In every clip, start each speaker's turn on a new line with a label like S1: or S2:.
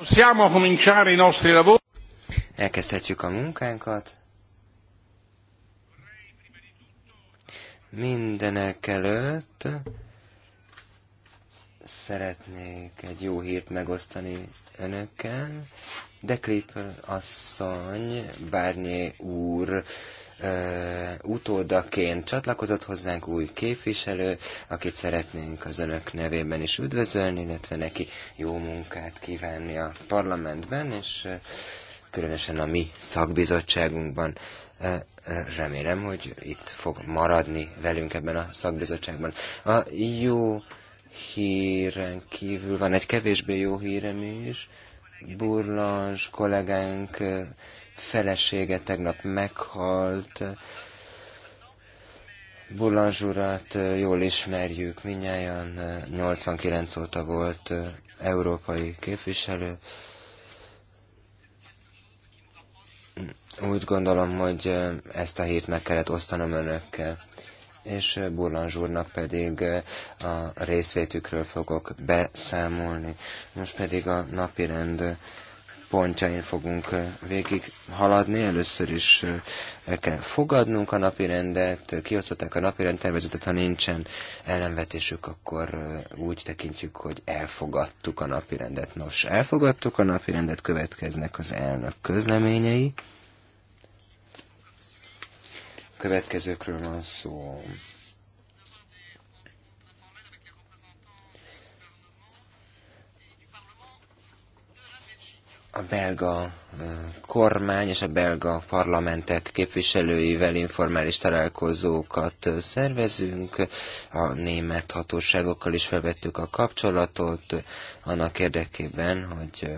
S1: Possiamo cominciare i nostri lavori. Elkezdhetjük a munkánkat. Mindenek előtt szeretnék egy jó hírt megosztani önökkel. De Klipper asszony, Bárnyé úr utódaként csatlakozott hozzánk új képviselő, akit szeretnénk az önök nevében is üdvözölni, illetve neki jó munkát kívánni a parlamentben, és különösen a mi szakbizottságunkban. Remélem, hogy itt fog maradni velünk ebben a szakbizottságban. A jó híren kívül van egy kevésbé jó hírem is. Burlans kollégánk felesége tegnap meghalt. Bulanzs urat jól ismerjük, minnyáján 89 óta volt európai képviselő. Úgy gondolom, hogy ezt a hírt meg kellett osztanom önökkel és Burlanzs úrnak pedig a részvétükről fogok beszámolni. Most pedig a napirend pontjain fogunk végig haladni. Először is el kell fogadnunk a napirendet, kiosztották a napirend tervezetet, ha nincsen ellenvetésük, akkor úgy tekintjük, hogy elfogadtuk a napirendet. Nos, elfogadtuk a napirendet, következnek az elnök közleményei. Következőkről van szó. a belga kormány és a belga parlamentek képviselőivel informális találkozókat szervezünk, a német hatóságokkal is felvettük a kapcsolatot, annak érdekében, hogy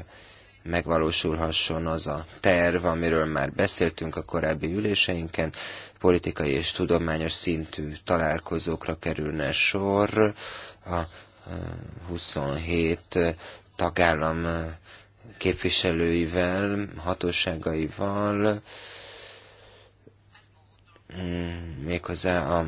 S1: megvalósulhasson az a terv, amiről már beszéltünk a korábbi üléseinken, politikai és tudományos szintű találkozókra kerülne sor, a 27 tagállam képviselőivel, hatóságaival, Mm, méghozzá a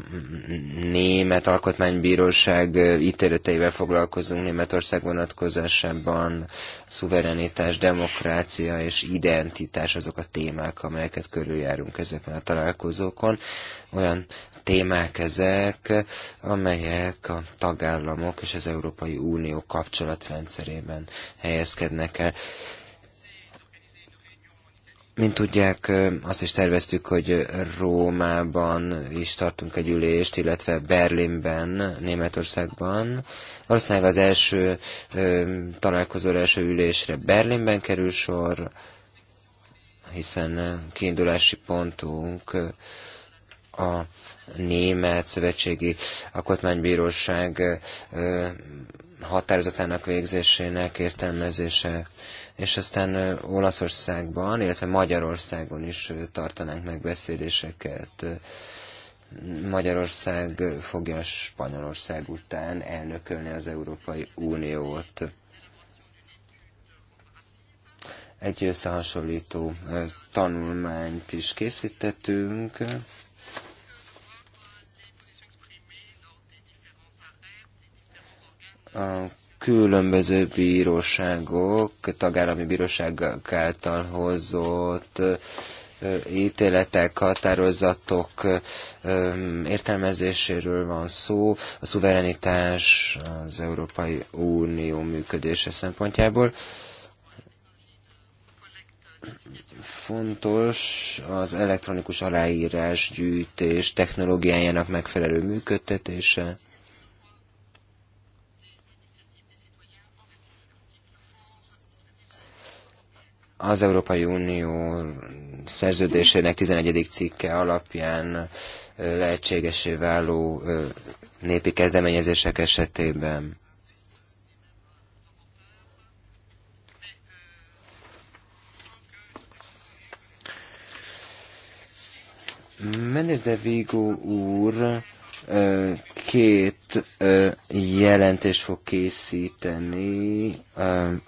S1: Német Alkotmánybíróság ítéleteivel foglalkozunk Németország vonatkozásában, szuverenitás, demokrácia és identitás azok a témák, amelyeket körüljárunk ezeken a találkozókon. Olyan témák ezek, amelyek a tagállamok és az Európai Unió kapcsolatrendszerében helyezkednek el. Mint tudják, azt is terveztük, hogy Rómában is tartunk egy ülést, illetve Berlinben, Németországban. Valószínűleg az első találkozóra, első ülésre Berlinben kerül sor, hiszen kiindulási pontunk a Német Szövetségi Alkotmánybíróság határozatának végzésének értelmezése, és aztán Olaszországban, illetve Magyarországon is tartanánk megbeszéléseket. Magyarország fogja Spanyolország után elnökölni az Európai Uniót. Egy összehasonlító tanulmányt is készítettünk. a különböző bíróságok, tagállami bíróságok által hozott ítéletek, határozatok értelmezéséről van szó, a szuverenitás az Európai Unió működése szempontjából. Fontos az elektronikus aláírás gyűjtés technológiájának megfelelő működtetése Az Európai Unió szerződésének 11. cikke alapján lehetségesé váló népi kezdeményezések esetében. Mendes de Vigo úr két jelentést fog készíteni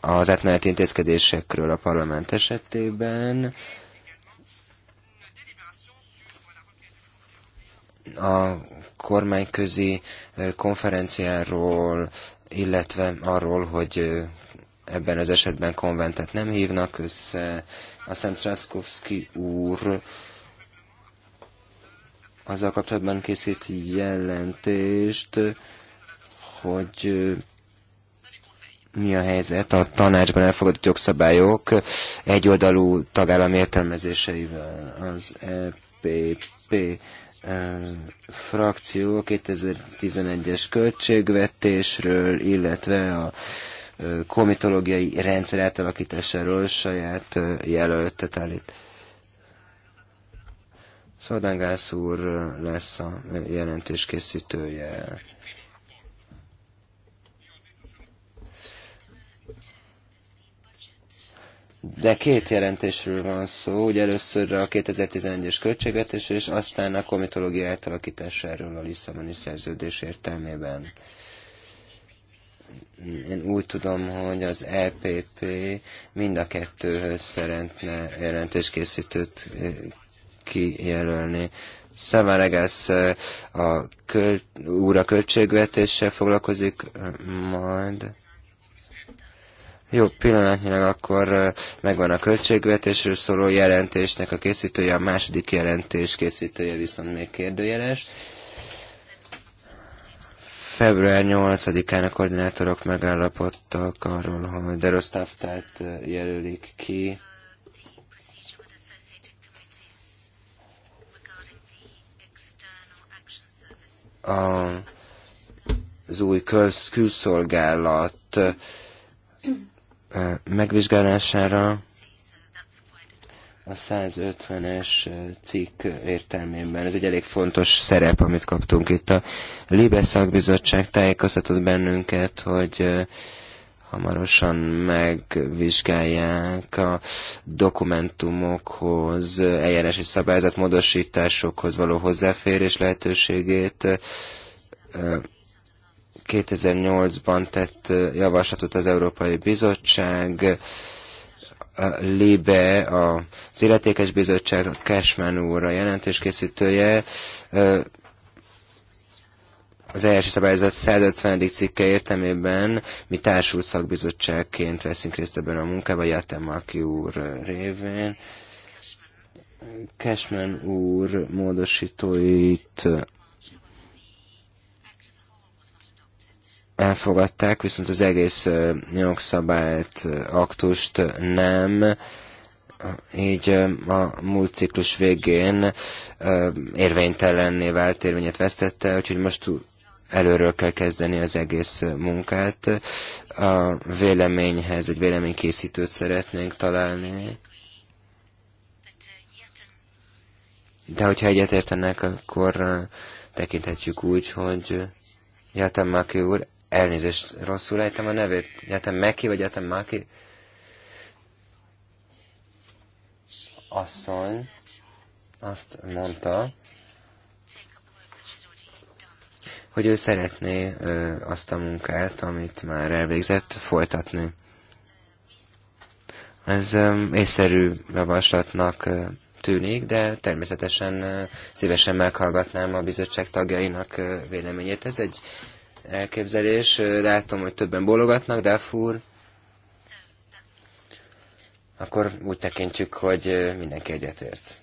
S1: az átmeneti intézkedésekről a parlament esetében. A kormányközi konferenciáról, illetve arról, hogy ebben az esetben konventet nem hívnak össze. a Szent úr azzal kapcsolatban készít jelentést, hogy mi a helyzet a tanácsban elfogadott jogszabályok egyoldalú tagállami értelmezéseivel. Az EPP frakció 2011-es költségvetésről, illetve a komitológiai rendszer átalakításáról saját jelöltet állít. Szoldágász úr lesz a jelentés készítője. De két jelentésről van szó, ugye először a 2011-es költségvetés, és aztán a komitológia átalakításáról a Lisszaboni szerződés értelmében. Én úgy tudom, hogy az EPP mind a kettőhöz szeretne jelentéskészítőt kijelölni. Szemeleges a köl, úr a költségvetéssel foglalkozik majd. Jó, pillanatnyilag akkor megvan a költségvetésről szóló jelentésnek a készítője, a második jelentés készítője viszont még kérdőjeles. Február 8-án a koordinátorok megállapodtak arról, hogy Derosztáftát jelölik ki a, az új külsz, külszolgálat megvizsgálására a 150-es cikk értelmében. Ez egy elég fontos szerep, amit kaptunk itt. A Libeszakbizottság tájékoztatott bennünket, hogy hamarosan megvizsgálják a dokumentumokhoz, eljárási szabályzat való hozzáférés lehetőségét. 2008-ban tett javaslatot az Európai Bizottság, Libe, az Illetékes Bizottság, a Cashman úr a jelentéskészítője az első szabályzat 150. cikke értelmében mi társult szakbizottságként veszünk részt ebben a munkában, Jatemaki úr révén. Cashman úr módosítóit elfogadták, viszont az egész jogszabályt, aktust nem. Így a múlt ciklus végén érvénytelenné vált, érvényet vesztette, úgyhogy most előről kell kezdeni az egész munkát. A véleményhez egy véleménykészítőt szeretnénk találni. De hogyha egyetértenek, akkor uh, tekinthetjük úgy, hogy Jatem Maki úr, elnézést, rosszul ejtem a nevét. Jatem Maki vagy Jatem Maki? Asszony azt mondta, hogy ő szeretné azt a munkát, amit már elvégzett, folytatni. Ez észszerű javaslatnak tűnik, de természetesen szívesen meghallgatnám a bizottság tagjainak véleményét. Ez egy elképzelés. Látom, hogy többen bologatnak, de fúr. Akkor úgy tekintjük, hogy mindenki egyetért.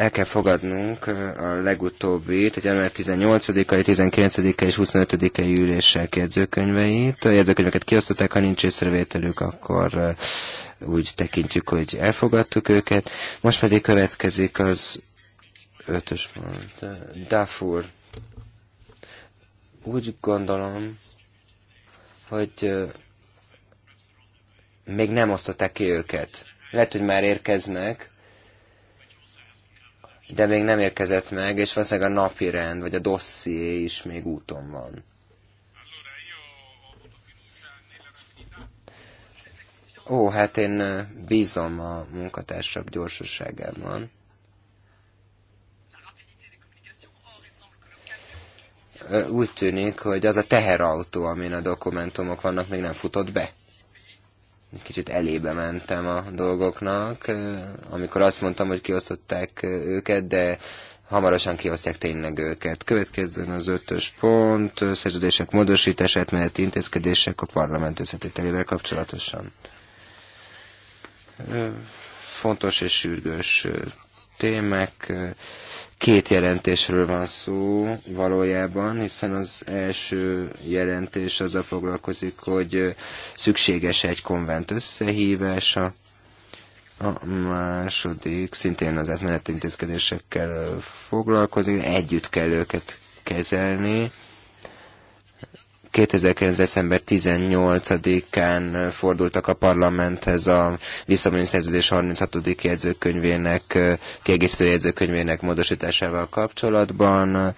S1: el kell fogadnunk a legutóbbi, tehát január 18-ai, 19-ai és 25-ai ülések jegyzőkönyveit. A jegyzőkönyveket kiosztották, ha nincs észrevételük, akkor úgy tekintjük, hogy elfogadtuk őket. Most pedig következik az ötös pont. Dafur. Úgy gondolom, hogy még nem osztották ki őket. Lehet, hogy már érkeznek, de még nem érkezett meg, és valószínűleg a napi rend, vagy a dosszié is még úton van. Ó, hát én bízom a munkatársak gyorsaságában. Úgy tűnik, hogy az a teherautó, amin a dokumentumok vannak, még nem futott be egy kicsit elébe mentem a dolgoknak, amikor azt mondtam, hogy kiosztották őket, de hamarosan kiosztják tényleg őket. Következzen az ötös pont, szerződések módosítását mellett intézkedések a parlament összetételével kapcsolatosan. Fontos és sürgős témák Két jelentésről van szó valójában, hiszen az első jelentés az a foglalkozik, hogy szükséges egy konvent összehívása, a második szintén az átmeneti intézkedésekkel foglalkozik, együtt kell őket kezelni, 2009. december 18-án fordultak a parlamenthez a Lisszaboni Szerződés 36. jegyzőkönyvének, kiegészítő jegyzőkönyvének módosításával kapcsolatban.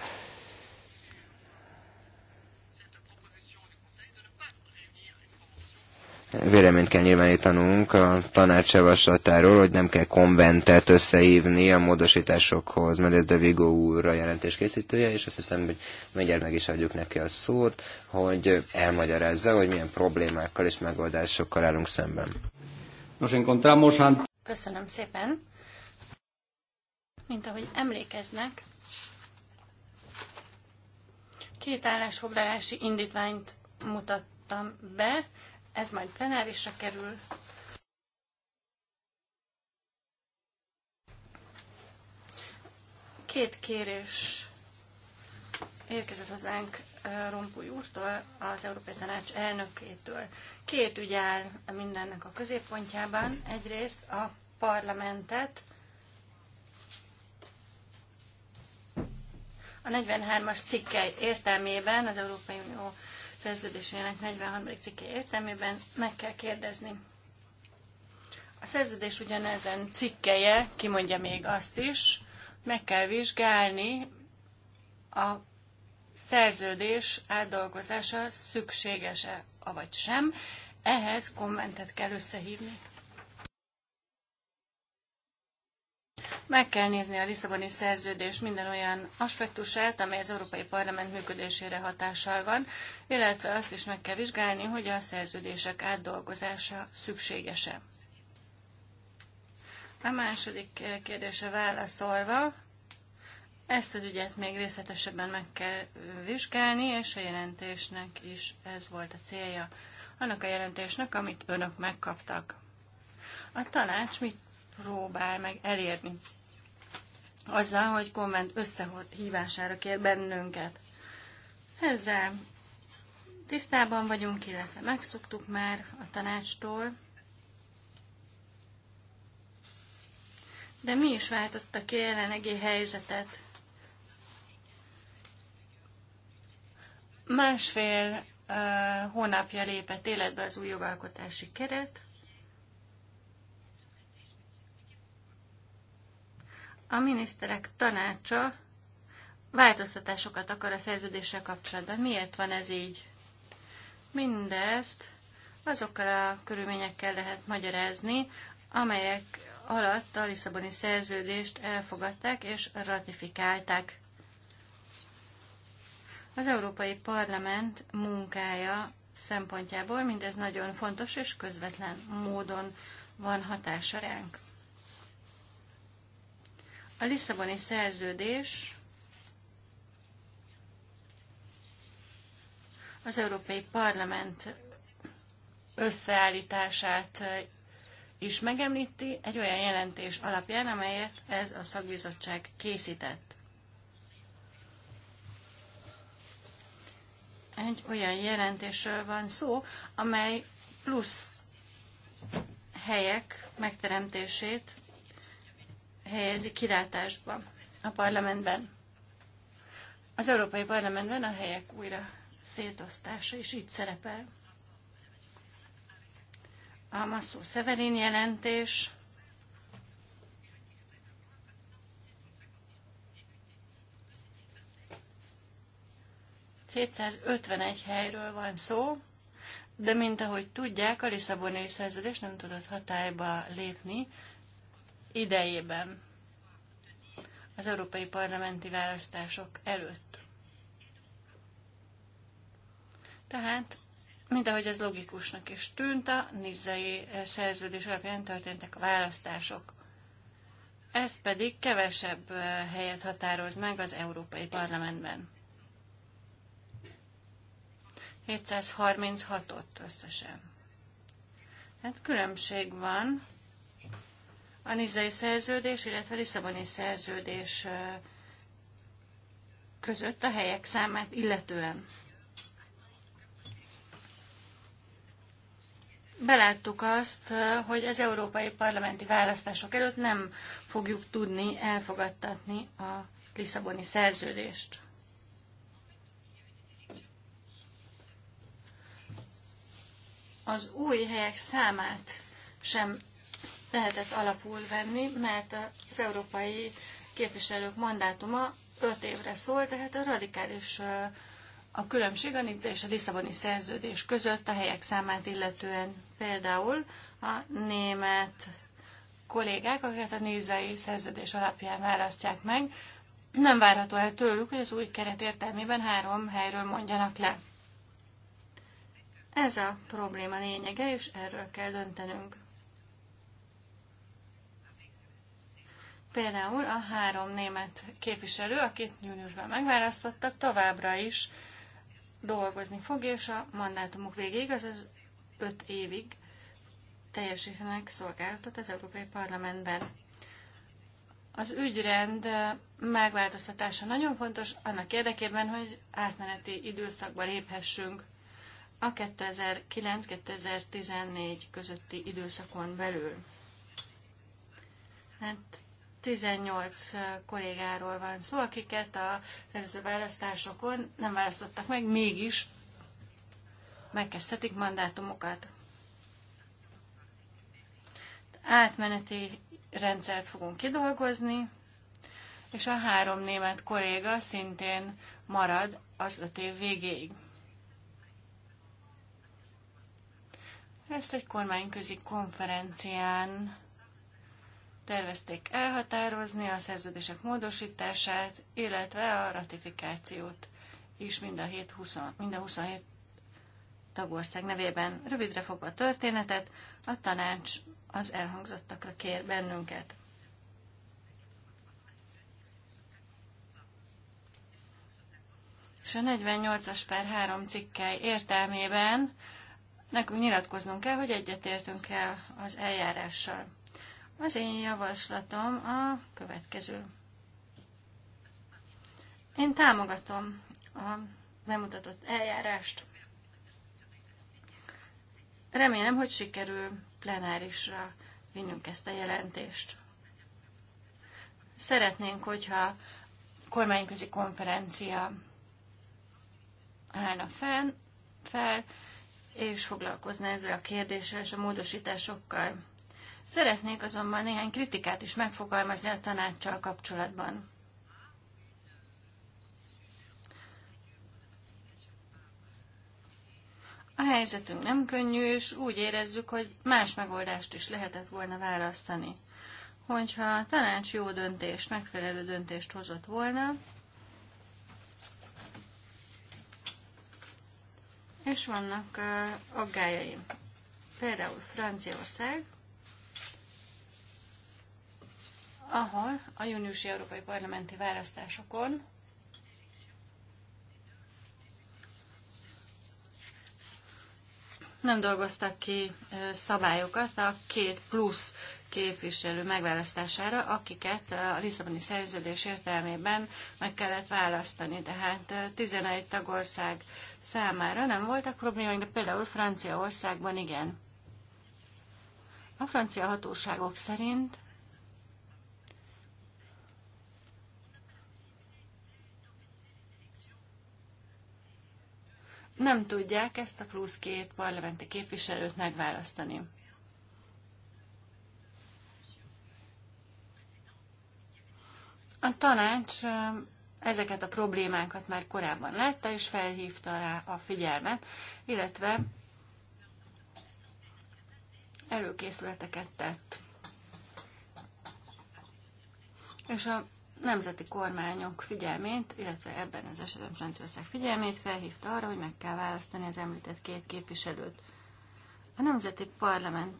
S1: véleményt kell nyilvánítanunk a tanács javaslatáról, hogy nem kell konventet összehívni a módosításokhoz, mert ez de Vigo úr a jelentés készítője, és azt hiszem, hogy mindjárt meg is adjuk neki a szót, hogy elmagyarázza, hogy milyen problémákkal és megoldásokkal állunk szemben. Nos, encontramos
S2: Köszönöm szépen. Mint ahogy emlékeznek, két állásfoglalási indítványt mutattam be, ez majd plenárisra kerül. Két kérés érkezett hozzánk Rompuy úrtól, az Európai Tanács elnökétől. Két ügy áll mindennek a középpontjában. Egyrészt a parlamentet, a 43-as cikkei értelmében az Európai Unió szerződésének 43. cikke értelmében meg kell kérdezni. A szerződés ugyanezen cikkeje kimondja még azt is, meg kell vizsgálni a szerződés átdolgozása szükséges-e, avagy sem. Ehhez kommentet kell összehívni. Meg kell nézni a Lisszaboni szerződés minden olyan aspektusát, amely az Európai Parlament működésére hatással van, illetve azt is meg kell vizsgálni, hogy a szerződések átdolgozása szükséges-e. A második kérdése válaszolva, ezt az ügyet még részletesebben meg kell vizsgálni, és a jelentésnek is ez volt a célja. Annak a jelentésnek, amit önök megkaptak. A tanács mit próbál meg elérni. Azzal, hogy komment összehívására kér bennünket. Ezzel tisztában vagyunk, illetve megszoktuk már a tanácstól, De mi is váltotta ki jelenlegi helyzetet? Másfél uh, hónapja lépett életbe az új jogalkotási keret, a miniszterek tanácsa változtatásokat akar a szerződéssel kapcsolatban. Miért van ez így? Mindezt azokkal a körülményekkel lehet magyarázni, amelyek alatt a Lisszaboni szerződést elfogadták és ratifikálták. Az Európai Parlament munkája szempontjából mindez nagyon fontos és közvetlen módon van hatása ránk. A Lisszaboni szerződés az Európai Parlament összeállítását is megemlíti egy olyan jelentés alapján, amelyet ez a szakbizottság készített. Egy olyan jelentésről van szó, amely plusz helyek megteremtését helyezi kilátásba a parlamentben. Az Európai Parlamentben a helyek újra szétosztása is így szerepel. A Masszó Severin jelentés, egy helyről van szó, de mint ahogy tudják, a Lisszaboni szerződés nem tudott hatályba lépni, idejében, az európai parlamenti választások előtt. Tehát, mint ahogy ez logikusnak is tűnt, a nizzai szerződés alapján történtek a választások. Ez pedig kevesebb eh, helyet határoz meg az Európai Parlamentben. 736-ot összesen. Hát különbség van a nizai szerződés, illetve a Lisszaboni szerződés között a helyek számát illetően. Beláttuk azt, hogy az európai parlamenti választások előtt nem fogjuk tudni elfogadtatni a Lisszaboni szerződést. Az új helyek számát sem lehetett alapul venni, mert az európai képviselők mandátuma öt évre szól, tehát a radikális a különbség a NIDZA és a Lisszaboni szerződés között a helyek számát illetően például a német kollégák, akiket a nizai szerződés alapján választják meg, nem várható el tőlük, hogy az új keret értelmében három helyről mondjanak le. Ez a probléma lényege, és erről kell döntenünk. Például a három német képviselő, akit júniusban megválasztottak, továbbra is dolgozni fog, és a mandátumuk végéig, azaz öt évig teljesítenek szolgálatot az Európai Parlamentben. Az ügyrend megváltoztatása nagyon fontos annak érdekében, hogy átmeneti időszakba léphessünk a 2009-2014 közötti időszakon belül. Hát 18 kollégáról van szó, akiket a előző választásokon nem választottak meg, mégis megkezdhetik mandátumokat. Átmeneti rendszert fogunk kidolgozni, és a három német kolléga szintén marad az öt év végéig. Ezt egy kormányközi konferencián tervezték elhatározni a szerződések módosítását, illetve a ratifikációt is mind a, 7, 20, mind a 27 tagország nevében. Rövidre fogva a történetet, a tanács az elhangzottakra kér bennünket. És a 48-as per 3 cikkely értelmében nekünk nyilatkoznunk kell, hogy egyetértünk el az eljárással. Az én javaslatom a következő. Én támogatom a bemutatott eljárást. Remélem, hogy sikerül plenárisra vinnünk ezt a jelentést. Szeretnénk, hogyha kormányközi konferencia állna fenn, fel és foglalkozna ezzel a kérdéssel és a módosításokkal. Szeretnék azonban néhány kritikát is megfogalmazni a tanácssal kapcsolatban. A helyzetünk nem könnyű, és úgy érezzük, hogy más megoldást is lehetett volna választani. Hogyha a tanács jó döntést, megfelelő döntést hozott volna, és vannak aggájaim. Például Franciaország ahol a júniusi európai parlamenti választásokon nem dolgoztak ki szabályokat a két plusz képviselő megválasztására, akiket a Lisszaboni szerződés értelmében meg kellett választani. Tehát 11 tagország számára nem voltak problémák, de például Franciaországban igen. A francia hatóságok szerint nem tudják ezt a plusz két parlamenti képviselőt megválasztani. A tanács ezeket a problémákat már korábban látta, és felhívta rá a figyelmet, illetve előkészületeket tett. És a nemzeti kormányok figyelmét, illetve ebben az esetben Franciaország figyelmét felhívta arra, hogy meg kell választani az említett két képviselőt. A nemzeti parlament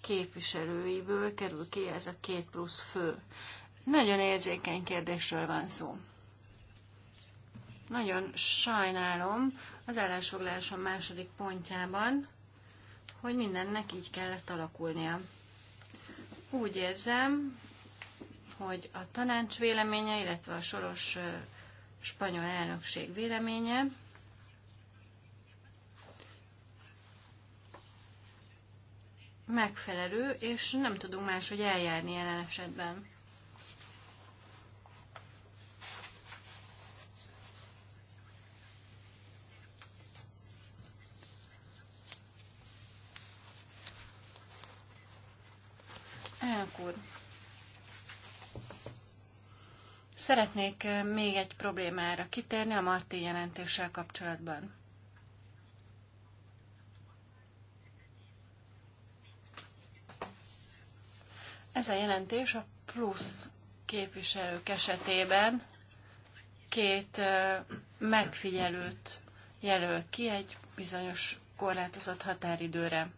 S2: képviselőiből kerül ki ez a két plusz fő. Nagyon érzékeny kérdésről van szó. Nagyon sajnálom az állásfoglalásom második pontjában, hogy mindennek így kellett alakulnia. Úgy érzem, hogy a tanács véleménye, illetve a soros spanyol elnökség véleménye megfelelő, és nem tudunk hogy eljárni jelen esetben. Elnök úr, Szeretnék még egy problémára kitérni a Marti jelentéssel kapcsolatban. Ez a jelentés a plusz képviselők esetében két megfigyelőt jelöl ki egy bizonyos korlátozott határidőre.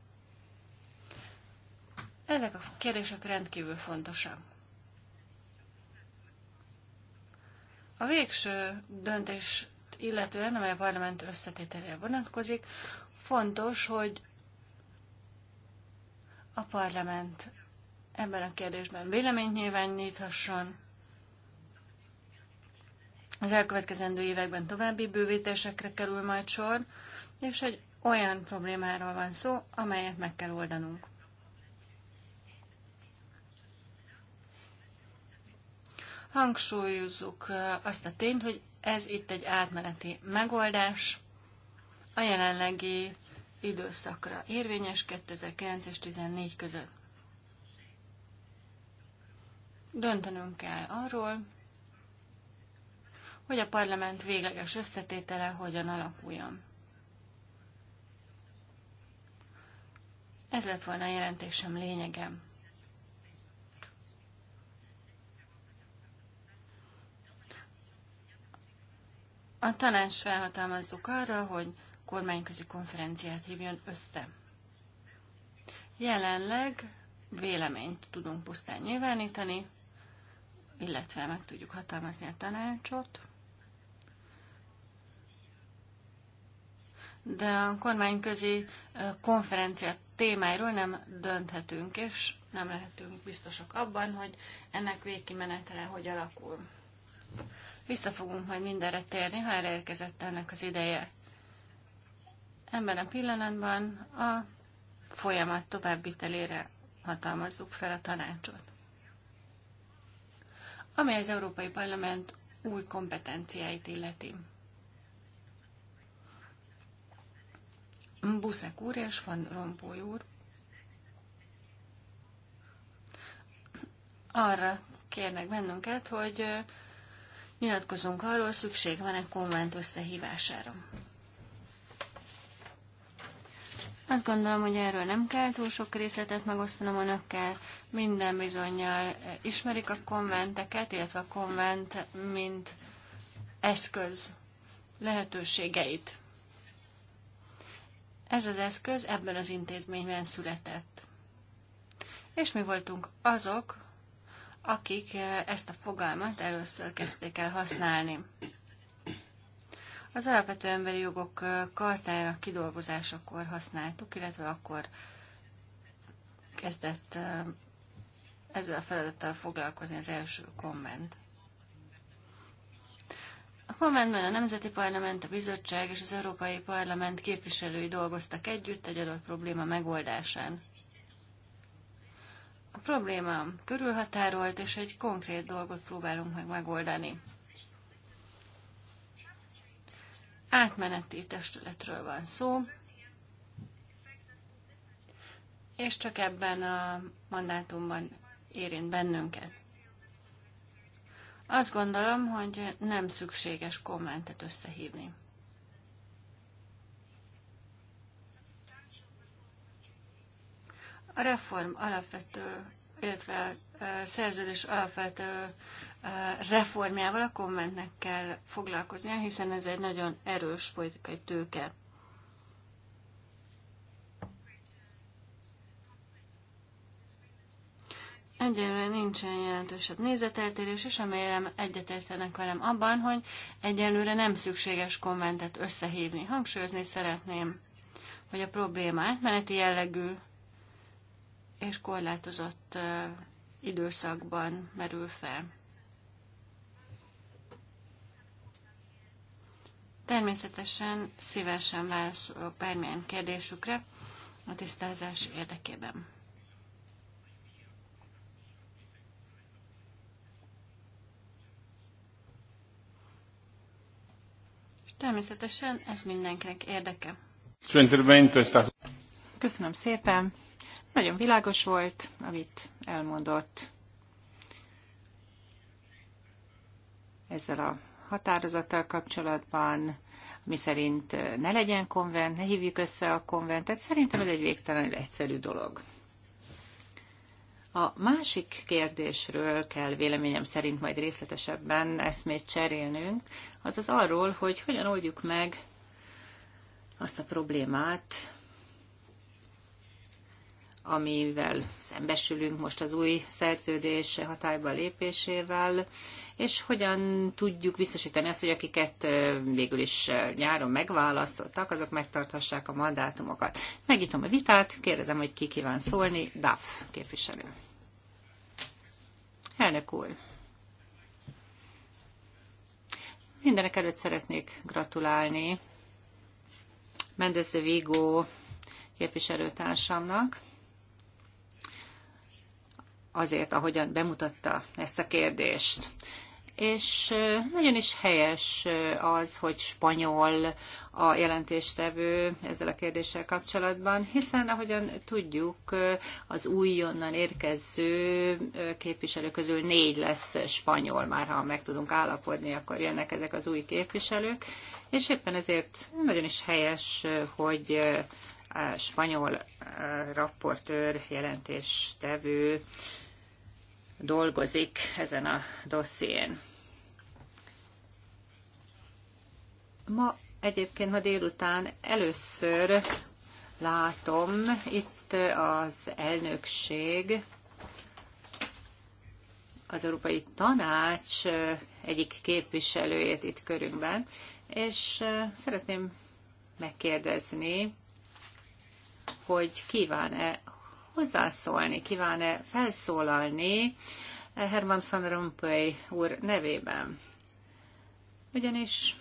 S2: Ezek a kérdések rendkívül fontosak. A végső döntést illetően, amely a parlament összetételére vonatkozik, fontos, hogy a parlament ebben a kérdésben véleményt nyilváníthasson, az elkövetkezendő években további bővítésekre kerül majd sor, és egy olyan problémáról van szó, amelyet meg kell oldanunk. hangsúlyozzuk azt a tényt, hogy ez itt egy átmeneti megoldás a jelenlegi időszakra érvényes 2009 és 2014 között. Döntenünk kell arról, hogy a parlament végleges összetétele hogyan alakuljon. Ez lett volna a jelentésem lényegem. A tanács felhatalmazzuk arra, hogy kormányközi konferenciát hívjon össze. Jelenleg véleményt tudunk pusztán nyilvánítani, illetve meg tudjuk hatalmazni a tanácsot. De a kormányközi konferencia témáiról nem dönthetünk, és nem lehetünk biztosak abban, hogy ennek végkimenetele hogy alakul. Vissza fogunk majd mindenre térni, ha érkezett ennek az ideje. Ebben a pillanatban a folyamat továbbitelére hatalmazzuk fel a tanácsot. Ami az Európai Parlament új kompetenciáit illeti. Buszek úr és Van Rompuy úr arra kérnek bennünket, hogy Nyilatkozunk arról, szükség van-e konvent összehívására. Azt gondolom, hogy erről nem kell túl sok részletet megosztanom önökkel. Minden bizonyal ismerik a konventeket, illetve a konvent, mint eszköz lehetőségeit. Ez az eszköz ebben az intézményben született. És mi voltunk azok, akik eh, ezt a fogalmat először kezdték el használni. Az alapvető emberi jogok eh, kartájának kidolgozásakor használtuk, illetve akkor kezdett eh, ezzel a feladattal foglalkozni az első komment. A kommentben a Nemzeti Parlament, a Bizottság és az Európai Parlament képviselői dolgoztak együtt egy adott probléma megoldásán. A probléma körülhatárolt, és egy konkrét dolgot próbálunk meg megoldani. Átmeneti testületről van szó, és csak ebben a mandátumban érint bennünket. Azt gondolom, hogy nem szükséges kommentet összehívni. A reform alapvető, illetve a szerződés alapvető reformjával a konventnek kell foglalkoznia, hiszen ez egy nagyon erős politikai tőke. Egyelőre nincsen jelentősebb nézeteltérés, és remélem egyetértenek velem abban, hogy egyelőre nem szükséges kommentet összehívni. Hangsúlyozni szeretném, hogy a probléma átmeneti jellegű, és korlátozott időszakban merül fel. Természetesen szívesen válaszolok bármilyen kérdésükre a tisztázás érdekében. És természetesen ez mindenkinek érdeke. Köszönöm
S3: szépen. Nagyon világos volt, amit elmondott. Ezzel a határozattal kapcsolatban, mi szerint eh, ne legyen konvent, ne hívjuk össze a konventet, szerintem ez egy végtelenül egyszerű dolog. A másik kérdésről kell véleményem szerint majd részletesebben eszmét cserélnünk, az az arról, hogy hogyan oldjuk meg azt a problémát, amivel szembesülünk most az új szerződés hatályba lépésével, és hogyan tudjuk biztosítani azt, hogy akiket végül is nyáron megválasztottak, azok megtarthassák a mandátumokat. Megítom a vitát, kérdezem, hogy ki kíván szólni. DAF képviselő. Elnök úr. Mindenek előtt szeretnék gratulálni Mendez de Vigo képviselőtársamnak azért, ahogyan bemutatta ezt a kérdést. És nagyon is helyes az, hogy spanyol a jelentéstevő ezzel a kérdéssel kapcsolatban, hiszen ahogyan tudjuk, az újonnan érkező képviselő közül négy lesz spanyol, már ha meg tudunk állapodni, akkor jönnek ezek az új képviselők, és éppen ezért nagyon is helyes, hogy a spanyol rapportőr jelentéstevő dolgozik ezen a dosszién. Ma egyébként ma délután először látom itt az elnökség, az Európai Tanács egyik képviselőjét itt körünkben, és szeretném megkérdezni, hogy kíván-e hozzászólni, kíván-e felszólalni eh, Herman van Rompuy úr nevében. Ugyanis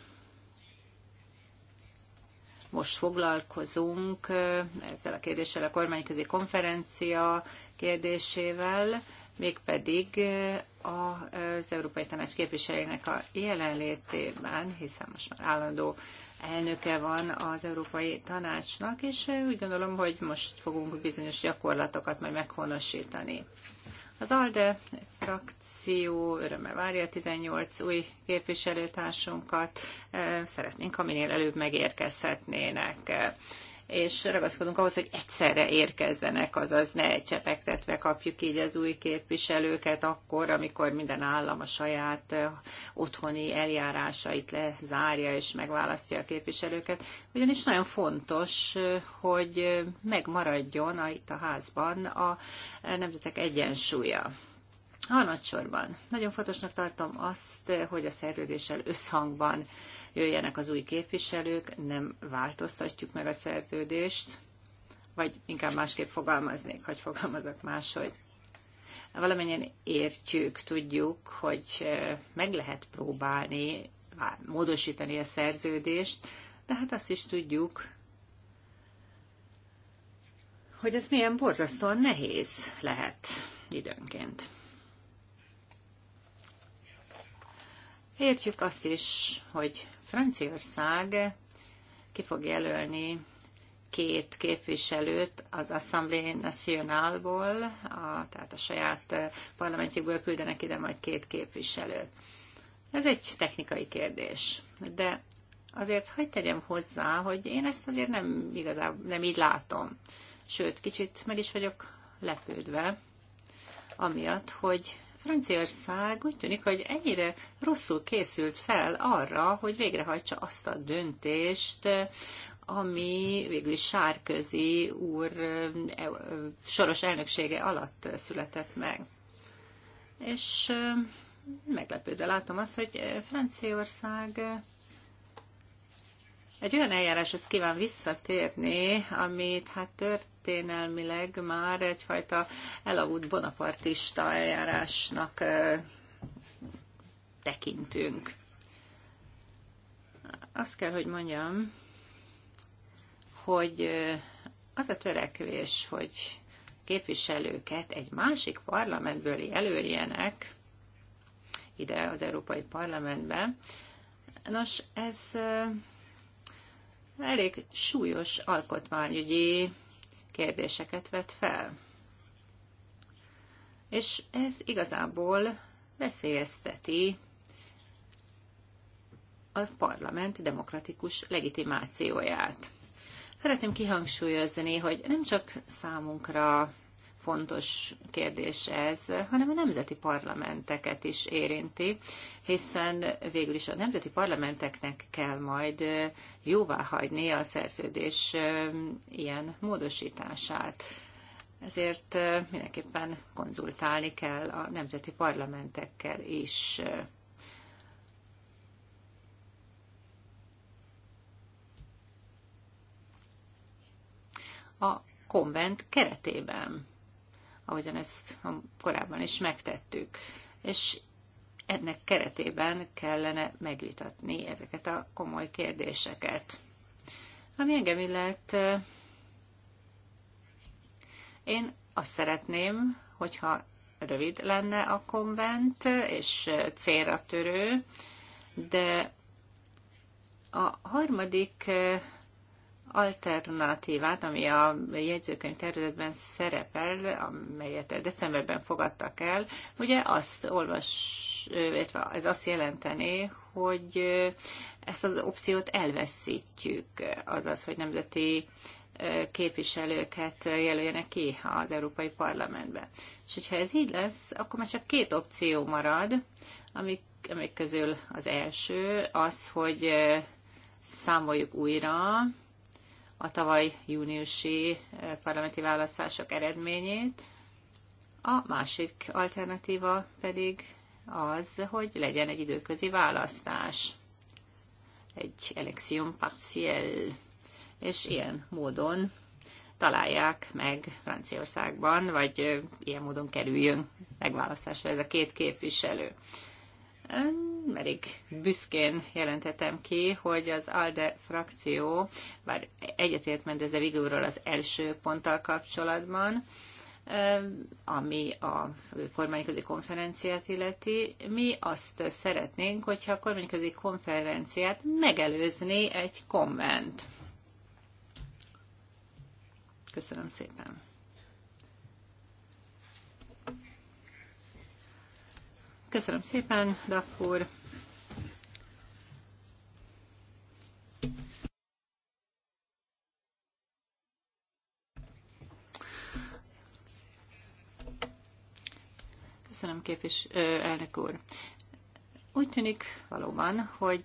S3: most foglalkozunk eh, ezzel a kérdéssel a kormányközi konferencia kérdésével, mégpedig eh, az Európai Tanács képviselőinek a jelenlétében, hiszen most már állandó elnöke van az Európai Tanácsnak, és úgy gondolom, hogy most fogunk bizonyos gyakorlatokat majd meghonosítani. Az ALDE frakció örömmel várja 18 új képviselőtársunkat. Szeretnénk, ha minél előbb megérkezhetnének és ragaszkodunk ahhoz, hogy egyszerre érkezzenek, azaz ne csepegtetve kapjuk így az új képviselőket akkor, amikor minden állam a saját otthoni eljárásait lezárja és megválasztja a képviselőket, ugyanis nagyon fontos, hogy megmaradjon a, itt a házban a nemzetek egyensúlya. Harmadsorban nagyon fontosnak tartom azt, hogy a szerződéssel összhangban jöjjenek az új képviselők, nem változtatjuk meg a szerződést, vagy inkább másképp fogalmaznék, hogy fogalmazok máshogy. Valamennyien értjük, tudjuk, hogy eh, meg lehet próbálni módosítani a szerződést, de hát azt is tudjuk, hogy ez milyen borzasztóan nehéz lehet időnként. Értjük azt is, hogy Franciaország ki fog jelölni két képviselőt az Assemblée Nationalból, a, tehát a saját eh, parlamentjükből küldenek ide majd két képviselőt. Ez egy technikai kérdés, de azért hagyd tegyem hozzá, hogy én ezt azért nem igazából nem így látom. Sőt, kicsit meg is vagyok lepődve, amiatt, hogy Franciaország úgy tűnik, hogy ennyire rosszul készült fel arra, hogy végrehajtsa azt a döntést, ami végül is Sárközi úr e, soros elnöksége alatt született meg. És de látom azt, hogy Franciaország egy olyan eljáráshoz kíván visszatérni, amit hát tört, történelmileg már egyfajta elavult bonapartista eljárásnak tekintünk. Azt kell, hogy mondjam, hogy az a törekvés, hogy képviselőket egy másik parlamentből jelöljenek ide az Európai Parlamentbe, nos, ez elég súlyos alkotmányügyi kérdéseket vet fel. És ez igazából veszélyezteti a parlament demokratikus legitimációját. Szeretném kihangsúlyozni, hogy nem csak számunkra fontos kérdés ez, hanem a nemzeti parlamenteket is érinti, hiszen végül is a nemzeti parlamenteknek kell majd jóvá hagyni a szerződés ilyen módosítását. Ezért mindenképpen konzultálni kell a nemzeti parlamentekkel is. A konvent keretében ahogyan ezt korábban is megtettük. És ennek keretében kellene megvitatni ezeket a komoly kérdéseket. Ami engem illet, én azt szeretném, hogyha rövid lenne a konvent, és célra törő, de a harmadik alternatívát, ami a jegyzőkönyv tervezetben szerepel, amelyet decemberben fogadtak el, ugye azt olvas, ez azt jelenteni, hogy ezt az opciót elveszítjük, azaz, hogy nemzeti képviselőket jelöljenek ki az Európai Parlamentbe. És hogyha ez így lesz, akkor már csak két opció marad, amik, amik közül az első az, hogy számoljuk újra a tavaly júniusi eh, parlamenti választások eredményét. A másik alternatíva pedig az, hogy legyen egy időközi választás, egy election partiel, és ilyen módon találják meg Franciaországban, vagy eh, ilyen módon kerüljön megválasztásra ez a két képviselő merik büszkén jelentetem ki, hogy az ALDE frakció, bár egyetért Mendeze Vigóról az első ponttal kapcsolatban, eh, ami a kormányközi konferenciát illeti. Mi azt szeretnénk, hogyha a kormányközi konferenciát megelőzni egy komment. Köszönöm szépen. Köszönöm szépen, Dafur. Köszönöm, képvis, elnök úr. Úgy tűnik valóban, hogy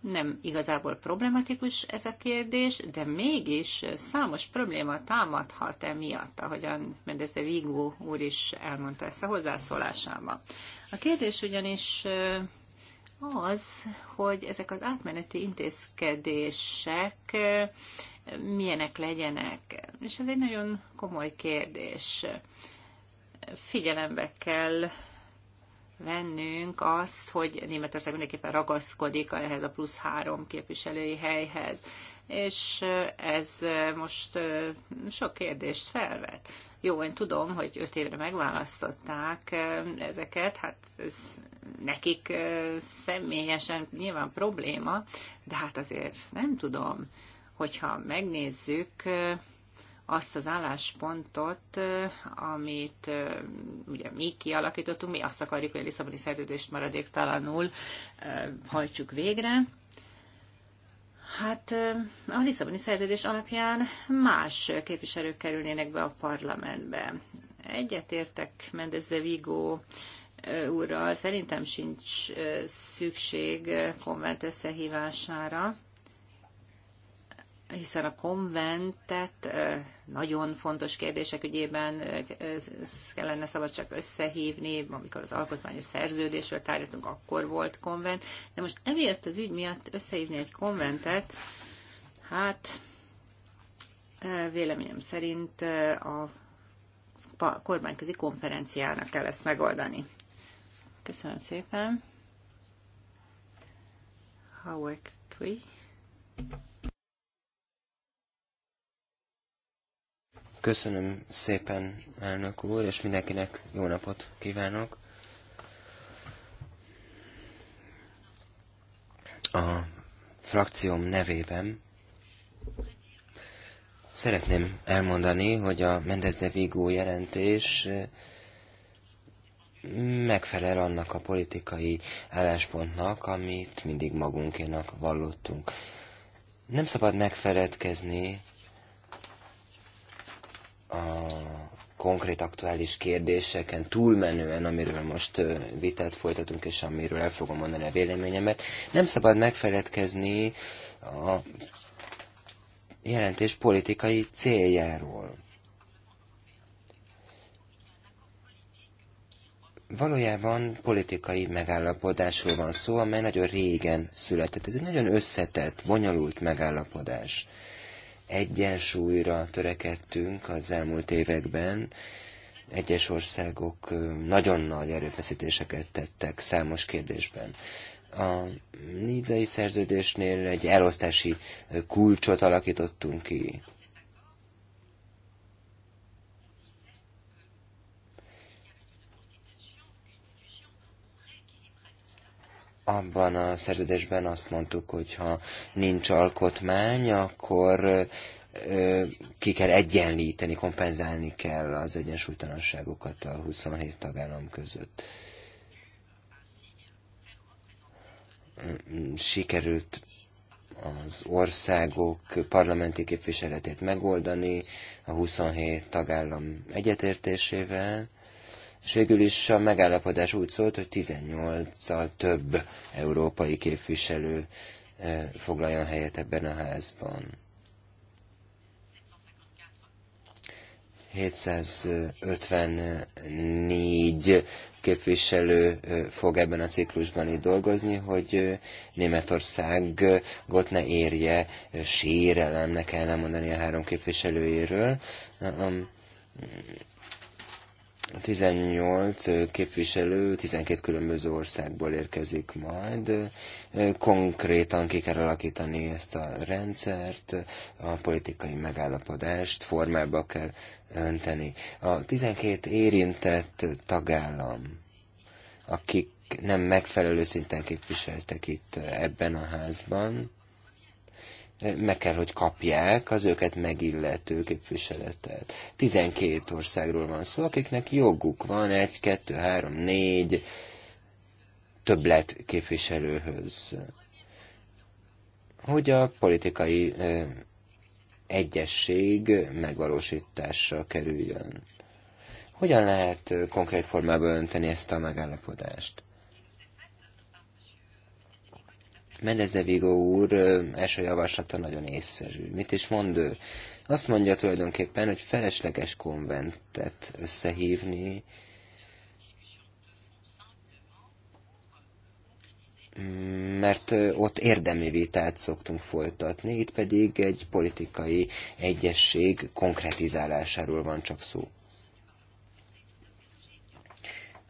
S3: nem igazából problematikus ez a kérdés, de mégis számos probléma támadhat emiatt, ahogyan Mendeze Vigó úr is elmondta ezt a hozzászólásában. A kérdés ugyanis az, hogy ezek az átmeneti intézkedések milyenek legyenek. És ez egy nagyon komoly kérdés. Figyelembe kell vennünk azt, hogy Németország mindenképpen ragaszkodik ehhez a plusz három képviselői helyhez. És ez most sok kérdést felvet. Jó, én tudom, hogy öt évre megválasztották ezeket, hát ez nekik személyesen nyilván probléma, de hát azért nem tudom, hogyha megnézzük, azt az álláspontot, amit ugye mi kialakítottunk, mi azt akarjuk, hogy a Lisszaboni szerződést maradéktalanul hajtsuk végre, Hát a Lisszaboni szerződés alapján más képviselők kerülnének be a parlamentbe. Egyetértek Mendez de Vigo úrral, szerintem sincs szükség konvent összehívására hiszen a konventet nagyon fontos kérdések ügyében kellene szabad csak összehívni, amikor az alkotmányos szerződésről tárgyaltunk, akkor volt konvent, de most emiatt az ügy miatt összehívni egy konventet, hát véleményem szerint a kormányközi konferenciának kell ezt megoldani. Köszönöm szépen. Howard Quay.
S1: Köszönöm szépen, elnök úr, és mindenkinek jó napot kívánok. A frakcióm nevében szeretném elmondani, hogy a Mendez de Vigo jelentés eh, megfelel annak a politikai álláspontnak, amit mindig magunkénak vallottunk. Nem szabad megfeledkezni a konkrét aktuális kérdéseken túlmenően, amiről most vitát folytatunk, és amiről el fogom mondani a véleményemet, nem szabad megfeledkezni a jelentés politikai céljáról. valójában politikai megállapodásról van szó, amely nagyon régen született. Ez egy nagyon összetett, bonyolult megállapodás egyensúlyra törekedtünk az elmúlt években. Egyes országok nagyon nagy erőfeszítéseket tettek számos kérdésben. A nízai szerződésnél egy elosztási kulcsot alakítottunk ki. abban a szerződésben azt mondtuk, hogy ha nincs alkotmány, akkor ki kell egyenlíteni, kompenzálni kell az egyensúlytalanságokat a 27 tagállam között. Sikerült az országok parlamenti képviseletét megoldani a 27 tagállam egyetértésével, és végül is a megállapodás úgy szólt, hogy 18-al több európai képviselő eh, foglaljon helyet ebben a házban. 754 képviselő eh, fog ebben a ciklusban itt dolgozni, hogy eh, Németországot ne érje sérelemnek kell a három képviselőjéről. 18 képviselő 12 különböző országból érkezik majd. Konkrétan ki kell alakítani ezt a rendszert, a politikai megállapodást formába kell önteni. A 12 érintett tagállam, akik nem megfelelő szinten képviseltek itt ebben a házban, meg kell, hogy kapják az őket megillető képviseletet. 12 országról van szó, akiknek joguk van egy, kettő, három, négy többlet képviselőhöz. Hogy a politikai eh, egyesség megvalósításra kerüljön. Hogyan lehet eh, konkrét formába önteni ezt a megállapodást? Mendez Vigo úr első javaslata nagyon észszerű. Mit is mond ő? Azt mondja tulajdonképpen, hogy felesleges konventet összehívni, mert ott érdemi vitát szoktunk folytatni, itt pedig egy politikai egyesség konkretizálásáról van csak szó.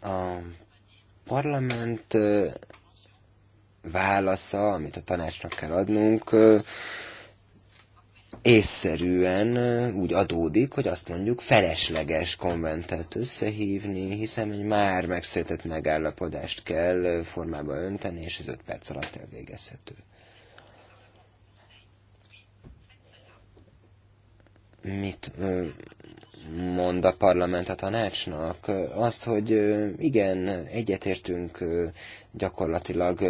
S1: A parlament válasza, amit a tanácsnak kell adnunk, észszerűen úgy adódik, hogy azt mondjuk felesleges konventet összehívni, hiszen egy már megszületett megállapodást kell formába önteni, és ez öt perc alatt elvégezhető. Mit mond a parlament a tanácsnak? Azt, hogy igen, egyetértünk gyakorlatilag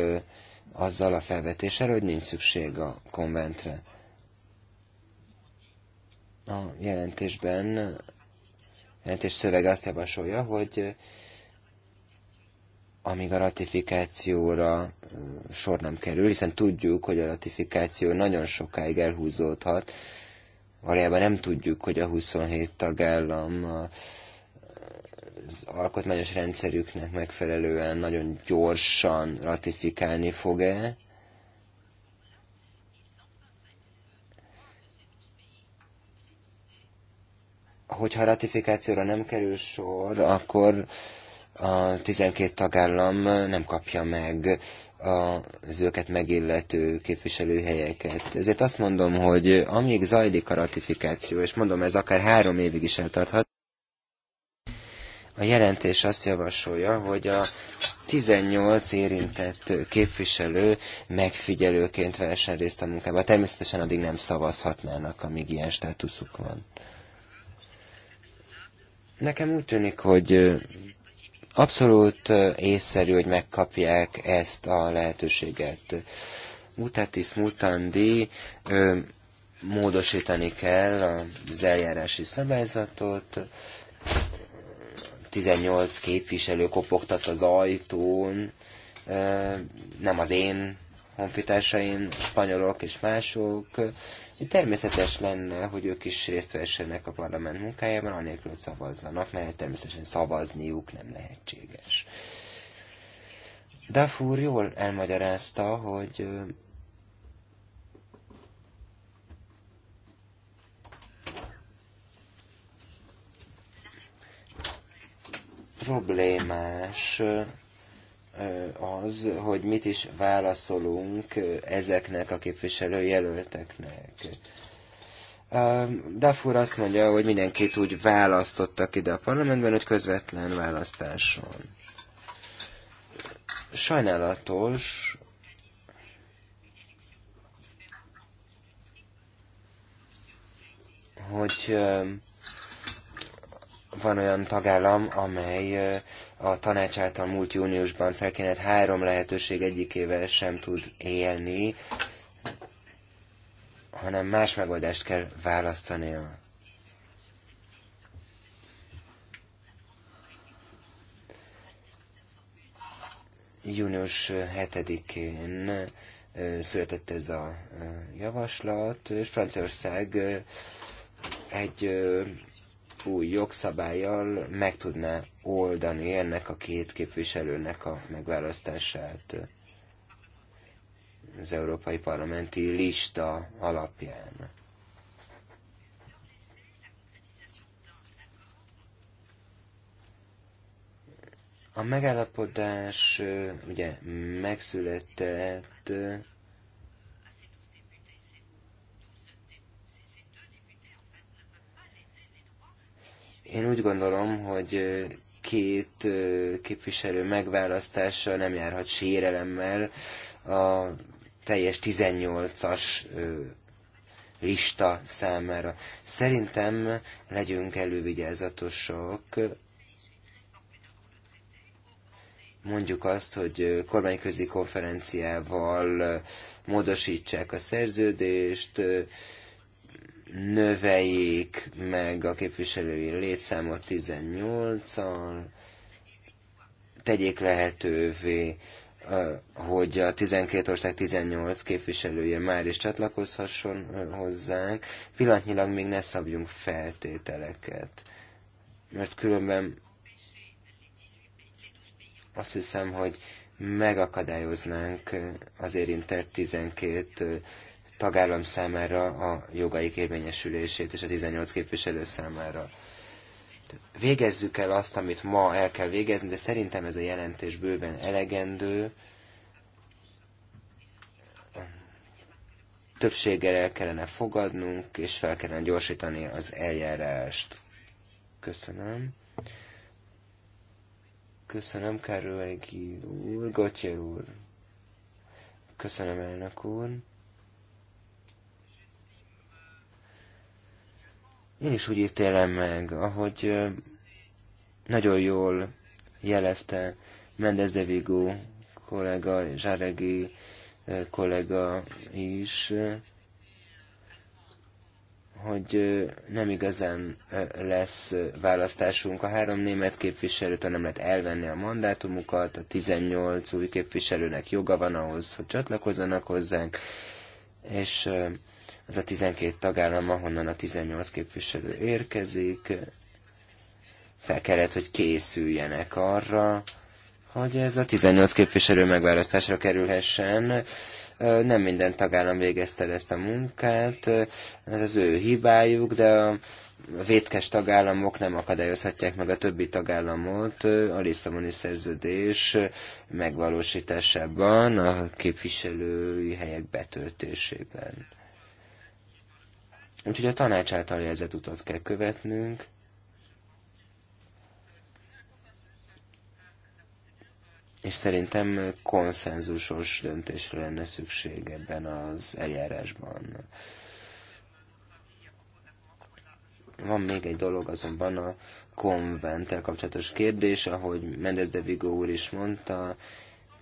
S1: azzal a felvetéssel, hogy nincs szükség a konventre. A jelentésben, jelentés szöveg azt javasolja, hogy amíg a ratifikációra sor nem kerül, hiszen tudjuk, hogy a ratifikáció nagyon sokáig elhúzódhat, valójában nem tudjuk, hogy a 27 tagállam a, az alkotmányos rendszerüknek megfelelően nagyon gyorsan ratifikálni fog-e. Hogyha ratifikációra nem kerül sor, akkor a 12 tagállam nem kapja meg az őket megillető képviselőhelyeket. Ezért azt mondom, hogy amíg zajlik a ratifikáció, és mondom, ez akár három évig is eltarthat, a jelentés azt javasolja, hogy a 18 érintett képviselő megfigyelőként vehessen részt a munkában. Természetesen addig nem szavazhatnának, amíg ilyen státuszuk van. Nekem úgy tűnik, hogy Abszolút észszerű, hogy megkapják ezt a lehetőséget. Mutatis mutandi módosítani kell az eljárási szabályzatot, 18 képviselő kopogtat az ajtón, nem az én honfitársaim, spanyolok és mások, Természetes lenne, hogy ők is részt vessenek a parlament munkájában, anélkül, hogy szavazzanak, mert természetesen szavazniuk nem lehetséges. Dafur jól elmagyarázta, hogy problémás az, hogy mit is válaszolunk ezeknek a képviselőjelölteknek. Dafur azt mondja, hogy mindenkit úgy választottak ide a parlamentben, hogy közvetlen választáson. Sajnálatos, hogy van olyan tagállam, amely a tanács által múlt júniusban felkínált három lehetőség egyikével sem tud élni, hanem más megoldást kell választania. Június 7-én született ez a javaslat, és Franciaország egy új jogszabályjal meg tudná oldani ennek a két képviselőnek a megválasztását az Európai Parlamenti lista alapján. A megállapodás ugye megszületett Én úgy gondolom, hogy két képviselő megválasztása nem járhat sérelemmel a teljes 18-as lista számára. Szerintem legyünk elővigyázatosok, mondjuk azt, hogy kormányközi konferenciával módosítsák a szerződést, növeljék meg a képviselői létszámot 18-al, tegyék lehetővé, hogy a 12 ország 18 képviselője már is csatlakozhasson hozzánk, pillanatnyilag még ne szabjunk feltételeket. Mert különben azt hiszem, hogy megakadályoznánk az érintett 12 tagállam számára a jogaik érvényesülését és a 18 képviselő számára. Végezzük el azt, amit ma el kell végezni, de szerintem ez a jelentés bőven elegendő. Többséggel el kellene fogadnunk, és fel kellene gyorsítani az eljárást. Köszönöm. Köszönöm, Károly úr, Gotyer úr. Köszönöm, elnök úr. Én is úgy ítélem meg, ahogy nagyon jól jelezte Mendez de Vigo kollega, Zsáregi kollega is, hogy nem igazán lesz választásunk. A három német képviselőtől nem lehet elvenni a mandátumukat, a 18 új képviselőnek joga van ahhoz, hogy csatlakozzanak hozzánk, és az a 12 tagállam, ahonnan a 18 képviselő érkezik, fel kellett, hogy készüljenek arra, hogy ez a 18 képviselő megválasztásra kerülhessen. Nem minden tagállam végezte ezt a munkát, ez az ő hibájuk, de a vétkes tagállamok nem akadályozhatják meg a többi tagállamot a Lisszaboni szerződés megvalósításában, a képviselői helyek betöltésében. Úgyhogy a tanács által jelzett utat kell követnünk. És szerintem konszenzusos döntésre lenne szükség ebben az eljárásban. Van még egy dolog azonban a konventtel kapcsolatos kérdés, ahogy Mendez de Vigo úr is mondta,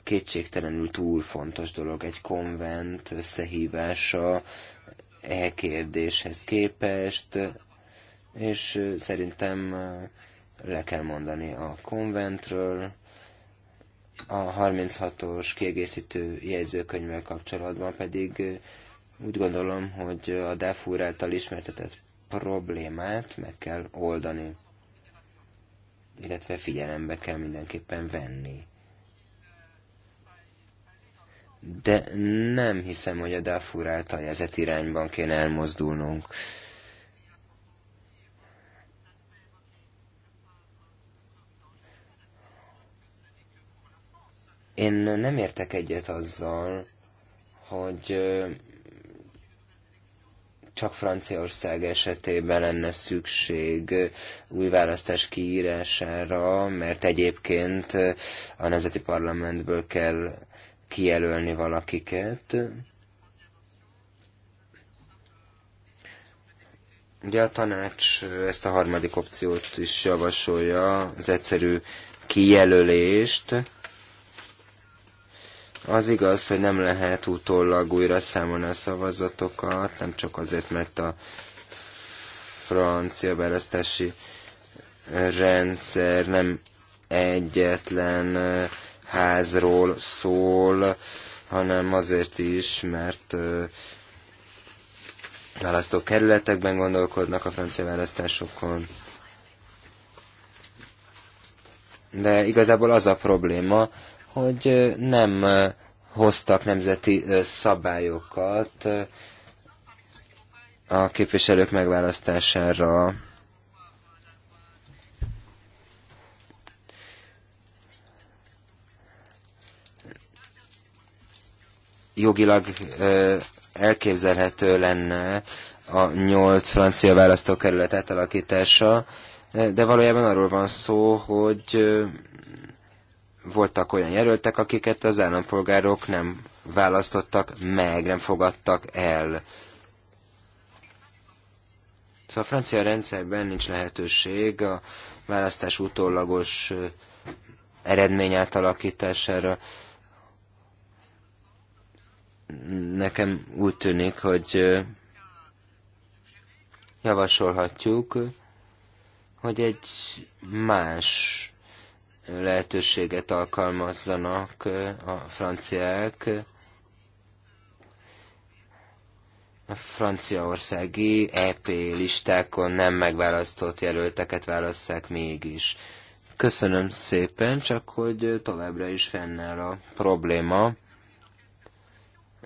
S1: kétségtelenül túl fontos dolog egy konvent összehívása e kérdéshez képest, és szerintem le kell mondani a konventről, a 36-os kiegészítő jegyzőkönyvvel kapcsolatban pedig úgy gondolom, hogy a DEFUR által ismertetett problémát meg kell oldani, illetve figyelembe kell mindenképpen venni de nem hiszem, hogy a Dafur által jelzett irányban kéne elmozdulnunk. Én nem értek egyet azzal, hogy csak Franciaország esetében lenne szükség új választás kiírására, mert egyébként a Nemzeti Parlamentből kell kijelölni valakiket. Ugye a tanács ezt a harmadik opciót is javasolja, az egyszerű kijelölést. Az igaz, hogy nem lehet utólag újra számolni a szavazatokat, nem csak azért, mert a francia választási rendszer nem egyetlen házról szól, hanem azért is, mert kerületekben gondolkodnak a francia választásokon. De igazából az a probléma, hogy nem hoztak nemzeti szabályokat a képviselők megválasztására jogilag elképzelhető lenne a nyolc francia választókerület átalakítása, de valójában arról van szó, hogy voltak olyan jelöltek, akiket az állampolgárok nem választottak meg, nem fogadtak el. Szóval a francia rendszerben nincs lehetőség a választás utólagos eredmény átalakítására nekem úgy tűnik, hogy javasolhatjuk, hogy egy más lehetőséget alkalmazzanak a franciák, a franciaországi EP listákon nem megválasztott jelölteket válasszák mégis. Köszönöm szépen, csak hogy továbbra is fennáll a probléma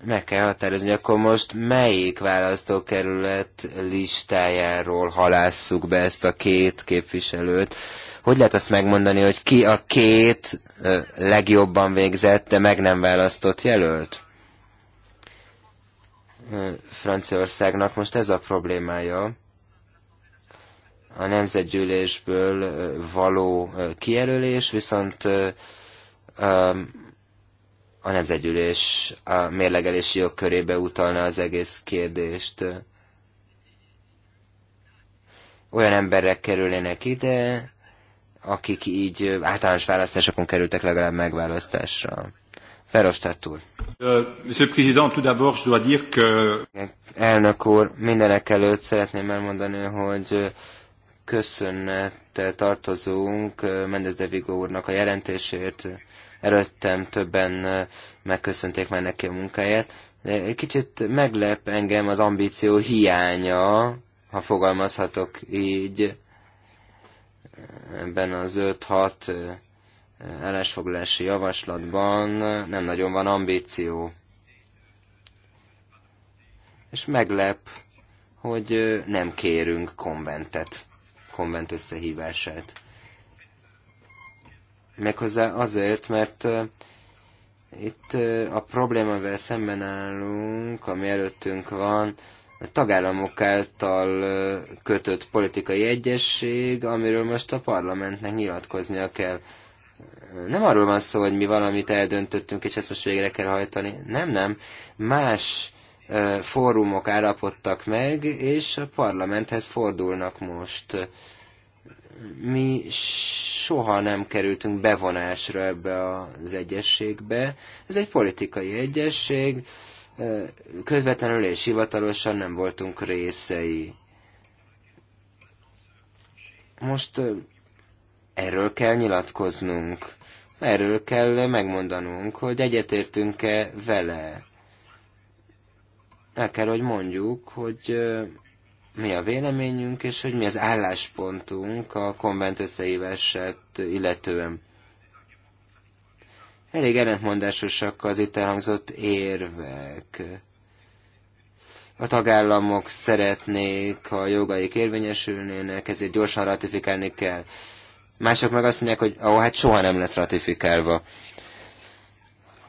S1: meg kell határozni, akkor most melyik választókerület listájáról halásszuk be ezt a két képviselőt. Hogy lehet azt megmondani, hogy ki a két legjobban végzett, de meg nem választott jelölt? Franciaországnak most ez a problémája. A nemzetgyűlésből való kijelölés, viszont a nemzetgyűlés a mérlegelési jogkörébe utalna az egész kérdést. Olyan emberek kerülnének ide, akik így általános választásokon kerültek legalább megválasztásra. Verhofstadt úr. Euh, Monsieur le Président, tout d'abord, je dois dire que... Elnök úr, mindenek előtt szeretném elmondani, hogy köszönettel tartozunk Mendez de Vigo úrnak a jelentésért, előttem többen megköszönték már neki a munkáját. De kicsit meglep engem az ambíció hiánya, ha fogalmazhatok így, ebben az 5-6 állásfoglalási javaslatban nem nagyon van ambíció. És meglep, hogy nem kérünk konventet, konvent összehívását. Meghozzá azért, mert itt a probléma, amivel szemben állunk, ami előttünk van, a tagállamok által kötött politikai egyesség, amiről most a parlamentnek nyilatkoznia kell. Nem arról van szó, hogy mi valamit eldöntöttünk, és ezt most végre kell hajtani. Nem, nem. Más fórumok állapodtak meg, és a parlamenthez fordulnak most mi soha nem kerültünk bevonásra ebbe az egyességbe. Ez egy politikai egyesség, közvetlenül és hivatalosan nem voltunk részei. Most erről kell nyilatkoznunk, erről kell megmondanunk, hogy egyetértünk-e vele. El kell, hogy mondjuk, hogy mi a véleményünk, és hogy mi az álláspontunk a konvent összehívását illetően. Elég ellentmondásosak az itt elhangzott érvek. A tagállamok szeretnék, ha a jogaik érvényesülnének, ezért gyorsan ratifikálni kell. Mások meg azt mondják, hogy ó, hát soha nem lesz ratifikálva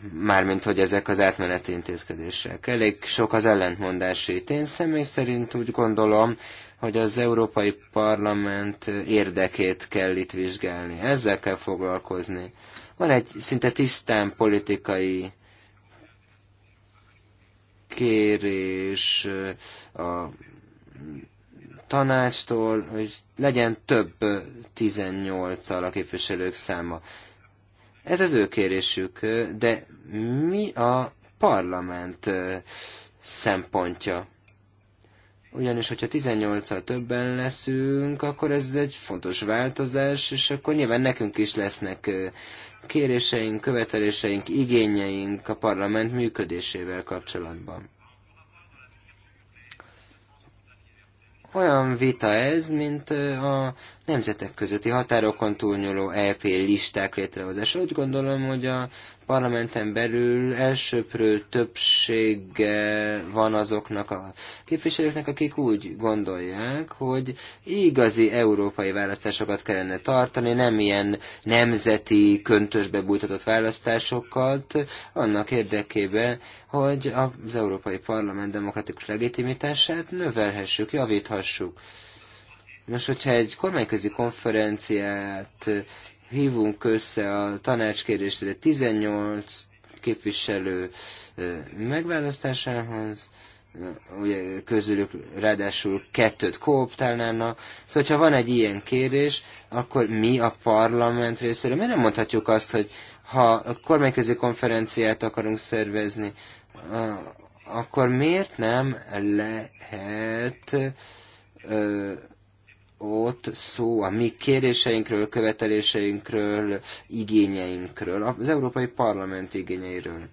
S1: mármint hogy ezek az átmeneti intézkedések. Elég sok az ellentmondás itt. Én személy szerint úgy gondolom, hogy az Európai Parlament érdekét kell itt vizsgálni. Ezzel kell foglalkozni. Van egy szinte tisztán politikai kérés a tanácstól, hogy legyen több 18-al a képviselők száma. Ez az ő kérésük, de mi a parlament szempontja. Ugyanis, hogyha 18-al többen leszünk, akkor ez egy fontos változás, és akkor nyilván nekünk is lesznek kéréseink, követeléseink, igényeink a parlament működésével kapcsolatban. Olyan vita ez, mint a nemzetek közötti határokon túlnyúló EP listák létrehozása. Úgy gondolom, hogy a parlamenten belül elsőprő többsége van azoknak a képviselőknek, akik úgy gondolják, hogy igazi európai választásokat kellene tartani, nem ilyen nemzeti köntösbe bújtatott választásokat, annak érdekében, hogy az Európai Parlament demokratikus legitimitását növelhessük, javíthassuk most hogyha egy kormányközi konferenciát hívunk össze a tanácskérésre 18 képviselő megválasztásához, ugye közülük ráadásul kettőt kooptálnának. Szóval, hogyha van egy ilyen kérés, akkor mi a parlament részéről, mi nem mondhatjuk azt, hogy ha a kormányközi konferenciát akarunk szervezni, akkor miért nem lehet ott szó a mi kéréseinkről, követeléseinkről, igényeinkről, az Európai Parlament igényeiről.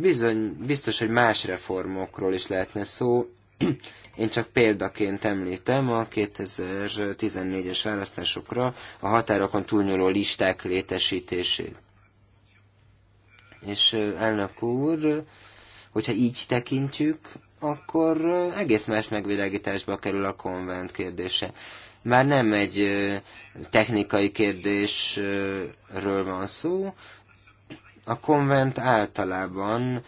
S1: Bizony, biztos, hogy más reformokról is lehetne szó. Én csak példaként említem a 2014-es választásokra a határokon túlnyúló listák létesítését. És elnök úr, hogyha így tekintjük, akkor egész más megvilágításba kerül a konvent kérdése. Már nem egy technikai kérdésről van szó, a konvent általában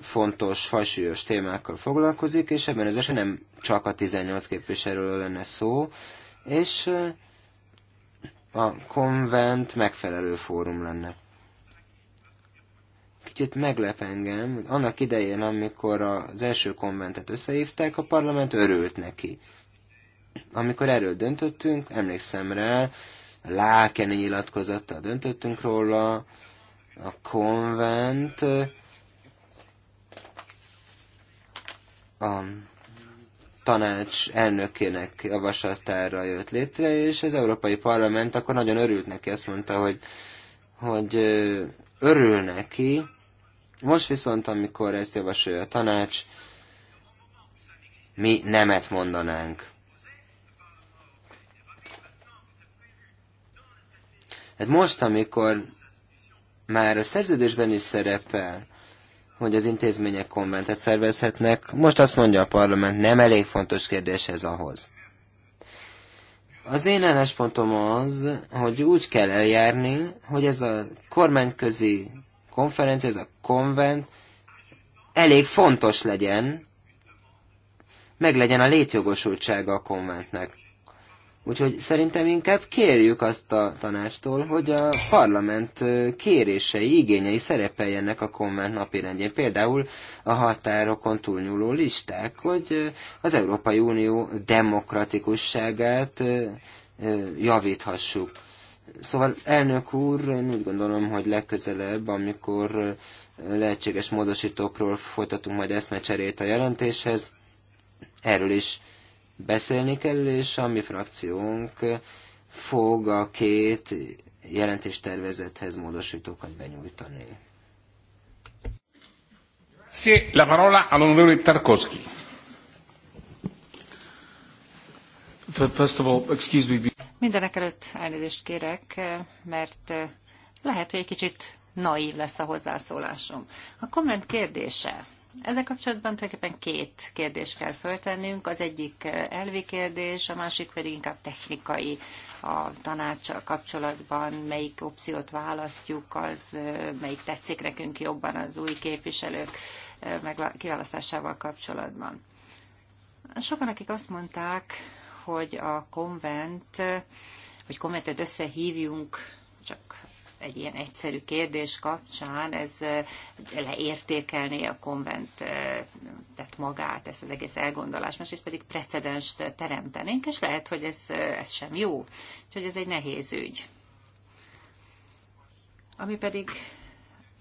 S1: fontos, fajsúlyos témákkal foglalkozik, és ebben az esetben nem csak a 18 képviselőről lenne szó, és a konvent megfelelő fórum lenne. Kicsit meglep engem, hogy annak idején, amikor az első konventet összehívták, a parlament örült neki. Amikor erről döntöttünk, emlékszem rá, lákeni nyilatkozattal döntöttünk róla, a konvent, a tanács elnökének javaslatára jött létre, és az Európai Parlament akkor nagyon örült neki, azt mondta, hogy, hogy örül neki, most viszont, amikor ezt javasolja a tanács, mi nemet mondanánk. Hát most, amikor már a szerződésben is szerepel, hogy az intézmények konventet szervezhetnek, most azt mondja a parlament, nem elég fontos kérdés ez ahhoz. Az én álláspontom az, hogy úgy kell eljárni, hogy ez a kormányközi konferencia, ez a konvent elég fontos legyen, meg legyen a létjogosultsága a konventnek. Úgyhogy szerintem inkább kérjük azt a tanástól, hogy a parlament kérései, igényei szerepeljenek a konvent rendjén Például a határokon túlnyúló listák, hogy az Európai Unió demokratikusságát javíthassuk. Szóval, elnök úr, én úgy gondolom, hogy legközelebb, amikor eh, lehetséges módosítókról folytatunk majd eszmecserét a jelentéshez, erről is beszélni kell, és a mi frakciónk fog a két jelentéstervezethez módosítókat benyújtani. La parola all'onorevole Tarkovsky. First of all, excuse me.
S3: Mindenek előtt elnézést kérek, mert lehet, hogy egy kicsit naív lesz a hozzászólásom. A komment kérdése. Ezzel kapcsolatban tulajdonképpen két kérdést kell föltennünk. Az egyik elvi kérdés, a másik pedig inkább technikai a tanácssal kapcsolatban, melyik opciót választjuk, az melyik tetszik nekünk jobban az új képviselők eh, kiválasztásával kapcsolatban. Sokan, akik azt mondták, hogy a konvent, hogy konventet összehívjunk, csak egy ilyen egyszerű kérdés kapcsán, ez eh, leértékelné a konvent eh, tehát magát, ezt az egész elgondolást, másrészt pedig precedenst teremtenénk, és lehet, hogy ez, eh, ez sem jó. Úgyhogy ez egy nehéz ügy. Ami pedig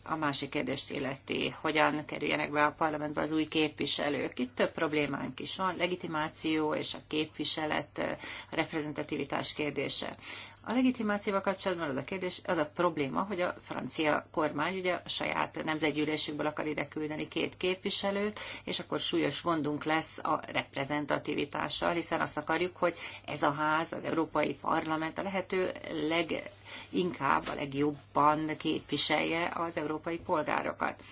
S3: a másik kérdést illeti, hogyan kerüljenek be a parlamentbe az új képviselők. Itt több problémánk is van, legitimáció és a képviselet, a reprezentativitás kérdése. A legitimációval kapcsolatban az a kérdés, az a probléma, hogy a francia kormány ugye a saját nemzetgyűlésükből akar ide küldeni két képviselőt, és akkor súlyos gondunk lesz a reprezentativitással, hiszen azt akarjuk, hogy ez a ház, az Európai Parlament a lehető leginkább, a legjobban képviselje az európai polgárokat.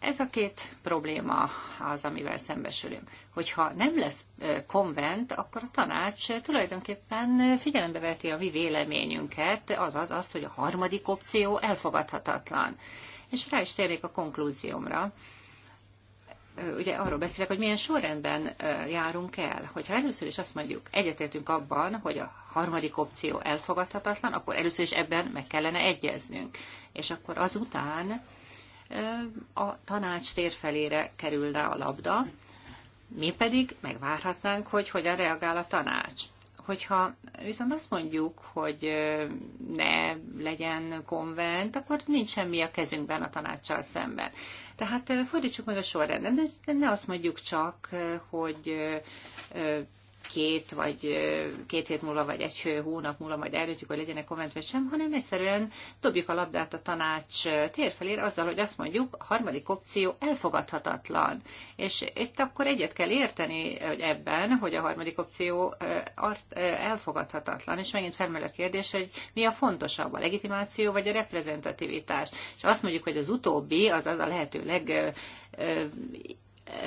S3: Ez a két probléma az, amivel szembesülünk. Hogyha nem lesz konvent, akkor a tanács tulajdonképpen figyelembe veti a mi véleményünket, azaz azt, hogy a harmadik opció elfogadhatatlan. És rá is térnék a konklúziómra ugye arról beszélek, hogy milyen sorrendben járunk el. Hogyha először is azt mondjuk, egyetértünk abban, hogy a harmadik opció elfogadhatatlan, akkor először is ebben meg kellene egyeznünk. És akkor azután a tanács tér felére kerülne a labda, mi pedig megvárhatnánk, hogy hogyan reagál a tanács. Hogyha viszont azt mondjuk, hogy ne legyen konvent, akkor nincs semmi a kezünkben a tanácssal szemben. Tehát fordítsuk meg a sorrendet, de ne azt mondjuk csak, hogy két vagy két hét múlva, vagy egy hónap múlva majd eldöntjük, hogy legyenek komment vagy sem, hanem egyszerűen dobjuk a labdát a tanács térfelére azzal, hogy azt mondjuk, a harmadik opció elfogadhatatlan. És itt akkor egyet kell érteni hogy ebben, hogy a harmadik opció elfogadhatatlan. És megint felmerül a kérdés, hogy mi a fontosabb, a legitimáció vagy a reprezentativitás. És azt mondjuk, hogy az utóbbi, az az a lehető leg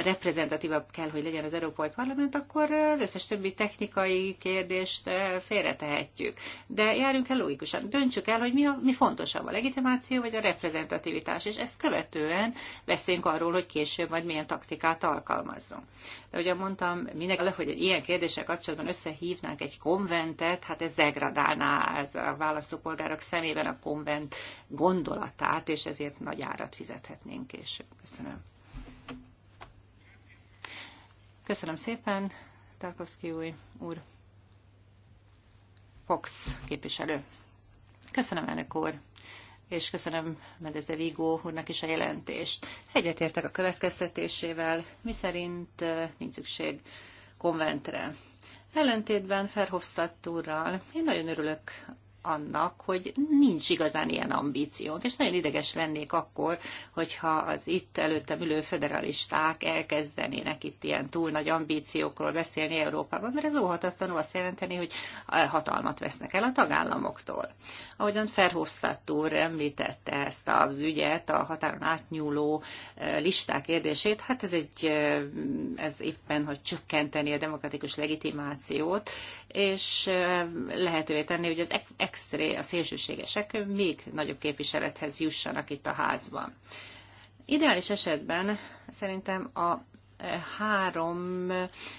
S3: reprezentatívabb kell, hogy legyen az Európai Parlament, akkor az összes többi technikai kérdést eh, félretehetjük. De járjunk el logikusan. Döntsük el, hogy mi, a, mi fontosabb, a legitimáció vagy a reprezentativitás, és ezt követően beszéljünk arról, hogy később majd milyen taktikát alkalmazzunk. De ugye mondtam, minek le, hogy egy ilyen kérdéssel kapcsolatban összehívnánk egy konventet, hát ez degradálná ez a választópolgárok szemében a konvent gondolatát, és ezért nagy árat fizethetnénk később. Köszönöm. Köszönöm szépen, Tarkovszki új úr. Fox képviselő. Köszönöm, elnök úr és köszönöm Medeze Vigó úrnak is a jelentést. Egyetértek a következtetésével, miszerint nincs szükség konventre. Ellentétben Ferhofstadt úrral én nagyon örülök annak, hogy nincs igazán ilyen ambíciónk, és nagyon ideges lennék akkor, hogyha az itt előttem ülő federalisták elkezdenének itt ilyen túl nagy ambíciókról beszélni Európában, mert ez óhatatlanul azt jelenteni, hogy hatalmat vesznek el a tagállamoktól. Ahogyan Ferhofstadt úr említette ezt a ügyet, a határon átnyúló e, listák kérdését, hát ez egy, e, ez éppen, hogy csökkenteni a demokratikus legitimációt, és lehetővé tenni, hogy az extré, a szélsőségesek még nagyobb képviselethez jussanak itt a házban. Ideális esetben szerintem a három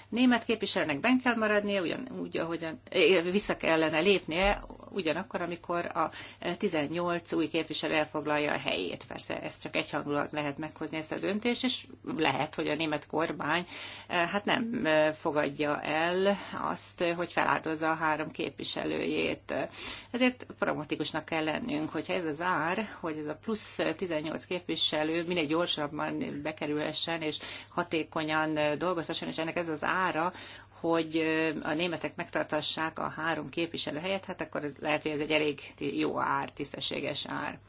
S3: német képviselőnek ben kell maradnia, ugyanúgy, ahogyan eh, vissza kellene lépnie, ugyanakkor, amikor a 18 új képviselő elfoglalja a helyét. Persze ezt csak egyhangulat lehet meghozni ezt a döntést, és lehet, hogy a német kormány eh, hát nem eh, fogadja el azt, hogy feláldozza a három képviselőjét. Ezért pragmatikusnak kell lennünk, hogyha ez az ár, hogy ez a plusz 18 képviselő minél gyorsabban bekerülhessen és hatékony hatékonyan dolgoztasson, és ennek ez az ára, hogy a németek megtartassák a három képviselő helyet, hát akkor lehet, hogy ez egy elég jó ár, tisztességes ár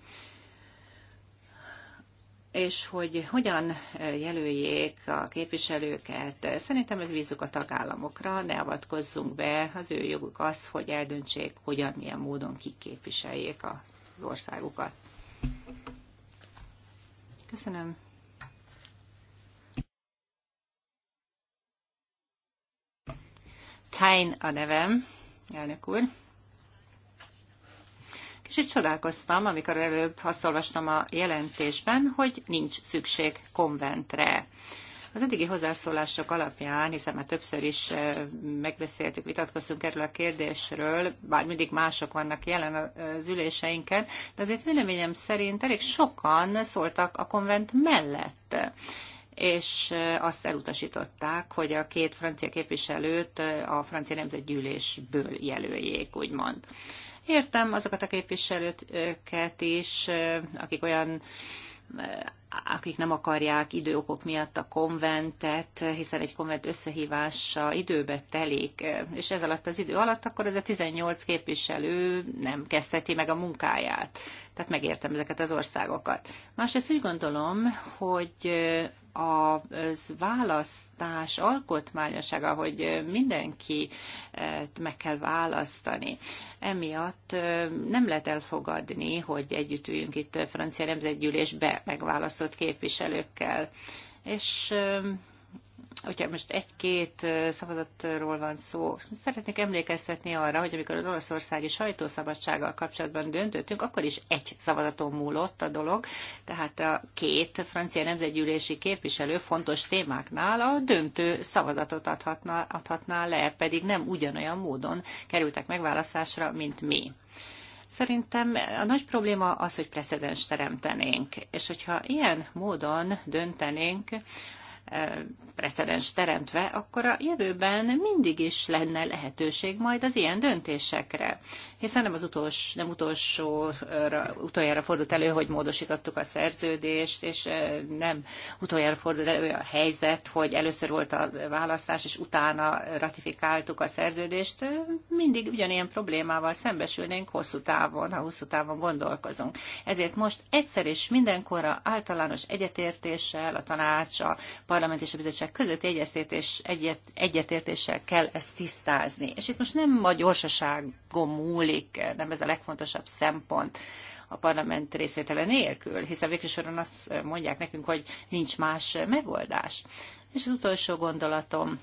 S3: és hogy hogyan jelöljék a képviselőket. Szerintem ez bízzuk a tagállamokra, ne avatkozzunk be, az ő joguk az, hogy eldöntsék, hogyan, milyen módon kiképviseljék az országukat. Köszönöm. Tain a nevem, elnök úr. Kicsit csodálkoztam, amikor előbb azt olvastam a jelentésben, hogy nincs szükség konventre. Az eddigi hozzászólások alapján, hiszen már többször is eh, megbeszéltük, vitatkoztunk erről a kérdésről, bár mindig mások vannak jelen az üléseinken, de azért véleményem szerint elég sokan szóltak a konvent mellett és azt elutasították, hogy a két francia képviselőt a francia nemzetgyűlésből jelöljék, úgymond. Értem azokat a képviselőket is, akik olyan akik nem akarják időokok miatt a konventet, hiszen egy konvent összehívása időbe telik, és ez alatt az idő alatt akkor ez a 18 képviselő nem kezdheti meg a munkáját. Tehát megértem ezeket az országokat. Másrészt úgy gondolom, hogy a választás alkotmányosága, hogy mindenki e, meg kell választani. Emiatt e, nem lehet elfogadni, hogy együtt üljünk itt a francia nemzetgyűlésbe megválasztott képviselőkkel. És e, hogyha most egy-két szavazatról van szó, szeretnék emlékeztetni arra, hogy amikor az oroszországi sajtószabadsággal kapcsolatban döntöttünk, akkor is egy szavazaton múlott a dolog, tehát a két francia nemzetgyűlési képviselő fontos témáknál a döntő szavazatot adhatná, adhatná le, pedig nem ugyanolyan módon kerültek megválasztásra, mint mi. Szerintem a nagy probléma az, hogy precedens teremtenénk, és hogyha ilyen módon döntenénk, precedens teremtve, akkor a jövőben mindig is lenne lehetőség majd az ilyen döntésekre. Hiszen nem az utolsó, nem utolsó utoljára fordult elő, hogy módosítottuk a szerződést, és nem utoljára fordult elő a helyzet, hogy először volt a választás, és utána ratifikáltuk a szerződést. Mindig ugyanilyen problémával szembesülnénk hosszú távon, ha hosszú távon gondolkozunk. Ezért most egyszer és mindenkorra általános egyetértéssel a tanács, a parlament és a bizottság közötti egyeztetés, egyet, egyetértéssel kell ezt tisztázni. És itt most nem a gyorsaságon múlik, nem ez a legfontosabb szempont a parlament részvétele nélkül, hiszen végsősoron azt mondják nekünk, hogy nincs más megoldás. És az utolsó gondolatom,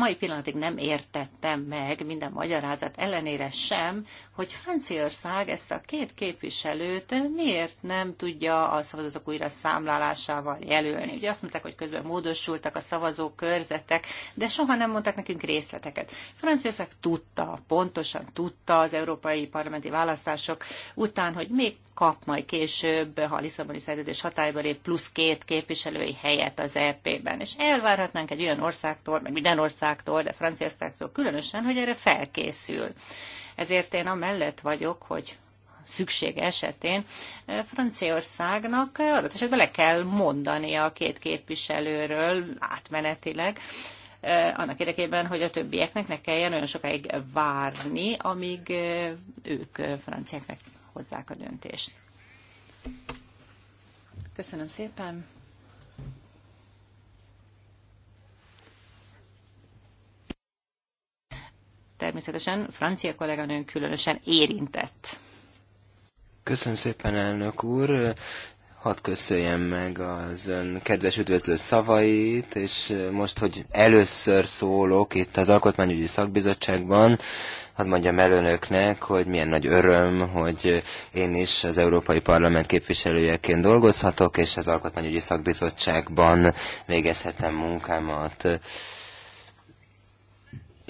S3: mai pillanatig nem értettem meg minden magyarázat ellenére sem, hogy Franciaország ezt a két képviselőt miért nem tudja a szavazatok újra számlálásával jelölni. Ugye azt mondták, hogy közben módosultak a körzetek, de soha nem mondtak nekünk részleteket. Franciaország tudta, pontosan tudta az európai parlamenti választások után, hogy még kap majd később, ha a Lisszaboni szerződés hatályba lép, plusz két képviselői helyet az EP-ben. És elvárhatnánk egy olyan országtól, meg minden ország országtól, de Franciaországtól különösen, hogy erre felkészül. Ezért én amellett vagyok, hogy szükség esetén eh, Franciaországnak adott esetben le kell mondania a két képviselőről átmenetileg, eh, annak érdekében, hogy a többieknek ne kelljen olyan sokáig várni, amíg eh, ők franciáknak hozzák a döntést. Köszönöm szépen! természetesen francia kolléganőnk különösen érintett.
S1: Köszönöm szépen, elnök úr! Hadd köszönjem meg az ön kedves üdvözlő szavait, és most, hogy először szólok itt az Alkotmányügyi Szakbizottságban, hadd mondjam el önöknek, hogy milyen nagy öröm, hogy én is az Európai Parlament képviselőjeként dolgozhatok, és az Alkotmányügyi Szakbizottságban végezhetem munkámat.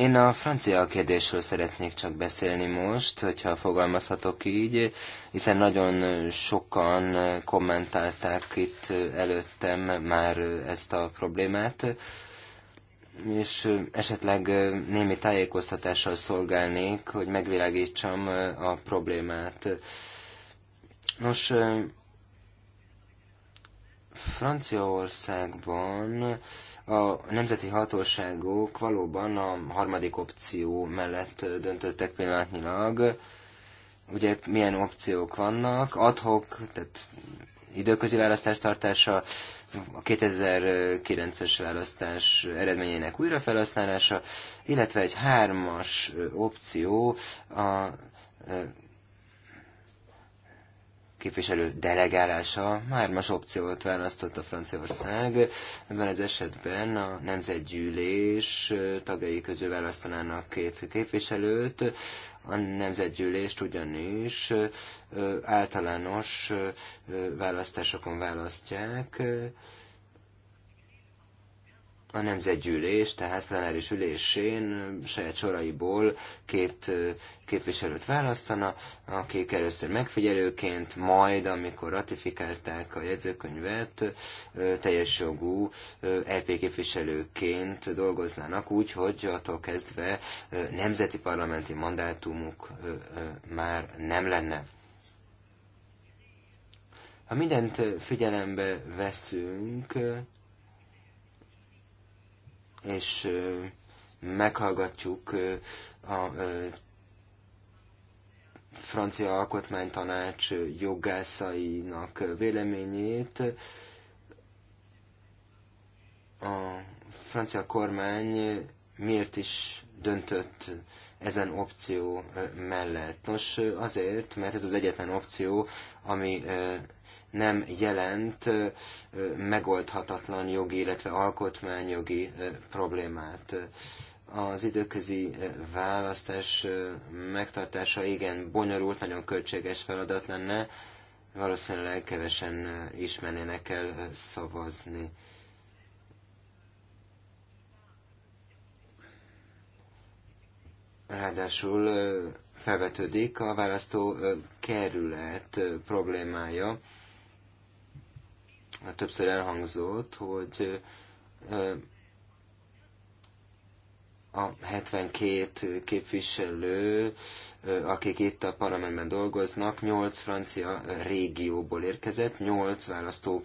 S1: Én a francia kérdésről szeretnék csak beszélni most, hogyha fogalmazhatok így, hiszen nagyon sokan kommentálták itt előttem már ezt a problémát, és esetleg némi tájékoztatással szolgálnék, hogy megvilágítsam a problémát. Nos, Franciaországban a nemzeti hatóságok valóban a harmadik opció mellett döntöttek pillanatnyilag. Ugye milyen opciók vannak? Adhok, tehát időközi választás tartása, a 2009-es választás eredményének újrafelhasználása, illetve egy hármas opció a képviselő delegálása, hármas opciót választott a Franciaország. Ebben az esetben a nemzetgyűlés tagjai közül választanának két képviselőt. A nemzetgyűlést ugyanis általános választásokon választják, a nemzetgyűlés, tehát plenáris ülésén saját soraiból két képviselőt választana, akik először megfigyelőként, majd, amikor ratifikálták a jegyzőkönyvet, teljes jogú LP képviselőként dolgoznának úgy, hogy attól kezdve nemzeti parlamenti mandátumuk már nem lenne. Ha mindent figyelembe veszünk, és meghallgatjuk a francia alkotmánytanács jogászainak véleményét. A francia kormány miért is döntött ezen opció mellett? Nos, azért, mert ez az egyetlen opció, ami nem jelent megoldhatatlan jogi, illetve alkotmányjogi problémát. Az időközi választás megtartása igen bonyolult, nagyon költséges feladat lenne, valószínűleg kevesen ismernének el szavazni. Ráadásul felvetődik a választó kerület problémája többször elhangzott, hogy a 72 képviselő, akik itt a parlamentben dolgoznak, 8 francia régióból érkezett, 8 választó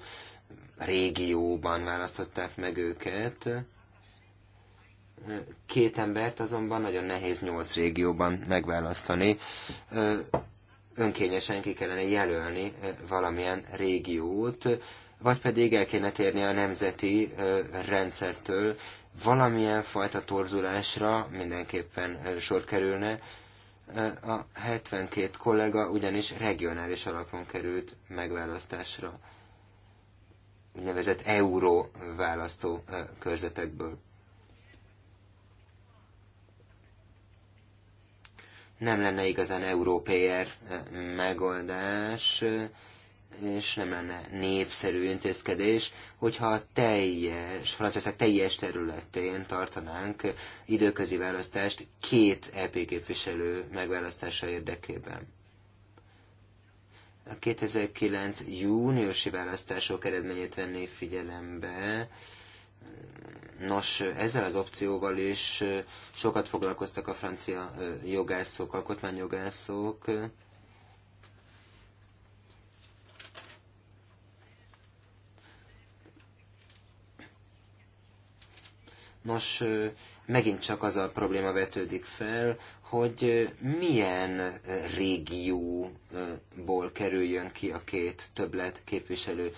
S1: régióban választották meg őket. Két embert azonban nagyon nehéz 8 régióban megválasztani. Önkényesen ki kellene jelölni valamilyen régiót, vagy pedig el kéne térni a nemzeti rendszertől, valamilyen fajta torzulásra mindenképpen sor kerülne. A 72 kollega ugyanis regionális alapon került megválasztásra, úgynevezett euró választó körzetekből. Nem lenne igazán európér megoldás, és nem lenne népszerű intézkedés, hogyha a teljes, Franciaország teljes területén tartanánk időközi választást két EP képviselő megválasztása érdekében. A 2009 júniusi választások eredményét venné figyelembe, Nos, ezzel az opcióval is sokat foglalkoztak a francia jogászok, alkotmányjogászok, Nos, megint csak az a probléma vetődik fel, hogy milyen régióból kerüljön ki a két többlet képviselő.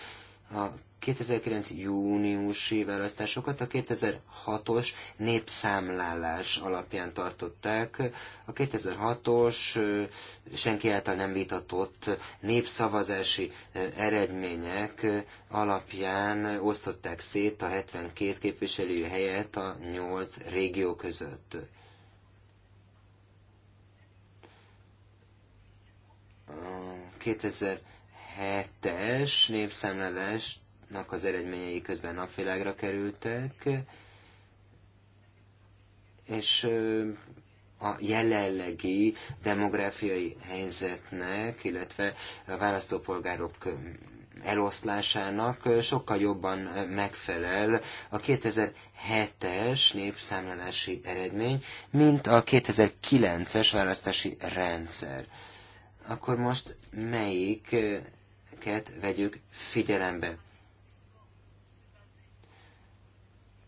S1: A 2009. júniusi választásokat a 2006-os népszámlálás alapján tartották. A 2006-os senki által nem vitatott népszavazási eredmények alapján osztották szét a 72 képviselő helyet a 8 régió között. A 2007-es népszámlálást nak az eredményei közben napvilágra kerültek, és a jelenlegi demográfiai helyzetnek, illetve a választópolgárok eloszlásának sokkal jobban megfelel a 2007-es népszámlálási eredmény, mint a 2009-es választási rendszer. Akkor most melyiket vegyük figyelembe?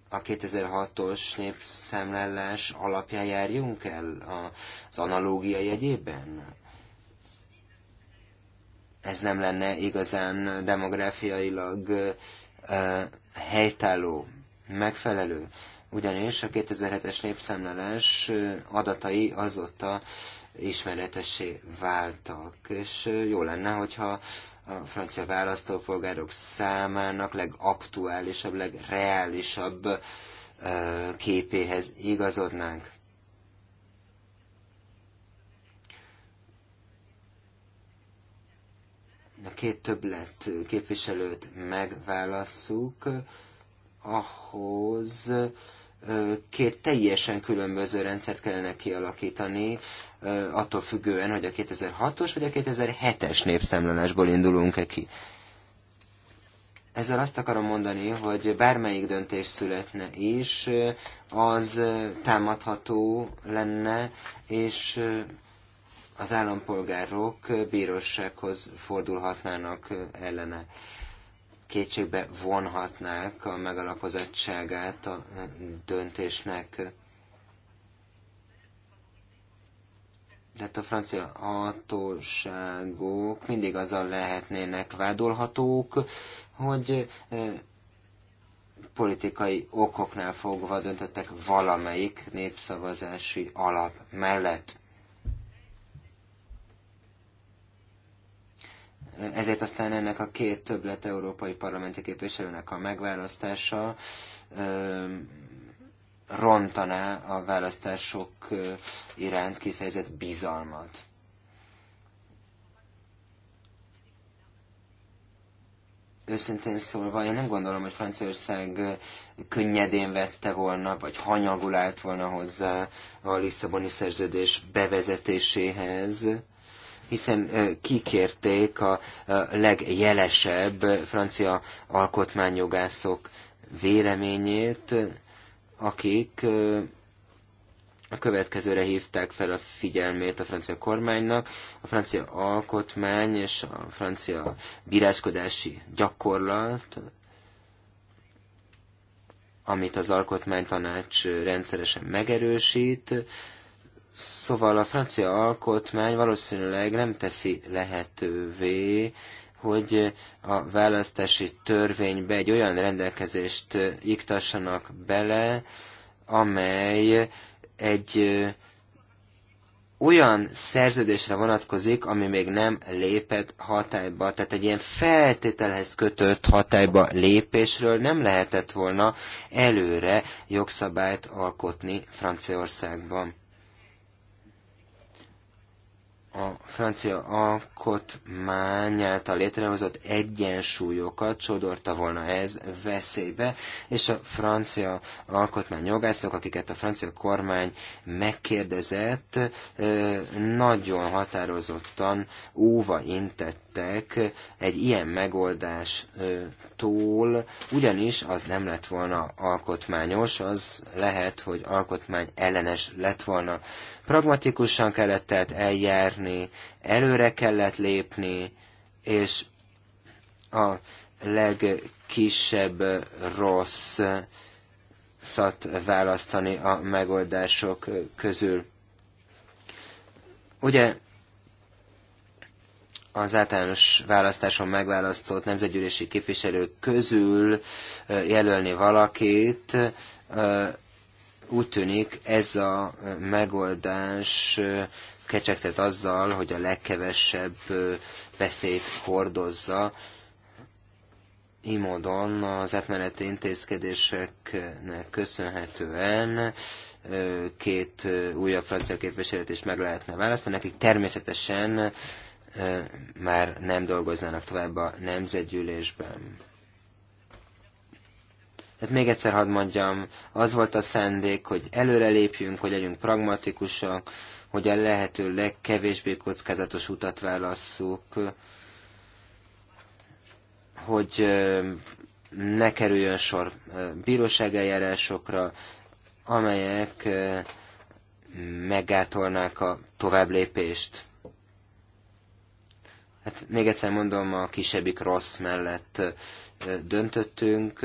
S1: a 2006-os népszemlellás alapján járjunk el az analógia jegyében? Ez nem lenne igazán demográfiailag helytálló, megfelelő, ugyanis a 2007-es népszámlálás adatai azóta ismeretessé váltak, és jó lenne, hogyha a francia választópolgárok számának legaktuálisabb, legreálisabb képéhez igazodnánk. A két többlet képviselőt megválasszuk, ahhoz két teljesen különböző rendszert kellene kialakítani, attól függően, hogy a 2006-os vagy a 2007-es népszámlálásból indulunk-e ki. Ezzel azt akarom mondani, hogy bármelyik döntés születne is, az támadható lenne, és az állampolgárok bírósághoz fordulhatnának ellene kétségbe vonhatnák a megalapozottságát a döntésnek. de hát a francia hatóságok mindig azzal lehetnének vádolhatók, hogy eh, politikai okoknál fogva döntöttek valamelyik népszavazási alap mellett. ezért aztán ennek a két többlet európai parlamenti képviselőnek a megválasztása rontaná a választások iránt kifejezett bizalmat. Őszintén szólva, én nem gondolom, hogy Franciaország könnyedén vette volna, vagy állt volna hozzá a Lisszaboni szerződés bevezetéséhez hiszen kikérték a legjelesebb francia alkotmányjogászok véleményét, akik a következőre hívták fel a figyelmét a francia kormánynak. A francia alkotmány és a francia bíráskodási gyakorlat, amit az alkotmánytanács rendszeresen megerősít, Szóval a francia alkotmány valószínűleg nem teszi lehetővé, hogy a választási törvénybe egy olyan rendelkezést iktassanak bele, amely egy olyan szerződésre vonatkozik, ami még nem lépett hatályba. Tehát egy ilyen feltételhez kötött hatályba lépésről nem lehetett volna előre jogszabályt alkotni Franciaországban a francia alkotmány által létrehozott egyensúlyokat sodorta volna ez veszélybe, és a francia alkotmány jogászok, akiket a francia kormány megkérdezett, nagyon határozottan óva intett függtek egy ilyen megoldástól, ugyanis az nem lett volna alkotmányos, az lehet, hogy alkotmány ellenes lett volna. Pragmatikusan kellett tehát eljárni, előre kellett lépni, és a legkisebb rossz szat választani a megoldások közül. Ugye az általános választáson megválasztott nemzetgyűlési képviselők közül jelölni valakit, úgy tűnik ez a megoldás kecsegtet azzal, hogy a legkevesebb veszélyt hordozza. Így módon az átmeneti intézkedéseknek köszönhetően két újabb francia képviselőt is meg lehetne választani, nekik természetesen már nem dolgoznának tovább a nemzetgyűlésben. Hát még egyszer hadd mondjam, az volt a szándék, hogy előrelépjünk, hogy legyünk pragmatikusak, hogy a lehető legkevésbé kockázatos utat válasszuk, hogy ne kerüljön sor bíróságeljárásokra, amelyek megátolnák a továbblépést. Hát még egyszer mondom, a kisebbik rossz mellett döntöttünk.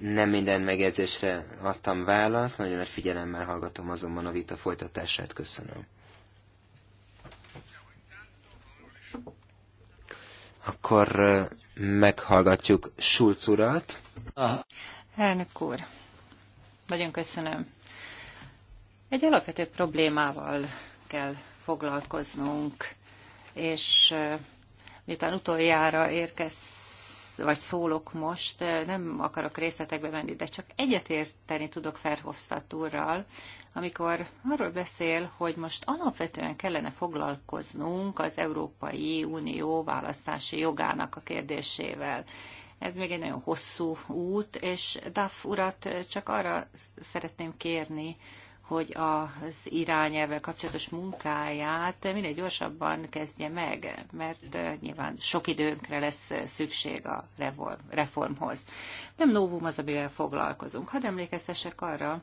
S1: Nem minden megjegyzésre adtam választ, nagyon nagy figyelemmel hallgatom azonban a vita folytatását. Köszönöm. Akkor meghallgatjuk Schulz urat.
S3: Elnök úr, nagyon köszönöm. Egy alapvető problémával kell foglalkoznunk, és miután utoljára érkez vagy szólok most, nem akarok részletekbe menni, de csak egyetérteni tudok Ferhofstadt úrral, amikor arról beszél, hogy most alapvetően kellene foglalkoznunk az Európai Unió választási jogának a kérdésével. Ez még egy nagyon hosszú út, és Duff urat csak arra szeretném kérni, hogy az irányelvvel kapcsolatos munkáját minél gyorsabban kezdje meg, mert eh, nyilván sok időnkre lesz szükség a reformhoz. Nem novum az, amivel foglalkozunk. Hadd emlékeztessek arra,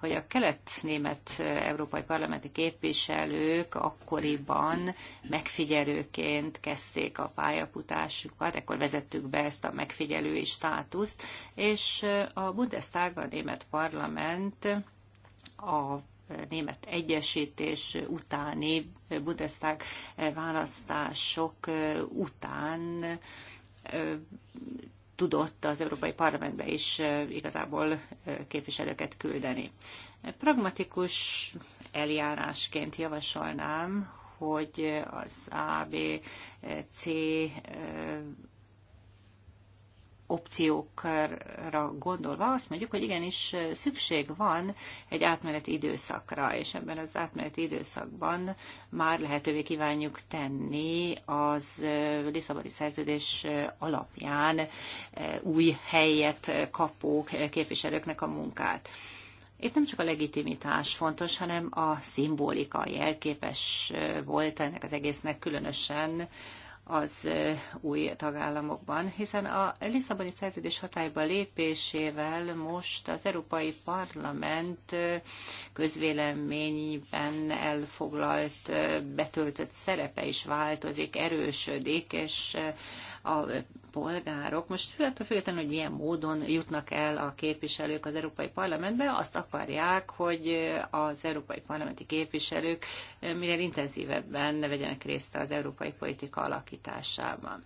S3: hogy a kelet-német eh, európai parlamenti képviselők akkoriban megfigyelőként kezdték a pályafutásukat, ekkor vezettük be ezt a megfigyelői státuszt, és eh, a Bundestag, a német parlament a német egyesítés utáni Bundestag választások után tudott az Európai Parlamentbe is igazából képviselőket küldeni. Pragmatikus eljárásként javasolnám, hogy az ABC opciókra gondolva azt mondjuk, hogy igenis szükség van egy átmeneti időszakra, és ebben az átmeneti időszakban már lehetővé kívánjuk tenni az Lisszaboni szerződés alapján új helyet kapó képviselőknek a munkát. Itt nem csak a legitimitás fontos, hanem a szimbolika jelképes volt ennek az egésznek, különösen az új tagállamokban, hiszen a Lisszaboni szerződés hatályba lépésével most az Európai Parlament közvéleményben elfoglalt, betöltött szerepe is változik, erősödik, és a polgárok most főtől hogy milyen módon jutnak el a képviselők az Európai Parlamentbe, azt akarják, hogy az európai parlamenti képviselők eh, minél intenzívebben vegyenek részt az európai politika alakításában.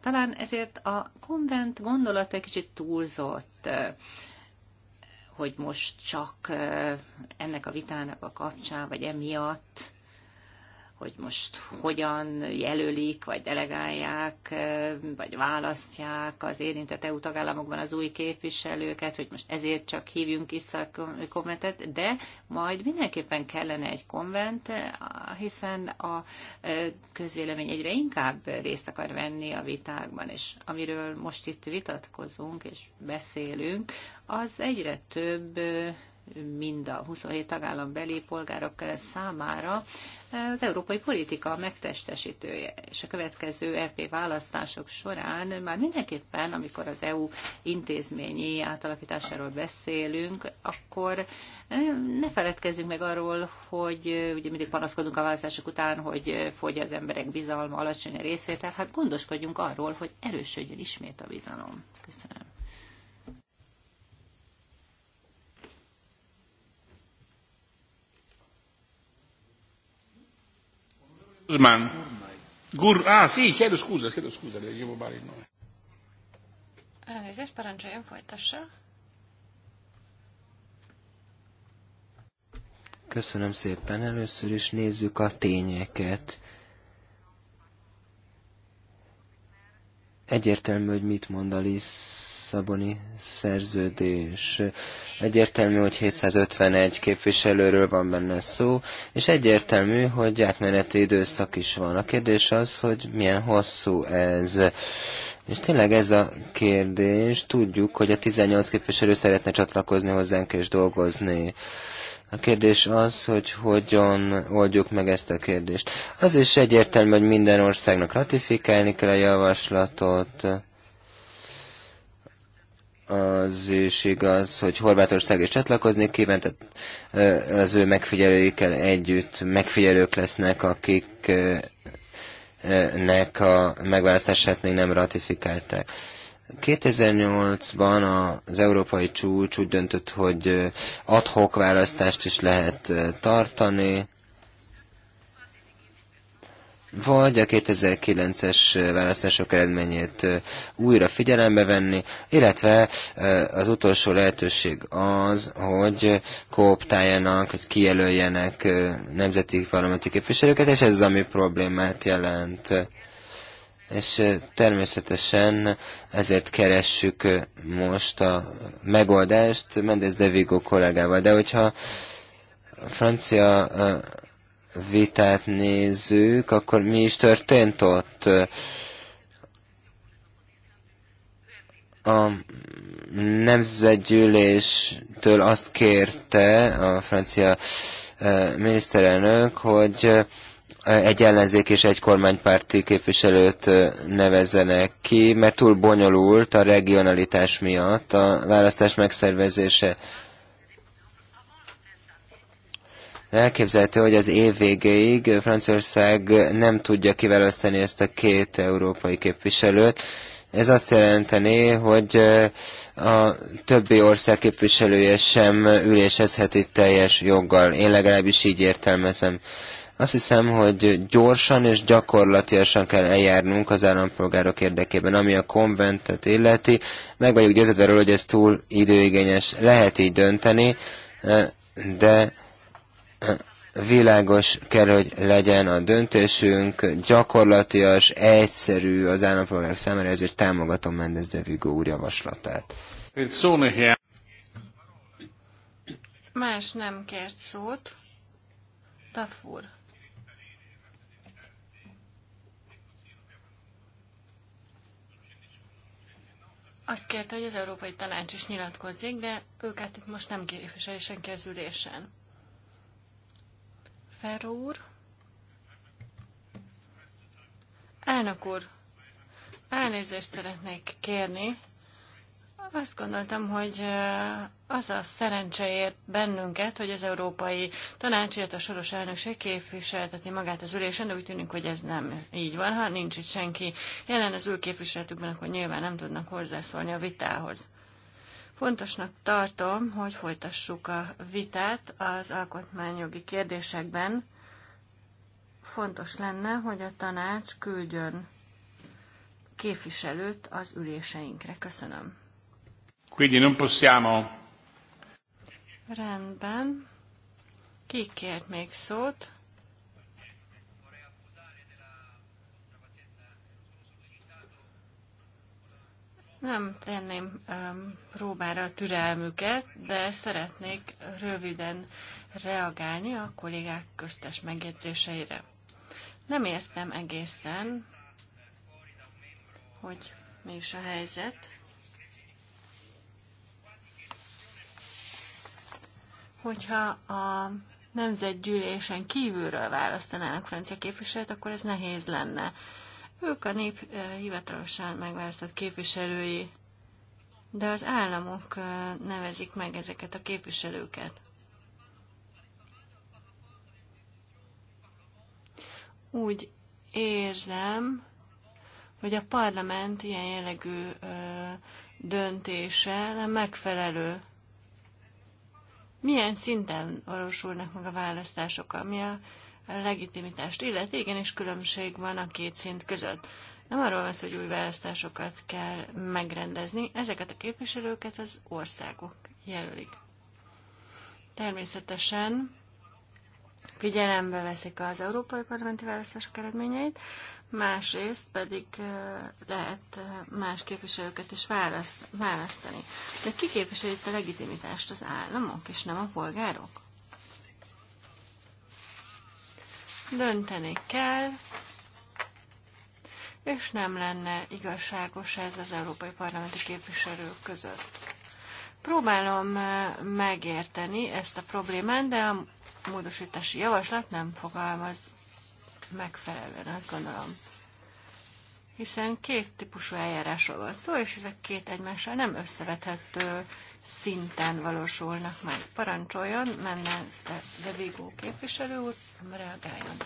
S3: Talán ezért a konvent gondolata egy kicsit túlzott eh, hogy most csak eh, ennek a vitának a kapcsán, vagy emiatt hogy most hogyan jelölik, vagy delegálják, vagy választják az érintett EU tagállamokban az új képviselőket, hogy most ezért csak hívjunk vissza a konventet, de majd mindenképpen kellene egy konvent, hiszen a közvélemény egyre inkább részt akar venni a vitákban, és amiről most itt vitatkozunk és beszélünk, az egyre több mind a 27 tagállam beli polgárok számára az európai politika megtestesítője. És a következő EP választások során már mindenképpen, amikor az EU intézményi átalakításáról beszélünk, akkor eh, ne feledkezzünk meg arról, hogy eh, ugye mindig panaszkodunk a választások után, hogy eh, fogy az emberek bizalma, alacsony a részvétel, hát gondoskodjunk arról, hogy erősödjön ismét a bizalom. Köszönöm.
S1: Guzmán. Gur... Ah, sì,
S4: chiedo scusa, chiedo scusa, le devo fare il nome.
S2: Elnézést, parancsoljon, folytassa.
S1: Köszönöm szépen. Először is nézzük a tényeket. Egyértelmű, hogy mit mond a Lisz Lisszaboni szerződés. Egyértelmű, hogy 751 képviselőről van benne szó, és egyértelmű, hogy átmeneti időszak is van. A kérdés az, hogy milyen hosszú ez. És tényleg ez a kérdés, tudjuk, hogy a 18 képviselő szeretne csatlakozni hozzánk és dolgozni. A kérdés az, hogy hogyan oldjuk meg ezt a kérdést. Az is egyértelmű, hogy minden országnak ratifikálni kell a javaslatot az is igaz, hogy Horvátország is csatlakozni kíván, tehát az ő megfigyelőikkel együtt megfigyelők lesznek, akiknek a megválasztását még nem ratifikálták. 2008-ban az európai csúcs úgy döntött, hogy adhok választást is lehet tartani, vagy a 2009-es választások eredményét újra figyelembe venni, illetve az utolsó lehetőség az, hogy kooptáljanak, hogy kijelöljenek nemzeti parlamenti képviselőket, és ez az, ami problémát jelent és természetesen ezért keressük most a megoldást Mendes de Vigo kollégával. De hogyha a francia vitát nézzük, akkor mi is történt ott? A nemzetgyűléstől azt kérte a francia e, miniszterelnök, hogy e, egy ellenzék és egy kormánypárti képviselőt e, nevezzenek ki, mert túl bonyolult a regionalitás miatt a választás megszervezése. Elképzelhető, hogy az év végéig Franciaország nem tudja kiválasztani ezt a két európai képviselőt. Ez azt jelenteni, hogy eh, a többi ország képviselője sem ülésezheti teljes joggal. Én legalábbis így értelmezem. Azt hiszem, hogy gyorsan és gyakorlatilag kell eljárnunk az állampolgárok érdekében, ami a konventet illeti. Meg vagyok győződve róla, hogy ez túl időigényes. Lehet így dönteni, eh, de Világos kell, hogy legyen a döntésünk, gyakorlatias, egyszerű az állampolgárok számára, ezért támogatom Mendez de Vigo úr javaslatát.
S2: Más nem kért szót. Tafur. Azt kérte, hogy az Európai Tanács is nyilatkozzék, de őket itt most nem képviseli senki az ülésen. Ferro úr. Elnök úr, elnézést szeretnék kérni. Azt gondoltam, hogy eh, az a szerencse ért bennünket, hogy az Európai Tanács, illetve a soros elnökség képviselteti magát az ülésen, de úgy tűnik, hogy ez nem így van. Ha nincs itt senki jelen az ülképviseletükben, akkor nyilván nem tudnak hozzászólni a vitához. Fontosnak tartom, hogy folytassuk a vitát az alkotmányjogi kérdésekben. Fontos lenne, hogy a tanács küldjön képviselőt az üléseinkre. Köszönöm. Quindi non possiamo. Rendben. Ki kért még szót? Nem tenném um, próbára a türelmüket, de szeretnék röviden reagálni a kollégák köztes megjegyzéseire. Nem értem egészen, hogy mi is a helyzet. Hogyha a nemzetgyűlésen kívülről választanának francia képviselőt, akkor ez nehéz lenne. Uh, ők a nép eh, hivatalosan megválasztott képviselői, de az államok eh, nevezik meg ezeket a képviselőket. Úgy érzem, hogy a parlament ilyen jellegű eh, döntése nem megfelelő. Milyen szinten valósulnak meg a választások, ami a legitimitást illeti, igenis különbség van a két szint között. Nem arról van hogy új választásokat kell megrendezni, ezeket a képviselőket az országok jelölik. Természetesen figyelembe veszik az európai parlamenti választások eredményeit, másrészt pedig lehet más képviselőket is választ, választani. De ki képviselik a legitimitást az államok, és nem a polgárok? dönteni kell, és nem lenne igazságos ez az európai parlamenti képviselők között. Próbálom eh, megérteni ezt a problémát, de a módosítási javaslat nem fogalmaz megfelelően, azt gondolom. Hiszen két típusú eljárásról van szó, és ezek két egymással nem összevethető szinten valósulnak meg. Parancsoljon, menne de Vigó képviselő úr, reagáljon.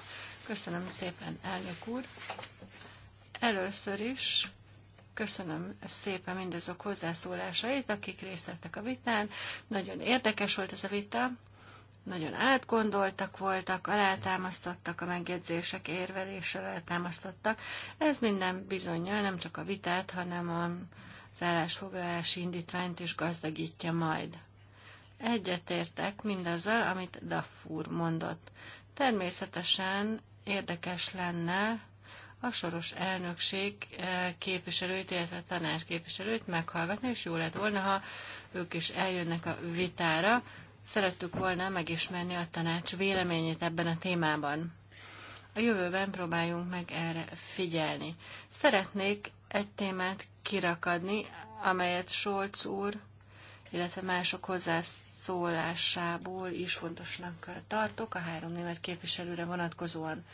S2: Köszönöm szépen, elnök úr. Először is köszönöm szépen mindazok hozzászólásait, akik részt vettek a vitán. Nagyon érdekes volt ez a vita, nagyon átgondoltak voltak, alátámasztottak a megjegyzések, érveléssel alátámasztottak. Ez minden bizonyal nem csak a vitát, hanem a szállásfoglalási indítványt is gazdagítja majd. Egyetértek mindazzal, amit Daffur mondott. Természetesen érdekes lenne a soros elnökség eh, képviselőt, illetve tanár képviselőt meghallgatni, és jó lett volna, ha ők is eljönnek a vitára. Szerettük volna megismerni a tanács véleményét ebben a témában. A jövőben próbáljunk meg erre figyelni. Szeretnék egy témát kirakadni, amelyet Solc úr, illetve mások hozzászólásából is fontosnak tartok a három német képviselőre vonatkozóan.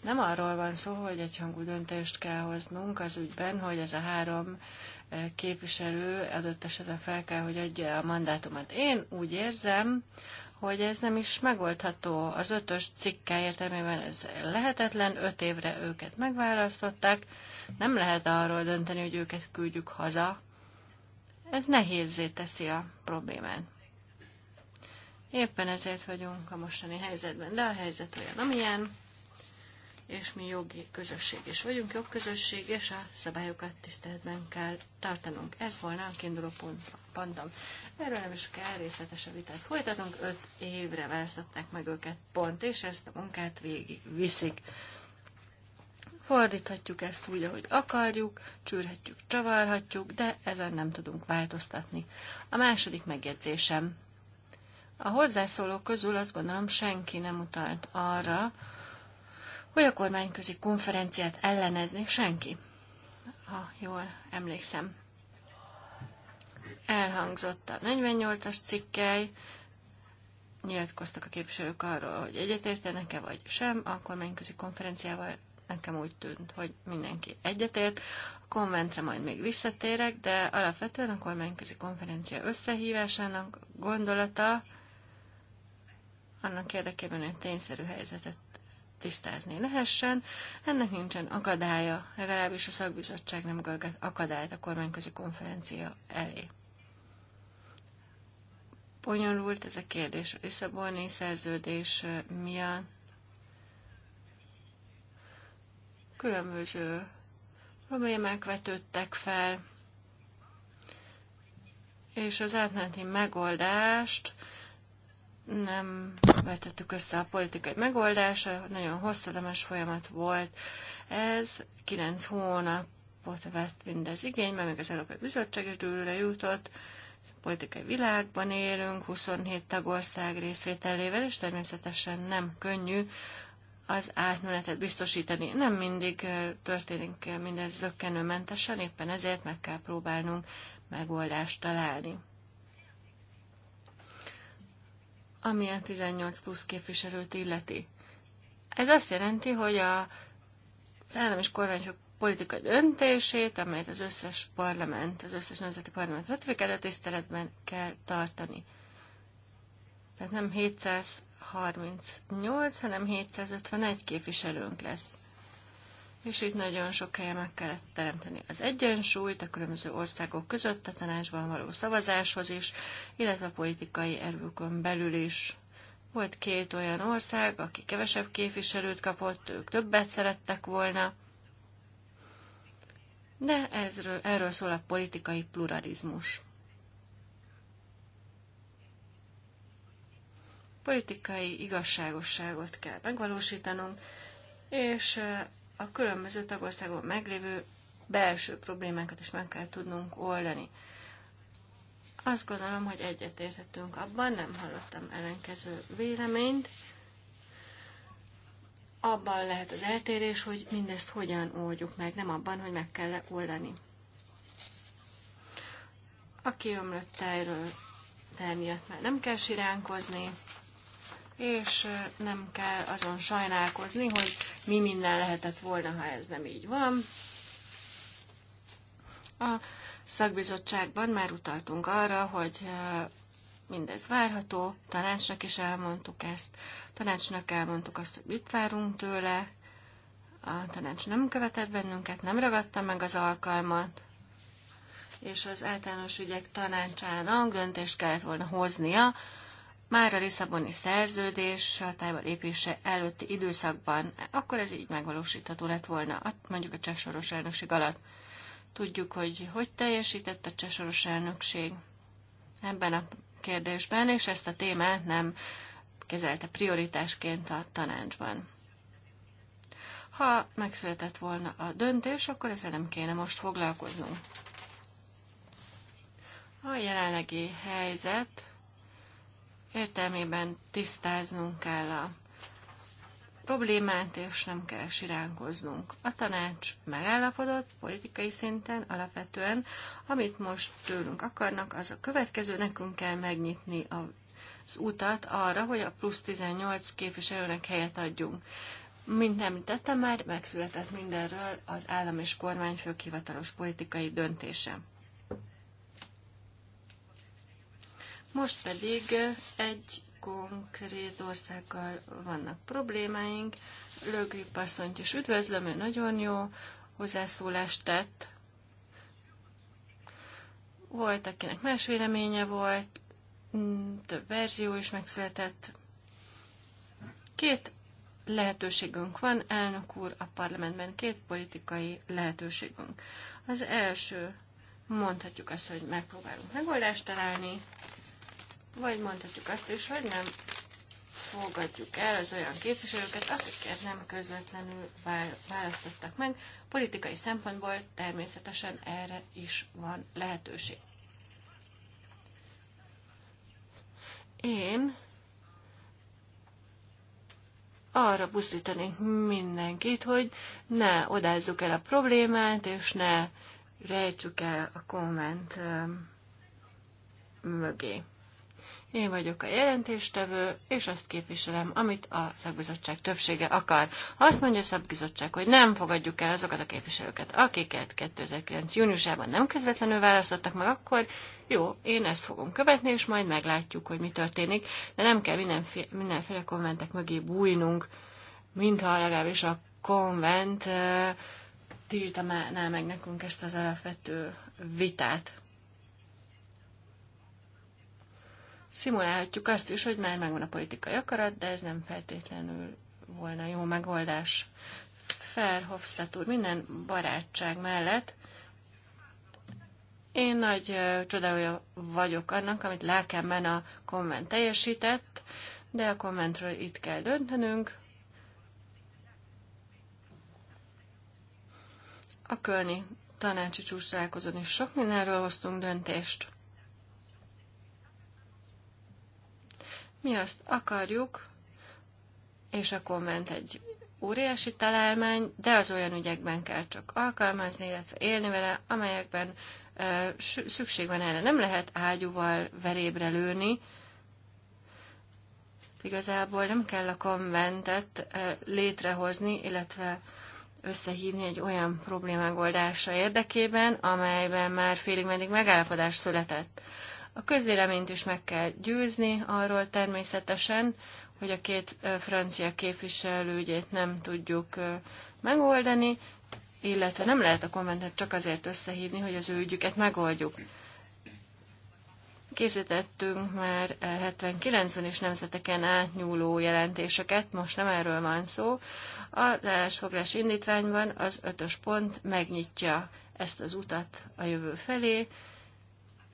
S2: Nem arról van szó, hogy egyhangú döntést kell hoznunk az ügyben, hogy ez a három eh, képviselő adott esetben fel kell, hogy adja a mandátumát. Én úgy érzem, hogy ez nem is megoldható. Az ötös cikkel értelmében ez lehetetlen, öt évre őket megválasztották, nem lehet arról dönteni, hogy őket küldjük haza. Ez nehézé teszi a problémát. Éppen ezért vagyunk a mostani helyzetben, de a helyzet olyan, amilyen, és mi jogi közösség is vagyunk, jogközösség, és a szabályokat tiszteletben kell tartanunk. Ez volna a kiinduló pontom. Erről nem is kell részletesebb vitát folytatunk, öt évre választották meg őket pont, és ezt a munkát végig viszik. Fordíthatjuk ezt úgy, ahogy akarjuk, csűrhetjük, csavarhatjuk, de ezen nem tudunk változtatni. A második megjegyzésem. A hozzászólók közül azt gondolom senki nem utalt arra, hogy a kormányközi konferenciát ellenezni? senki, ha jól emlékszem. Elhangzott a 48-as cikkely, nyilatkoztak a képviselők arról, hogy egyetértenek-e vagy sem a kormányközi konferenciával nekem úgy tűnt, hogy mindenki egyetért. A konventre majd még visszatérek, de alapvetően a kormányközi konferencia összehívásának gondolata annak érdekében, hogy tényszerű helyzetet tisztázni lehessen. Ennek nincsen akadálya, legalábbis a szakbizottság nem görget akadályt a kormányközi konferencia elé. Bonyolult ez a kérdés a Lisszaboni szerződés miatt, különböző problémák vetődtek fel, és az átmeneti megoldást nem vetettük össze a politikai megoldása, nagyon hosszadalmas folyamat volt. Ez kilenc hónapot vett mindez igénybe, még az Európai Bizottság is dőlőre jutott. A politikai világban élünk, 27 tagország részvételével, és természetesen nem könnyű az átmenetet biztosítani. Nem mindig történik mindez zöggenőmentesen, éppen ezért meg kell próbálnunk megoldást találni. Ami a 18 plusz képviselőt illeti. Ez azt jelenti, hogy a, az állam és kormányok politika döntését, amelyet az összes parlament, az összes nemzeti parlament ratifikált, tiszteletben kell tartani. Tehát nem 700 38, hanem 751 képviselőnk lesz. És itt nagyon sok helyen meg kellett teremteni az egyensúlyt a különböző országok között, a tanácsban való szavazáshoz is, illetve a politikai erőkön belül is. Volt két olyan ország, aki kevesebb képviselőt kapott, ők többet szerettek volna, de ezről, erről szól a politikai pluralizmus. Politikai igazságosságot kell megvalósítanunk, és a különböző tagországok meglévő belső problémákat is meg kell tudnunk oldani. Azt gondolom, hogy egyetérthetünk abban, nem hallottam ellenkező véleményt. Abban lehet az eltérés, hogy mindezt hogyan oldjuk meg, nem abban, hogy meg kell oldani. A kiömlött tejről, de miatt már nem kell siránkozni és nem kell azon sajnálkozni, hogy mi minden lehetett volna, ha ez nem így van. A szakbizottságban már utaltunk arra, hogy mindez várható, tanácsnak is elmondtuk ezt, tanácsnak elmondtuk azt, hogy mit várunk tőle, a tanács nem követett bennünket, nem ragadta meg az alkalmat, és az általános ügyek tanácsának döntést kellett volna hoznia, már a Lisszaboni szerződés hatályba lépése előtti időszakban, akkor ez így megvalósítható lett volna, mondjuk a csehsoros elnökség alatt. Tudjuk, hogy hogy teljesített a csehsoros elnökség ebben a kérdésben, és ezt a témát nem kezelte prioritásként a tanácsban. Ha megszületett volna a döntés, akkor ezzel nem kéne most foglalkoznunk. A jelenlegi helyzet értelmében tisztáznunk kell a problémát, és nem kell siránkoznunk. A tanács megállapodott politikai szinten alapvetően, amit most tőlünk akarnak, az a következő, nekünk kell megnyitni az utat arra, hogy a plusz 18 képviselőnek helyet adjunk. Mint említettem már, megszületett mindenről az állam és kormányfők hivatalos politikai döntése. Most pedig egy konkrét országgal vannak problémáink. Lögri passzont is üdvözlöm, ő nagyon jó hozzászólást tett. Volt, akinek más véleménye volt, több verzió is megszületett. Két lehetőségünk van, elnök úr, a parlamentben két politikai lehetőségünk. Az első, mondhatjuk azt, hogy megpróbálunk megoldást találni, vagy mondhatjuk azt is, hogy nem fogadjuk el az olyan képviselőket, akiket nem közvetlenül választottak meg. Politikai szempontból természetesen erre is van lehetőség. Én arra buzdítanék mindenkit, hogy ne odázzuk el a problémát, és ne rejtsük el a komment mögé. Én vagyok a jelentéstevő, és azt képviselem, amit a szakbizottság többsége akar. Ha azt mondja a szakbizottság, hogy nem fogadjuk el azokat a képviselőket, akiket 2009. júniusában nem közvetlenül választottak meg, akkor jó, én ezt fogom követni, és majd meglátjuk, hogy mi történik, de nem kell mindenféle, mindenféle kommentek mögé bújnunk, mintha legalábbis a konvent tiltaná meg nekünk ezt az alapvető vitát. Szimulálhatjuk azt is, hogy már megvan a politikai akarat, de ez nem feltétlenül volna jó megoldás. Ferhofstadt úr, minden barátság mellett én nagy csodája vagyok annak, amit lelkemben a konvent teljesített, de a konventről itt kell döntenünk. A kölni tanácsi csúcsálkozón is sok mindenről hoztunk döntést. Mi azt akarjuk, és a komment egy óriási találmány, de az olyan ügyekben kell csak alkalmazni, illetve élni vele, amelyekben e, szükség van erre. Nem lehet ágyúval verébre lőni, igazából nem kell a konventet létrehozni, illetve összehívni egy olyan problémák oldása érdekében, amelyben már félig meddig megállapodás született. A közvéleményt is meg kell győzni arról természetesen, hogy a két francia képviselőgyét nem tudjuk megoldani, illetve nem lehet a konventet csak azért összehívni, hogy az ő ügyüket megoldjuk. Készítettünk már 70-90 és nemzeteken átnyúló jelentéseket, most nem erről van szó. A leállásfoglás indítványban az ötös pont megnyitja ezt az utat a jövő felé,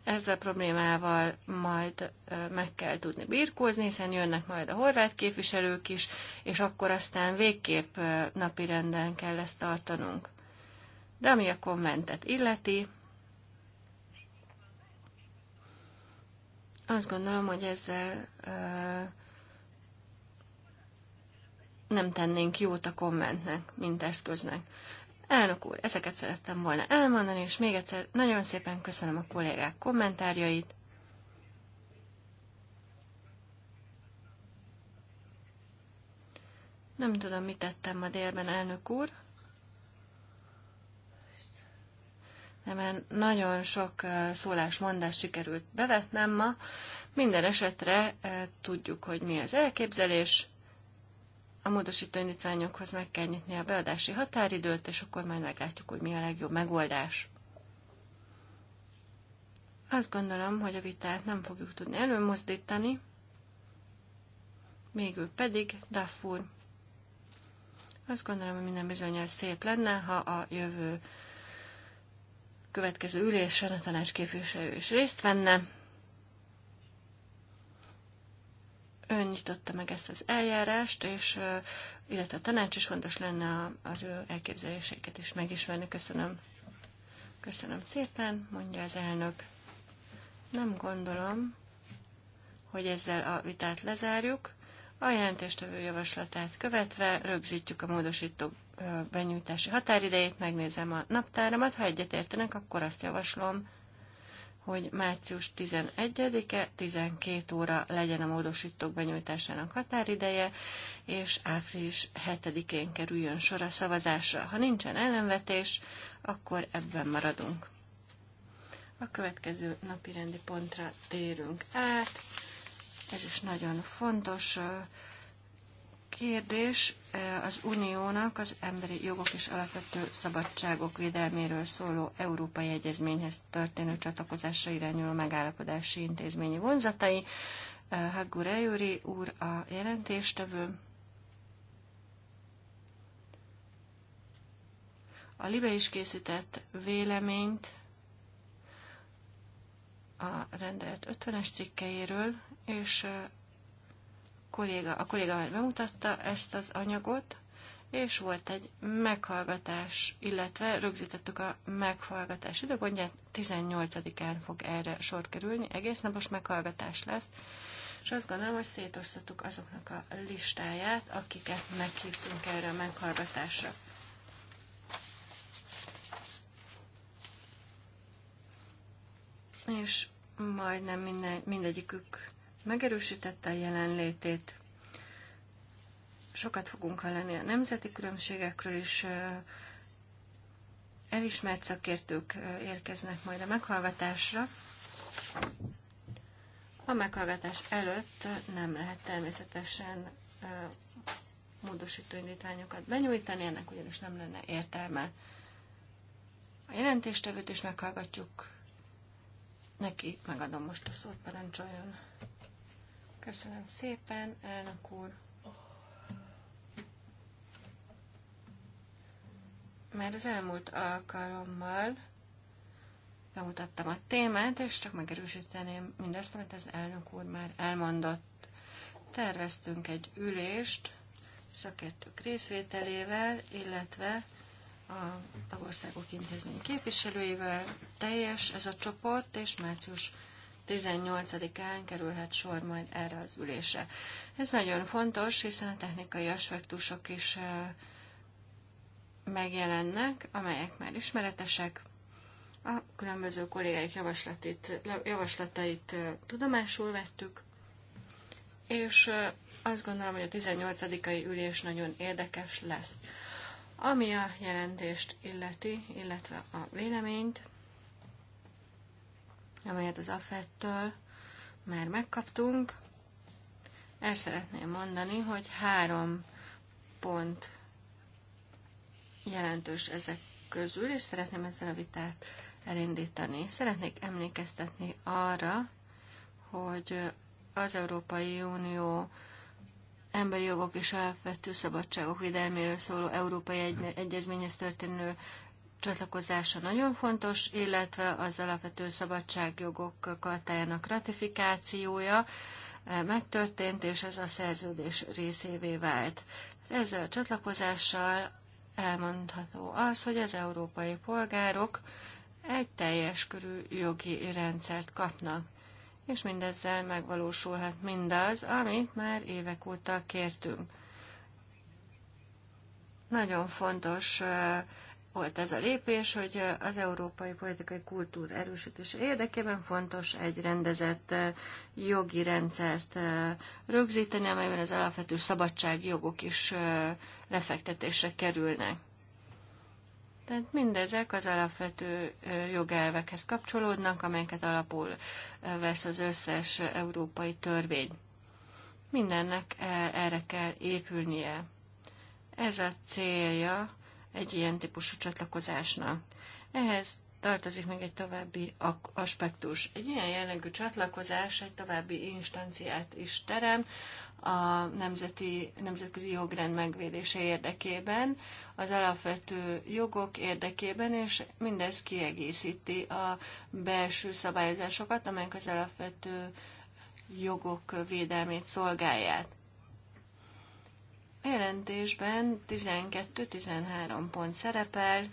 S2: ezzel a problémával majd meg kell tudni birkózni, hiszen jönnek majd a horvát képviselők is, és akkor aztán végképp renden kell ezt tartanunk. De ami a kommentet illeti, azt gondolom, hogy ezzel nem tennénk jót a kommentnek, mint eszköznek. Elnök úr, ezeket szerettem volna elmondani, és még egyszer nagyon szépen köszönöm a kollégák kommentárjait. Nem tudom, mit tettem ma délben, elnök úr. mert nagyon sok szólásmondást sikerült bevetnem ma. Minden esetre tudjuk, hogy mi az elképzelés a módosító indítványokhoz meg kell nyitni a beadási határidőt, és akkor majd meglátjuk, hogy mi a legjobb megoldás. Azt gondolom, hogy a vitát nem fogjuk tudni előmozdítani, végül pedig Dafur. Azt gondolom, hogy minden bizonyal szép lenne, ha a jövő következő ülésen a tanács képviselő is részt venne. ön nyitotta meg ezt az eljárást, és illetve a tanács is fontos lenne az ő elképzeléseket is megismerni. Köszönöm. Köszönöm szépen, mondja az elnök. Nem gondolom, hogy ezzel a vitát lezárjuk. A jelentéstevő javaslatát követve rögzítjük a módosító benyújtási határidejét, megnézem a naptáramat, ha egyetértenek, akkor azt javaslom, hogy március 11-e 12 óra legyen a módosítók benyújtásának határideje, és április 7-én kerüljön sor a szavazásra. Ha nincsen ellenvetés, akkor ebben maradunk. A következő napi rendi pontra térünk át. Ez is nagyon fontos kérdés eh, az Uniónak az emberi jogok és alapvető szabadságok védelméről szóló Európai Egyezményhez történő csatlakozásra irányuló megállapodási intézményi vonzatai. Eh, Haggur Rejuri úr a jelentéstevő. A Libe is készített véleményt a rendelet 50-es cikkeiről, és eh, kolléga, a kolléga már bemutatta ezt az anyagot, és volt egy meghallgatás, illetve rögzítettük a meghallgatás időpontját, 18-án fog erre sor kerülni, egész napos meghallgatás lesz, és azt gondolom, hogy szétosztottuk azoknak a listáját, akiket meghívtunk erre a meghallgatásra. És majdnem minden, mindegyikük megerősítette a jelenlétét. Sokat fogunk hallani a nemzeti különbségekről is. Elismert szakértők érkeznek majd a meghallgatásra. A meghallgatás előtt nem lehet természetesen módosító indítványokat benyújtani, ennek ugyanis nem lenne értelme. A jelentéstevőt is meghallgatjuk. Neki megadom most a szót, parancsoljon. Köszönöm szépen, elnök úr. Már az elmúlt alkalommal bemutattam a témát, és csak megerősíteném mindezt, amit az elnök úr már elmondott. Terveztünk egy ülést szakértők részvételével, illetve a tagországok intézmény képviselőivel. Teljes ez a csoport, és március 18-án kerülhet sor majd erre az ülésre. Ez nagyon fontos, hiszen a technikai aspektusok is megjelennek, amelyek már ismeretesek. A különböző kollégáik javaslatait tudomásul vettük, és azt gondolom, hogy a 18-ai ülés nagyon érdekes lesz. Ami a jelentést illeti, illetve a véleményt, amelyet az afet már megkaptunk. El szeretném mondani, hogy három pont jelentős ezek közül, és szeretném ezzel a vitát elindítani. Szeretnék emlékeztetni arra, hogy az Európai Unió emberi jogok és alapvető szabadságok védelméről szóló Európai Egyezményhez történő csatlakozása nagyon fontos, illetve az alapvető szabadságjogok kartájának ratifikációja eh, megtörtént, és ez a szerződés részévé vált. Ezzel a csatlakozással elmondható az, hogy az európai polgárok egy teljes körű jogi rendszert kapnak, és mindezzel megvalósulhat mindaz, amit már évek óta kértünk. Nagyon fontos eh, volt ez a lépés, hogy az európai politikai kultúra erősítése érdekében fontos egy rendezett eh, jogi rendszert eh, rögzíteni, amelyben az alapvető szabadságjogok is eh, lefektetésre kerülnek. Tehát mindezek az alapvető jogelvekhez kapcsolódnak, amelyeket alapul vesz az összes európai törvény. Mindennek erre kell épülnie. Ez a célja egy ilyen típusú csatlakozásnak. Ehhez tartozik még egy további aspektus. Egy ilyen jellegű csatlakozás egy további instanciát is terem a nemzeti, nemzetközi jogrend megvédése érdekében, az alapvető jogok érdekében, és mindez kiegészíti a belső szabályozásokat, amelyek az alapvető jogok védelmét szolgálják. A jelentésben 12-13 pont szerepel,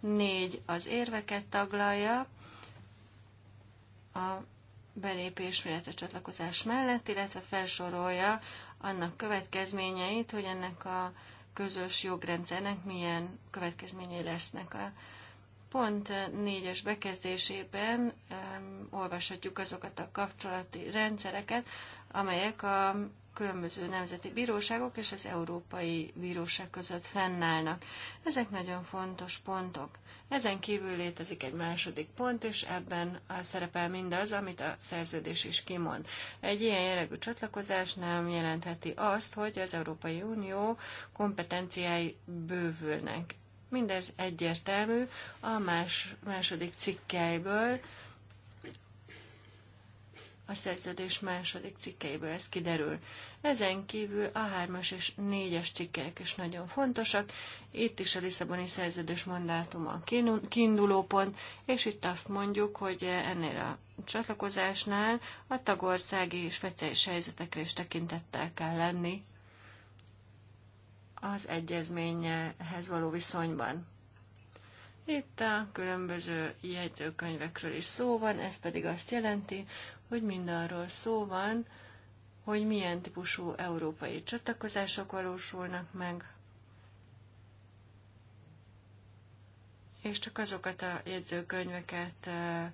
S2: 4 az érveket taglalja, a belépés, illetve csatlakozás mellett, illetve felsorolja annak következményeit, hogy ennek a közös jogrendszernek milyen következményei lesznek. A pont négyes bekezdésében um, olvashatjuk azokat a kapcsolati rendszereket, amelyek a különböző nemzeti bíróságok és az Európai Bíróság között fennállnak. Ezek nagyon fontos pontok. Ezen kívül létezik egy második pont, és ebben a szerepel mindaz, amit a szerződés is kimond. Egy ilyen jellegű csatlakozás nem jelentheti azt, hogy az Európai Unió kompetenciái bővülnek. Mindez egyértelmű a más, második cikkelyből, a szerződés második cikkeiből ez kiderül. Ezen kívül a hármas és négyes cikkek is nagyon fontosak. Itt is a Lisszaboni szerződés mandátuma a kiinduló pont, és itt azt mondjuk, hogy ennél a csatlakozásnál a tagországi speciális helyzetekre is tekintettel kell lenni az egyezményhez való viszonyban. Itt a különböző jegyzőkönyvekről is szó van, ez pedig azt jelenti, hogy mindarról szó van, hogy milyen típusú európai csatlakozások valósulnak meg, és csak azokat a jegyzőkönyveket eh,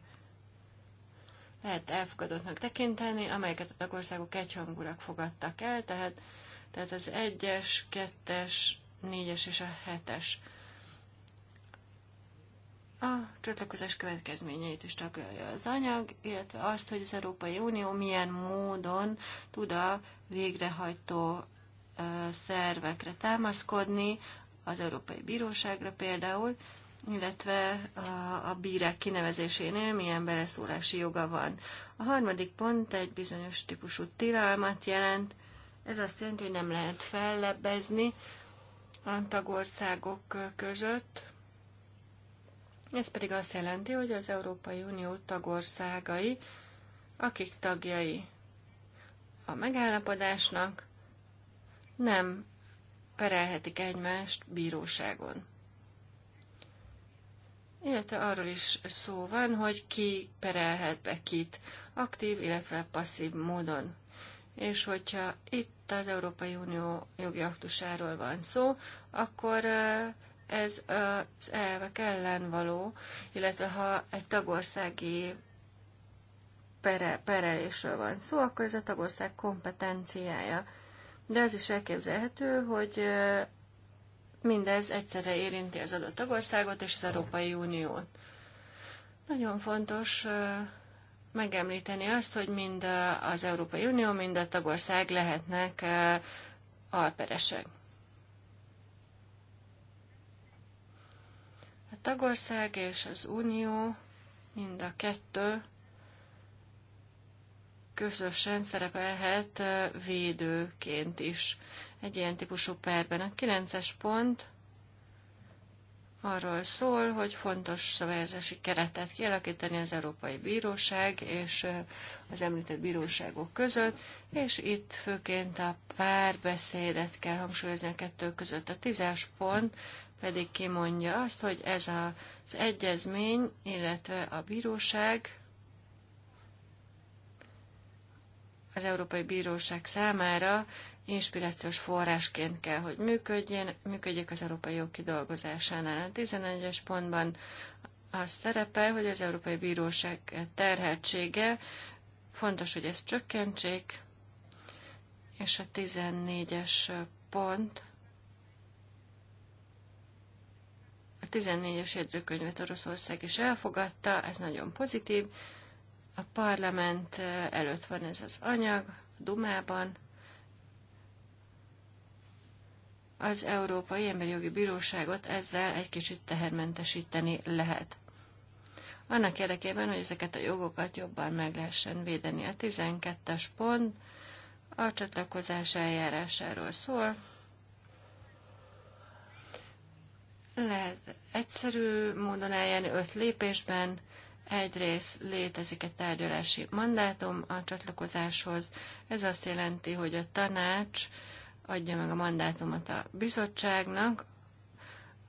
S2: lehet elfogadottnak tekinteni, amelyeket a tagországok egyhangulag fogadtak el, tehát, tehát az 1-es, 2-es, 4-es és a 7-es a csatlakozás következményeit is taglalja az anyag, illetve azt, hogy az Európai Unió milyen módon tud a végrehajtó szervekre támaszkodni, az Európai Bíróságra például, illetve a, a bírák kinevezésénél milyen beleszólási joga van. A harmadik pont egy bizonyos típusú tilalmat jelent. Ez azt jelenti, hogy nem lehet fellebbezni a tagországok között, ez pedig azt jelenti, hogy az Európai Unió tagországai, akik tagjai a megállapodásnak, nem perelhetik egymást bíróságon. Illetve arról is szó van, hogy ki perelhet be kit aktív, illetve passzív módon. És hogyha itt az Európai Unió jogi aktusáról van szó, akkor ez az elvek ellen való, illetve ha egy tagországi pere, perelésről van szó, akkor ez a tagország kompetenciája. De az is elképzelhető, hogy mindez egyszerre érinti az adott tagországot és az Európai Uniót. Nagyon fontos megemlíteni azt, hogy mind az Európai Unió, mind a tagország lehetnek alperesek. tagország és az unió mind a kettő közösen szerepelhet védőként is egy ilyen típusú perben. A 9-es pont arról szól, hogy fontos szabályozási keretet kialakítani az Európai Bíróság és az említett bíróságok között, és itt főként a párbeszédet kell hangsúlyozni a kettő között. A 10-es pont pedig kimondja azt, hogy ez az egyezmény, illetve a bíróság az Európai Bíróság számára inspirációs forrásként kell, hogy működjön, működjék az európai jog kidolgozásánál. A 11-es pontban az szerepel, hogy az Európai Bíróság terheltsége fontos, hogy ezt csökkentsék, és a 14-es pont 14. es jegyzőkönyvet Oroszország is elfogadta, ez nagyon pozitív. A parlament eh, előtt van ez az anyag, a Dumában. Az Európai Emberi Jogi Bíróságot ezzel egy kicsit tehermentesíteni lehet. Annak érdekében, hogy ezeket a jogokat jobban meg lehessen védeni. A 12-es pont a csatlakozás eljárásáról szól. Lehet egyszerű módon eljárni öt lépésben. Egyrészt létezik egy tárgyalási mandátum a csatlakozáshoz. Ez azt jelenti, hogy a tanács adja meg a mandátumot a bizottságnak,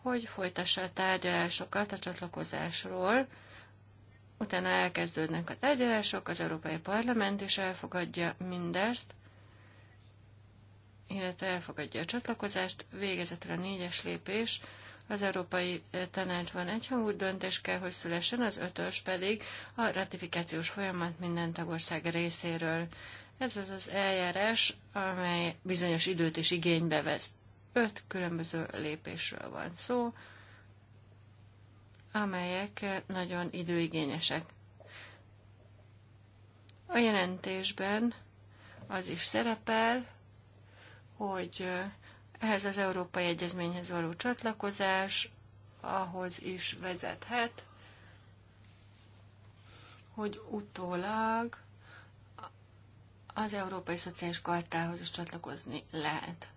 S2: hogy folytassa a tárgyalásokat a csatlakozásról. Utána elkezdődnek a tárgyalások, az Európai Parlament is elfogadja mindezt, illetve elfogadja a csatlakozást, végezetre a négyes lépés – az Európai Tanácsban egyhangú döntés kell, hogy szülessen, az ötös pedig a ratifikációs folyamat minden tagország részéről. Ez az az eljárás, amely bizonyos időt is igénybe vesz. Öt különböző lépésről van szó, amelyek nagyon időigényesek. A jelentésben az is szerepel, hogy ehhez az Európai Egyezményhez való csatlakozás ahhoz is vezethet, hogy utólag az Európai Szociális Kartához is csatlakozni lehet.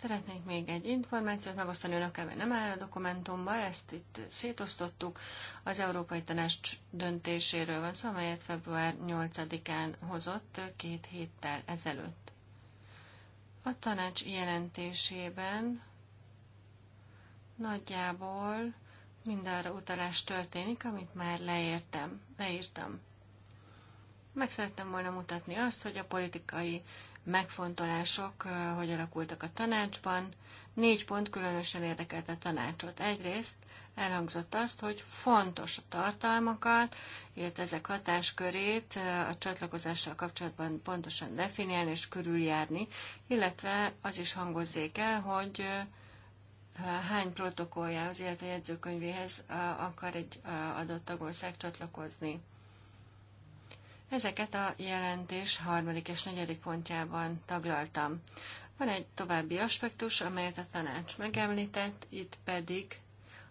S2: Szeretnék még egy információt megosztani önökkel, mert nem áll a dokumentumban, ezt itt szétosztottuk. Az Európai Tanács döntéséről van szó, amelyet február 8-án hozott két héttel ezelőtt. A tanács jelentésében nagyjából mindenre utalás történik, amit már leértem, leírtam. Meg szerettem volna mutatni azt, hogy a politikai megfontolások hogy alakultak a tanácsban. Négy pont különösen érdekelt a tanácsot. Egyrészt elhangzott azt, hogy fontos a tartalmakat, illetve ezek hatáskörét a csatlakozással kapcsolatban pontosan definiálni és körüljárni, illetve az is hangozzék el, hogy hány protokolljához, illetve jegyzőkönyvéhez akar egy adott tagország csatlakozni. Ezeket a jelentés harmadik és negyedik pontjában taglaltam. Van egy további aspektus, amelyet a tanács megemlített, itt pedig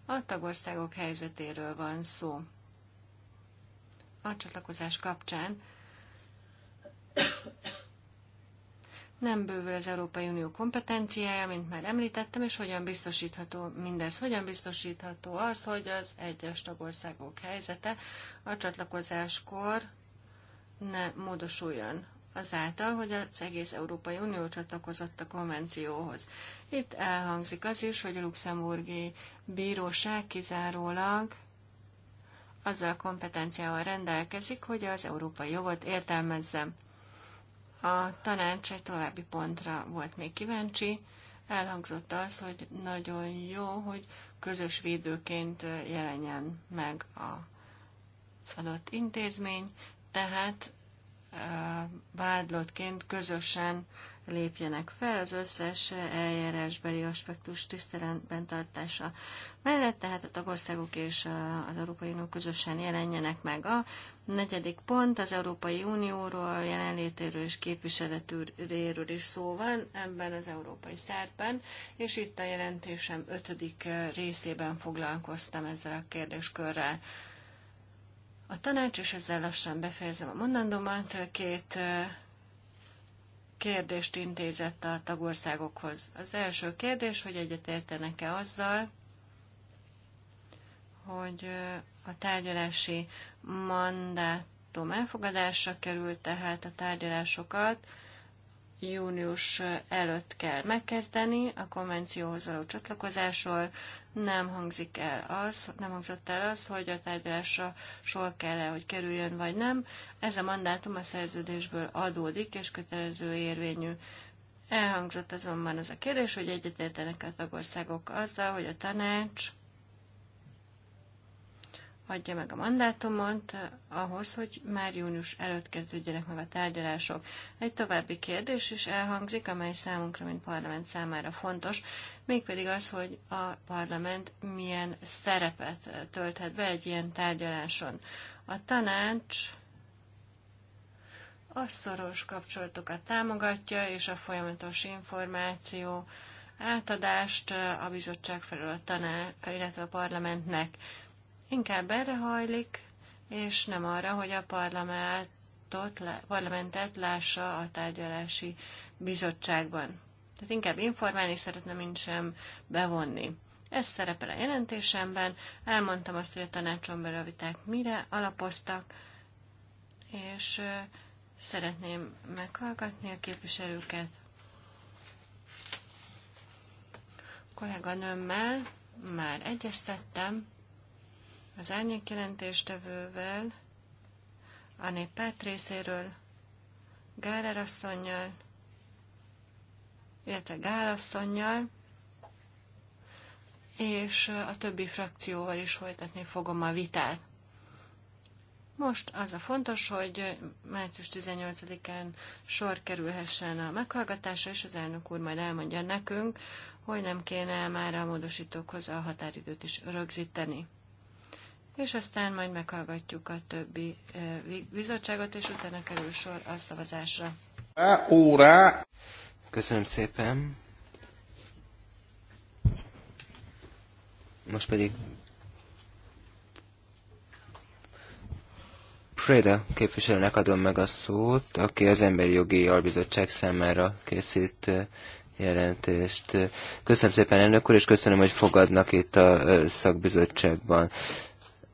S2: a tagországok helyzetéről van szó. A csatlakozás kapcsán nem bővül az Európai Unió kompetenciája, mint már említettem, és hogyan biztosítható mindez, hogyan biztosítható az, hogy az egyes tagországok helyzete a csatlakozáskor ne módosuljon azáltal, hogy az egész Európai Unió csatlakozott a konvencióhoz. Itt elhangzik az is, hogy a luxemburgi bíróság kizárólag azzal a kompetenciával rendelkezik, hogy az európai jogot értelmezze. A tanács egy további pontra volt még kíváncsi. Elhangzott az, hogy nagyon jó, hogy közös védőként jelenjen meg a adott intézmény, tehát vádlottként közösen lépjenek fel az összes eljárásbeli aspektus tiszteletben tartása mellett, tehát a tagországok és az Európai Unió közösen jelenjenek meg. A negyedik pont az Európai Unióról, jelenlétéről és képviseletéről is szó van ebben az európai szerben, és itt a jelentésem ötödik részében foglalkoztam ezzel a kérdéskörrel. A tanács, és ezzel lassan befejezem a mondandómat, két kérdést intézett a tagországokhoz. Az első kérdés, hogy egyetértenek-e azzal, hogy a tárgyalási mandátum elfogadásra került, tehát a tárgyalásokat június előtt kell megkezdeni a konvencióhoz való csatlakozásról. Nem hangzik el az, nem hangzott el az, hogy a tárgyalásra sor kell -e, hogy kerüljön vagy nem. Ez a mandátum a szerződésből adódik, és kötelező érvényű. Elhangzott azonban az a kérdés, hogy egyetértenek a tagországok azzal, hogy a tanács adja meg a mandátumot ahhoz, hogy már június előtt kezdődjenek meg a tárgyalások. Egy további kérdés is elhangzik, amely számunkra, mint parlament számára fontos, mégpedig az, hogy a parlament milyen szerepet tölthet be egy ilyen tárgyaláson. A tanács a szoros kapcsolatokat támogatja, és a folyamatos információ átadást a bizottság felől a tanács, illetve a parlamentnek inkább erre hajlik, és nem arra, hogy a parlamentot, parlamentet lássa a tárgyalási bizottságban. Tehát inkább informálni szeretne, mint sem bevonni. Ez szerepel a jelentésemben, elmondtam azt, hogy a tanácson belül a viták mire alapoztak, és szeretném meghallgatni a képviselőket. A kolléganőmmel már egyeztettem, az árnyék jelentéstevővel, a néppárt részéről, Gárer asszonynal, illetve Gál asszonynal, és a többi frakcióval is folytatni fogom a vitát. Most az a fontos, hogy március 18-án sor kerülhessen a meghallgatásra, és az elnök úr majd elmondja nekünk, hogy nem kéne már a módosítókhoz a határidőt is rögzíteni és aztán majd meghallgatjuk a többi bizottságot, és utána kerül sor a szavazásra.
S1: E óra! Köszönöm szépen! Most pedig Freda képviselőnek adom meg a szót, aki az Emberi Jogi Albizottság számára készít jelentést. Köszönöm szépen, elnök úr, és köszönöm, hogy fogadnak itt a szakbizottságban.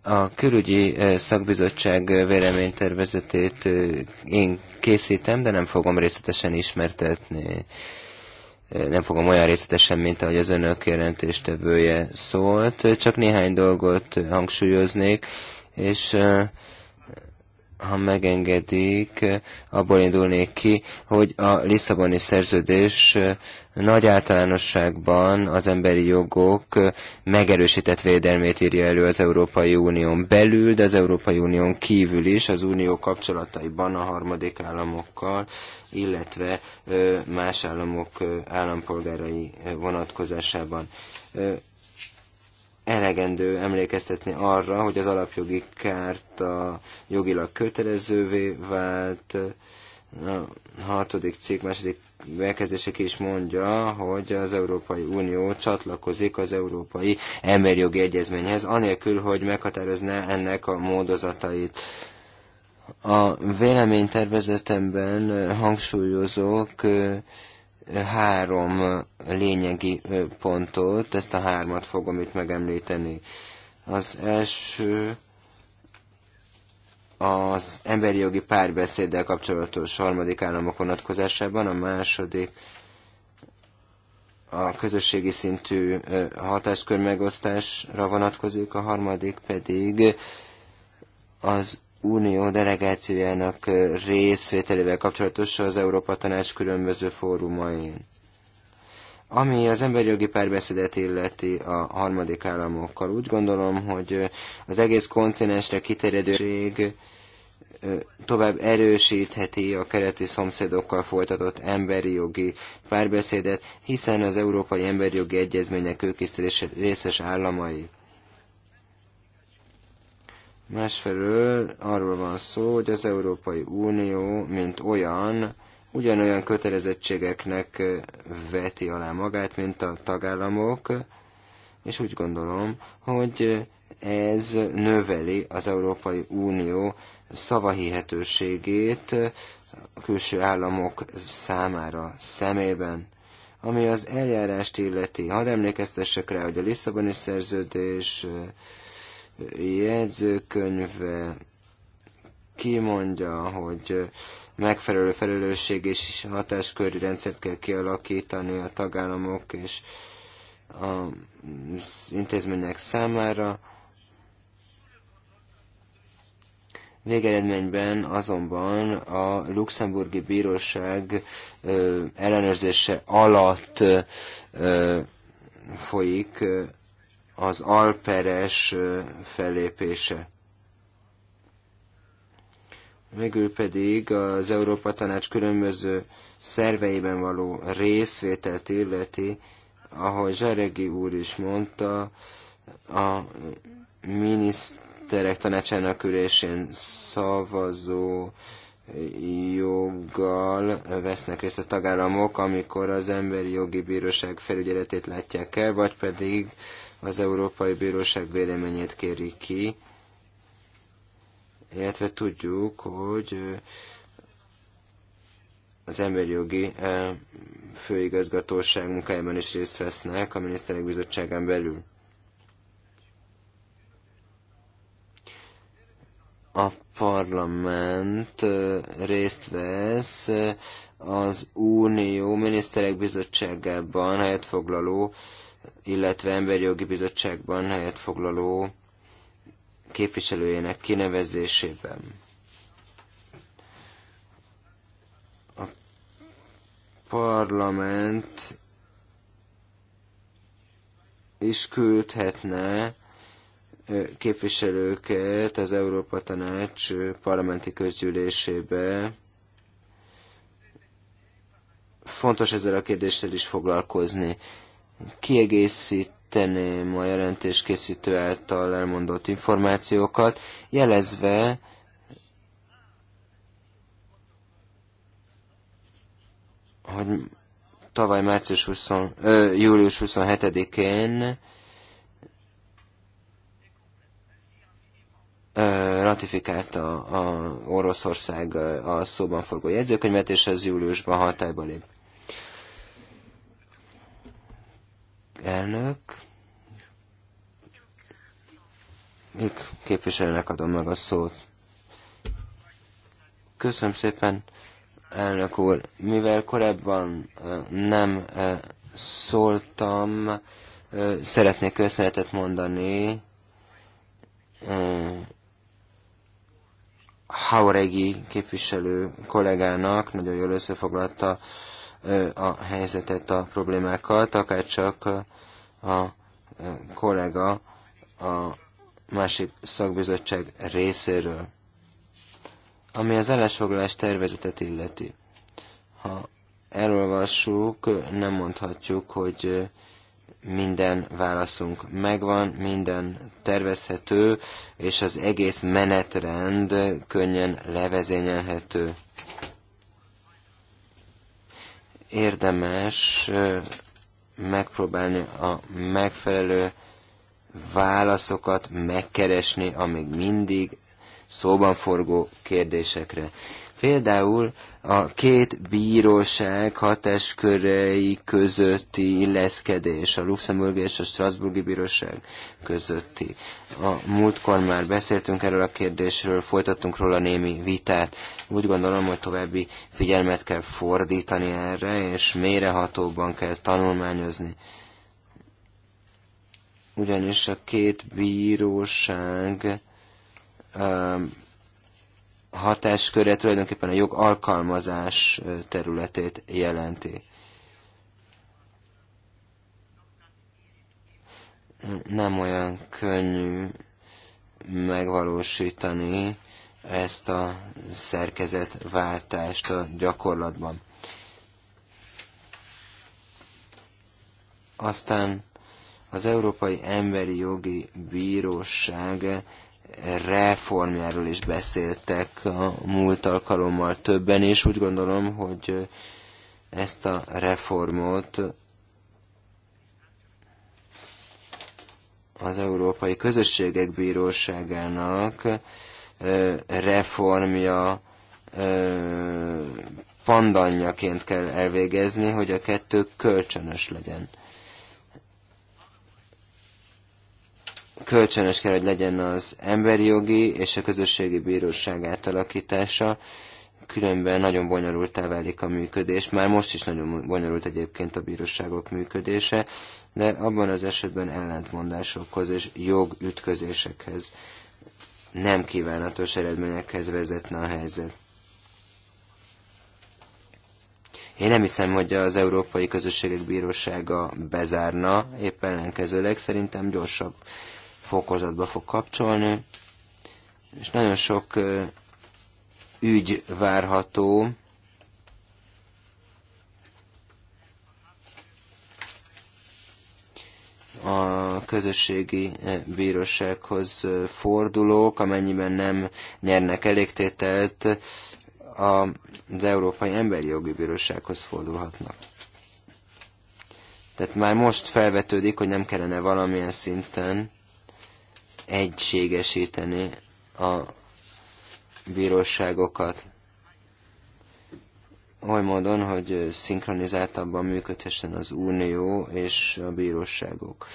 S1: A külügyi eh, szakbizottság eh, véleménytervezetét eh, én készítem, de nem fogom részletesen ismertetni. Nem fogom olyan részletesen, mint ahogy az önök jelentéstevője szólt. Csak néhány dolgot hangsúlyoznék, és ha megengedik, abból indulnék ki, hogy a Lisszaboni szerződés nagy általánosságban az emberi jogok megerősített védelmét írja elő az Európai Unión belül, de az Európai Unión kívül is, az unió kapcsolataiban a harmadik államokkal, illetve más államok állampolgárai vonatkozásában elegendő emlékeztetni arra, hogy az alapjogi kárta jogilag kötelezővé vált. A hatodik cikk második bekezdése is mondja, hogy az Európai Unió csatlakozik az Európai Emberjogi Egyezményhez, anélkül, hogy meghatározná ennek a módozatait. A véleménytervezetemben hangsúlyozok három lényegi pontot, ezt a hármat fogom itt megemlíteni. Az első az emberi jogi párbeszéddel kapcsolatos harmadik államok vonatkozásában, a második a közösségi szintű hatáskör megosztásra vonatkozik, a harmadik pedig az Unió delegációjának részvételével kapcsolatos az Európa Tanács különböző fórumain. Ami az emberi jogi párbeszédet illeti a harmadik államokkal, úgy gondolom, hogy az egész kontinensre kiterjedőség tovább erősítheti a kereti szomszédokkal folytatott emberi jogi párbeszédet, hiszen az Európai Emberi Jogi Egyezmények ők is részes államai. Másfelől arról van szó, hogy az Európai Unió, mint olyan, ugyanolyan kötelezettségeknek veti alá magát, mint a tagállamok, és úgy gondolom, hogy ez növeli az Európai Unió szavahihetőségét a külső államok számára szemében. Ami az eljárást illeti, hadd emlékeztessek rá, hogy a Lisszaboni szerződés jegyzőkönyve kimondja, hogy megfelelő felelősség és hatásköri rendszert kell kialakítani a tagállamok és az intézmények számára. Végeredményben azonban a luxemburgi bíróság ellenőrzése alatt folyik az alperes fellépése. Végül pedig az Európa Tanács különböző szerveiben való részvételt illeti, ahogy Zseregi úr is mondta, a miniszterek tanácsának ülésén szavazó joggal vesznek részt a tagállamok, amikor az emberi jogi bíróság felügyeletét látják el, vagy pedig az Európai Bíróság véleményét kéri ki, illetve tudjuk, hogy az emberi jogi főigazgatóság munkájában is részt vesznek a miniszterek bizottságán belül. A parlament részt vesz az Unió miniszterek bizottságában helyet foglaló illetve Emberi Jogi Bizottságban helyet foglaló képviselőjének kinevezésében. A parlament is küldhetne képviselőket az Európa Tanács parlamenti közgyűlésébe. Fontos ezzel a kérdéssel is foglalkozni kiegészíteném a jelentéskészítő által elmondott információkat, jelezve, hogy tavaly március 20, ö, július 27-én ratifikálta a Oroszország a szóban forgó jegyzőkönyvet, és ez júliusban hatályba lép. Elnök, ők képviselőnek adom meg a szót. Köszönöm szépen, elnök úr. Mivel korábban nem szóltam, szeretnék köszönetet mondani Hauregi képviselő kollégának, nagyon jól összefoglalta a helyzetet, a problémákat, akár csak a e, kollega a másik szakbizottság részéről. Ami az állásfoglalás tervezetet illeti. Ha elolvassuk, nem mondhatjuk, hogy e, minden válaszunk megvan, minden tervezhető, és az egész menetrend könnyen levezényelhető. Érdemes e, megpróbálni a megfelelő válaszokat megkeresni a még mindig szóban forgó kérdésekre. Például a két bíróság hatáskörei közötti illeszkedés, a Luxemburgi és a Strasburgi Bíróság közötti. A múltkor már beszéltünk erről a kérdésről, folytattunk róla némi vitát. Úgy gondolom, hogy további figyelmet kell fordítani erre, és mérehatóban kell tanulmányozni. Ugyanis a két bíróság hatásköre tulajdonképpen a jog alkalmazás területét jelenti. Nem olyan könnyű megvalósítani ezt a szerkezetváltást a gyakorlatban. Aztán az Európai Emberi Jogi Bíróság reformjáról is beszéltek a múlt alkalommal többen, és úgy gondolom, hogy ezt a reformot az Európai Közösségek Bíróságának reformja pandanyaként kell elvégezni, hogy a kettő kölcsönös legyen. kölcsönös kell, hogy legyen az emberi jogi és a közösségi bíróság átalakítása, különben nagyon bonyolultá válik a működés. Már most is nagyon bonyolult egyébként a bíróságok működése, de abban az esetben ellentmondásokhoz és jogütközésekhez, nem kívánatos eredményekhez vezetne a helyzet. Én nem hiszem, hogy az Európai Közösségek Bírósága bezárna, éppen ellenkezőleg szerintem gyorsabb fokozatba fog kapcsolni, és nagyon sok ügy várható, a közösségi bírósághoz fordulók, amennyiben nem nyernek elégtételt, az Európai Emberi Jogi Bírósághoz fordulhatnak. Tehát már most felvetődik, hogy nem kellene valamilyen szinten egységesíteni a bíróságokat oly módon, hogy szinkronizáltabban működhessen az unió és a bíróságok.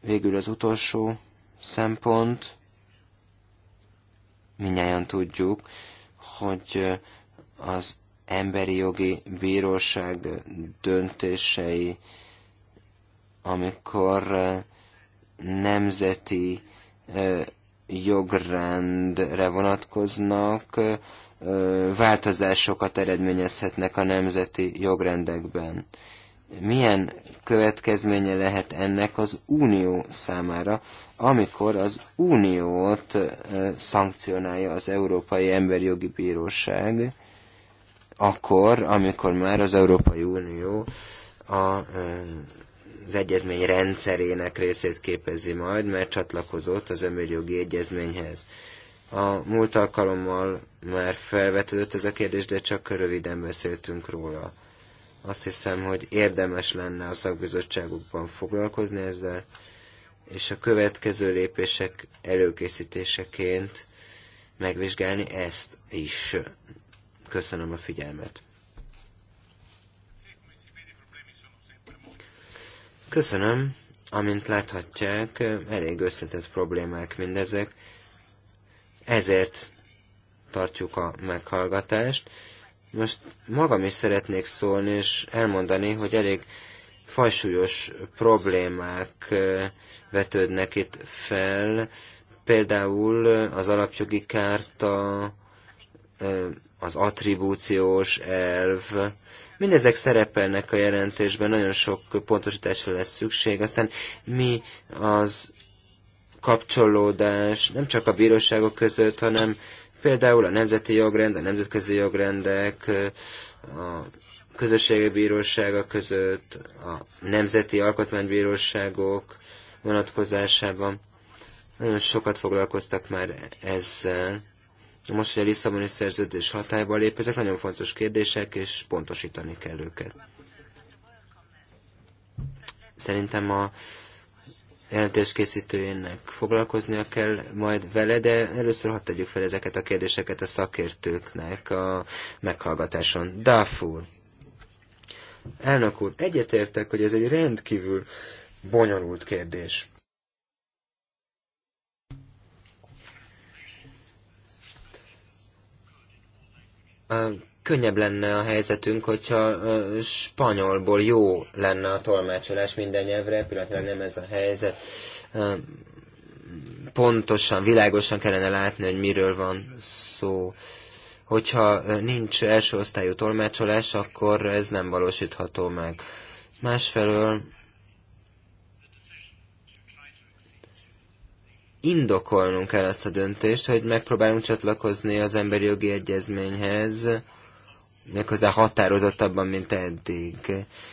S1: Végül az utolsó szempont, minnyáján tudjuk, hogy az emberi jogi bíróság döntései, amikor nemzeti jogrendre vonatkoznak, változásokat eredményezhetnek a nemzeti jogrendekben. Milyen következménye lehet ennek az unió számára, amikor az uniót szankcionálja az Európai emberi jogi Bíróság, akkor, amikor már az Európai Unió a az egyezmény rendszerének részét képezi majd, mert csatlakozott az ömörjogi egyezményhez. A múlt alkalommal már felvetődött ez a kérdés, de csak röviden beszéltünk róla. Azt hiszem, hogy érdemes lenne a szakbizottságokban foglalkozni ezzel, és a következő lépések előkészítéseként megvizsgálni ezt is. Köszönöm a figyelmet. Köszönöm. Amint láthatják, elég összetett problémák mindezek. Ezért tartjuk a meghallgatást. Most magam is szeretnék szólni, és elmondani, hogy elég fajsúlyos problémák vetődnek itt fel, például az alapjogi kárta, az attribúciós elv, Mindezek szerepelnek a jelentésben, nagyon sok pontosításra lesz szükség. Aztán mi az kapcsolódás nem csak a bíróságok között, hanem például a nemzeti jogrend, a nemzetközi jogrendek, a közösségi bírósága között, a nemzeti alkotmánybíróságok vonatkozásában. Nagyon sokat foglalkoztak már ezzel. Most, hogy a Lisszaboni szerződés hatályba lép, ezek nagyon fontos kérdések, és pontosítani kell őket. Szerintem a jelentéskészítőjének foglalkoznia kell majd vele, de először hadd tegyük fel ezeket a kérdéseket a szakértőknek a meghallgatáson. Dáfúr! Elnök úr, egyetértek, hogy ez egy rendkívül bonyolult kérdés. könnyebb lenne a helyzetünk, hogyha spanyolból jó lenne a tolmácsolás minden nyelvre, pillanatilag nem ez a helyzet. Pontosan, világosan kellene látni, hogy miről van szó. Hogyha nincs első osztályú tolmácsolás, akkor ez nem valósítható meg. Másfelől indokolnunk kell azt a döntést, hogy megpróbálunk csatlakozni az emberi jogi egyezményhez, méghozzá határozottabban, mint eddig.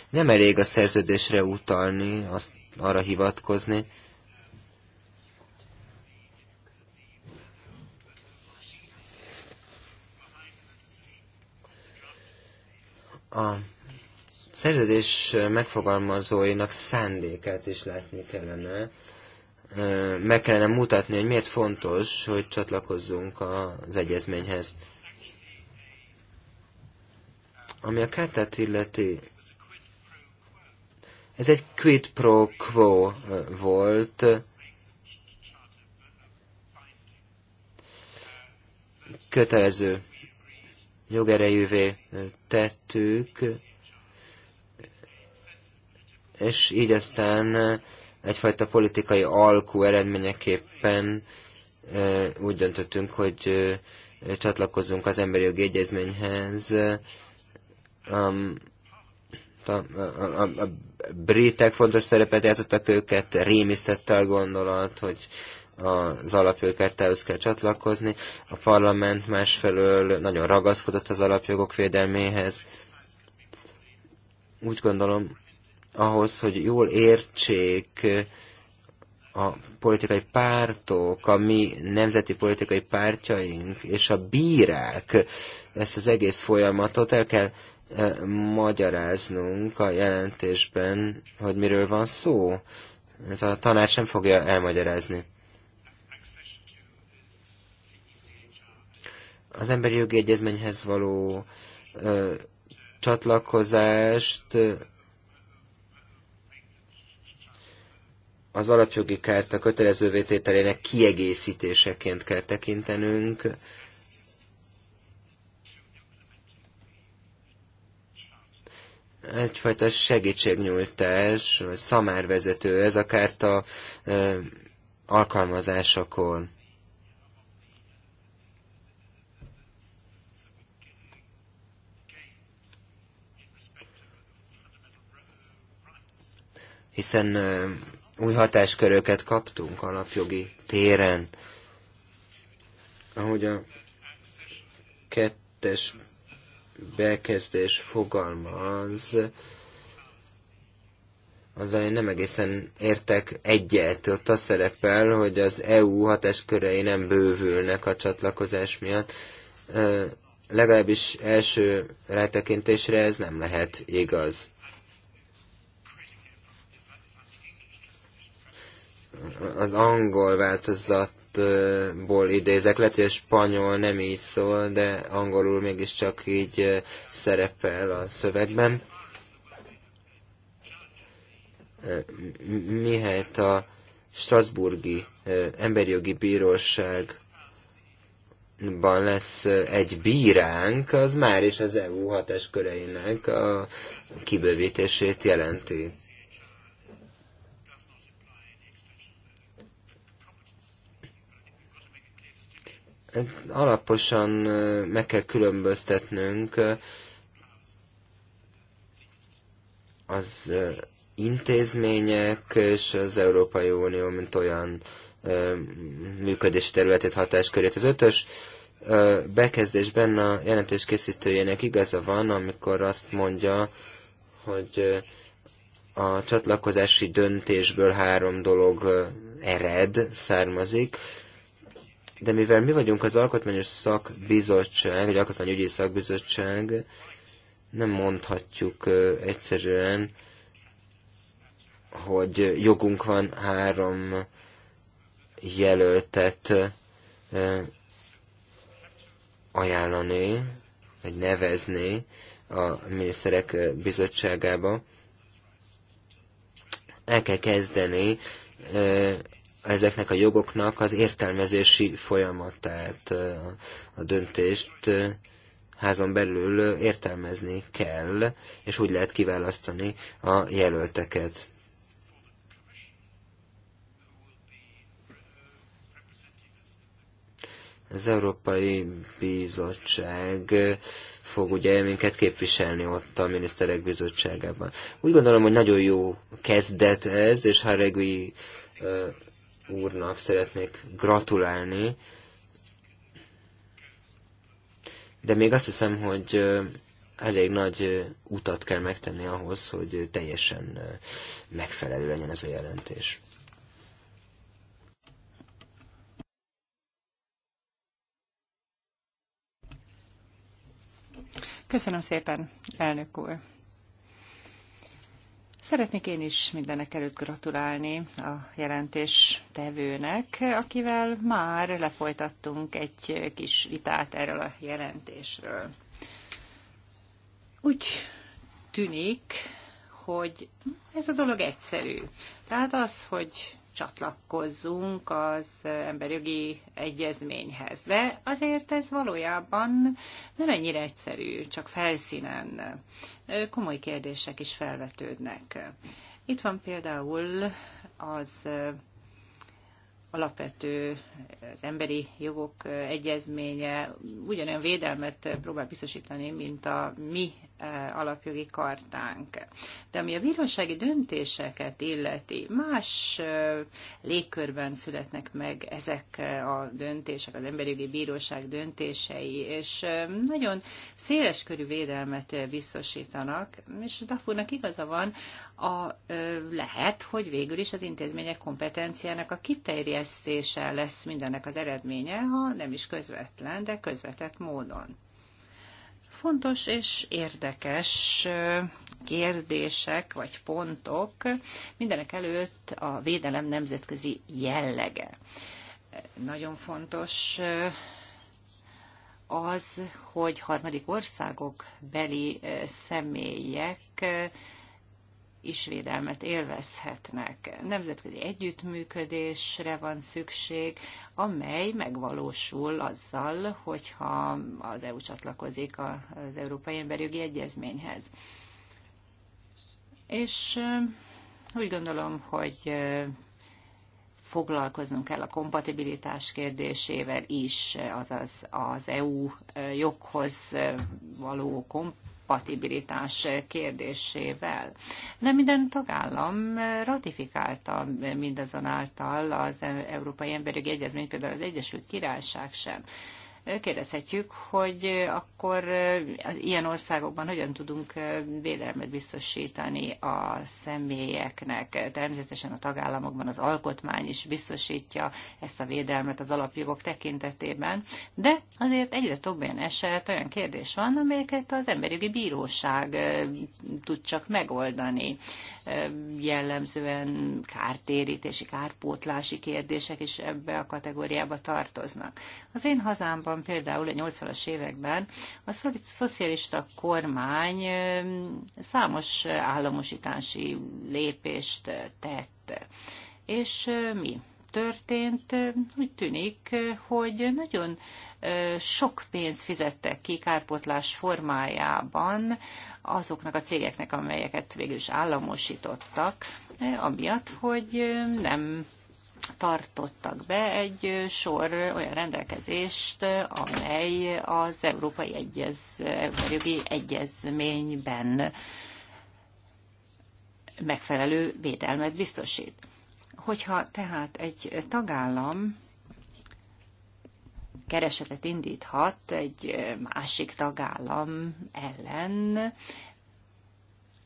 S1: Nem elég a szerződésre utalni, azt arra hivatkozni. A szerződés megfogalmazóinak szándékát is látni kellene, meg kellene mutatni, hogy miért fontos, hogy csatlakozzunk az egyezményhez. Ami a kártát illeti, ez egy quid pro quo volt. Kötelező jogerejűvé tettük, és így aztán egyfajta politikai alkú eredményeképpen úgy döntöttünk, hogy csatlakozunk az emberi jogi egyezményhez. A, a, a, a britek fontos szerepet játszottak őket, rémisztette a gondolat, hogy az alapjogkártához kell csatlakozni. A parlament másfelől nagyon ragaszkodott az alapjogok védelméhez. Úgy gondolom, ahhoz, hogy jól értsék a politikai pártok, a mi nemzeti politikai pártjaink és a bírák ezt az egész folyamatot el kell e, magyaráznunk a jelentésben, hogy miről van szó. Hát a tanács nem fogja elmagyarázni. Az emberi jogi egyezményhez való ö, csatlakozást az alapjogi kárta kötelezővé tételének kiegészítéseként kell tekintenünk. Egyfajta segítségnyújtás, vagy szamárvezető ez a kárta alkalmazásakor. hiszen új hatásköröket kaptunk alapjogi téren. Ahogy a kettes bekezdés fogalmaz, azzal én nem egészen értek egyet. Ott az szerepel, hogy az EU hatáskörei nem bővülnek a csatlakozás miatt. Legalábbis első rátekintésre ez nem lehet igaz. az angol változatból idézek, lehet, hogy a spanyol nem így szól, de angolul mégiscsak így szerepel a szövegben. Mihelyt a Strasburgi Emberjogi Bíróság ban lesz egy bíránk, az már is az EU hatásköreinek a kibővítését jelenti. alaposan meg kell különböztetnünk az intézmények és az Európai Unió, mint olyan működési területét, hatáskörét. Az ötös bekezdésben a jelentés készítőjének igaza van, amikor azt mondja, hogy a csatlakozási döntésből három dolog ered, származik. De mivel mi vagyunk az alkotmányos szakbizottság, egy alkotmányügyi szakbizottság, nem mondhatjuk egyszerűen, hogy jogunk van három jelöltet ajánlani, vagy nevezni a miniszterek bizottságába. El kell kezdeni ezeknek a jogoknak az értelmezési folyamatát, a döntést házon belül értelmezni kell, és úgy lehet kiválasztani a jelölteket. Az Európai Bizottság fog ugye minket képviselni ott a miniszterek bizottságában. Úgy gondolom, hogy nagyon jó kezdet ez, és Haregui úrnak szeretnék gratulálni, de még azt hiszem, hogy elég nagy utat kell megtenni ahhoz, hogy teljesen megfelelő legyen ez a jelentés.
S3: Köszönöm szépen, elnök úr. Szeretnék én is mindenek előtt gratulálni a jelentés tevőnek, akivel már lefolytattunk egy kis vitát erről a jelentésről. Úgy tűnik, hogy ez a dolog egyszerű. Tehát az, hogy csatlakozzunk az emberjogi egyezményhez. De azért ez valójában nem ennyire egyszerű, csak felszínen. Komoly kérdések is felvetődnek. Itt van például az alapvető az emberi jogok egyezménye ugyanolyan védelmet próbál biztosítani, mint a mi e, alapjogi kartánk. De ami a bírósági döntéseket illeti, más e, légkörben születnek meg ezek a döntések, az emberi jogi bíróság döntései, és e, nagyon széles körű védelmet biztosítanak, és Dafurnak igaza van, a, lehet, hogy végül is az intézmények kompetenciának a kiterjesztése lesz mindennek az eredménye, ha nem is közvetlen, de közvetett módon. Fontos és érdekes kérdések vagy pontok mindenek előtt a védelem nemzetközi jellege. Nagyon fontos az, hogy harmadik országok beli személyek is védelmet élvezhetnek. Nemzetközi együttműködésre van szükség, amely megvalósul azzal, hogyha az EU csatlakozik az Európai Jogi Egyezményhez. És úgy gondolom, hogy foglalkoznunk kell a kompatibilitás kérdésével is, azaz az EU joghoz való kompatibilitás kompatibilitás kérdésével. Nem minden tagállam ratifikálta mindazonáltal az Európai Emberi Egyezményt, például az Egyesült Királyság sem kérdezhetjük, hogy akkor eh, ilyen országokban hogyan tudunk eh, védelmet biztosítani a személyeknek. Természetesen a tagállamokban az alkotmány is biztosítja ezt a védelmet az alapjogok tekintetében, de azért egyre több olyan eset, olyan kérdés van, amelyeket az emberjogi bíróság eh, tud csak megoldani. Jellemzően kártérítési, kárpótlási kérdések is ebbe a kategóriába tartoznak. Az én hazámban Magyarországon például a 80-as években a szocialista kormány számos államosítási lépést tett. És mi történt? Úgy tűnik, hogy nagyon sok pénzt fizettek ki kárpotlás formájában azoknak a cégeknek, amelyeket végül is államosítottak, amiatt, hogy nem tartottak be egy sor olyan rendelkezést, amely az Európai Egyez, Jogi Egyezményben megfelelő védelmet biztosít. Hogyha tehát egy tagállam keresetet indíthat egy másik tagállam ellen,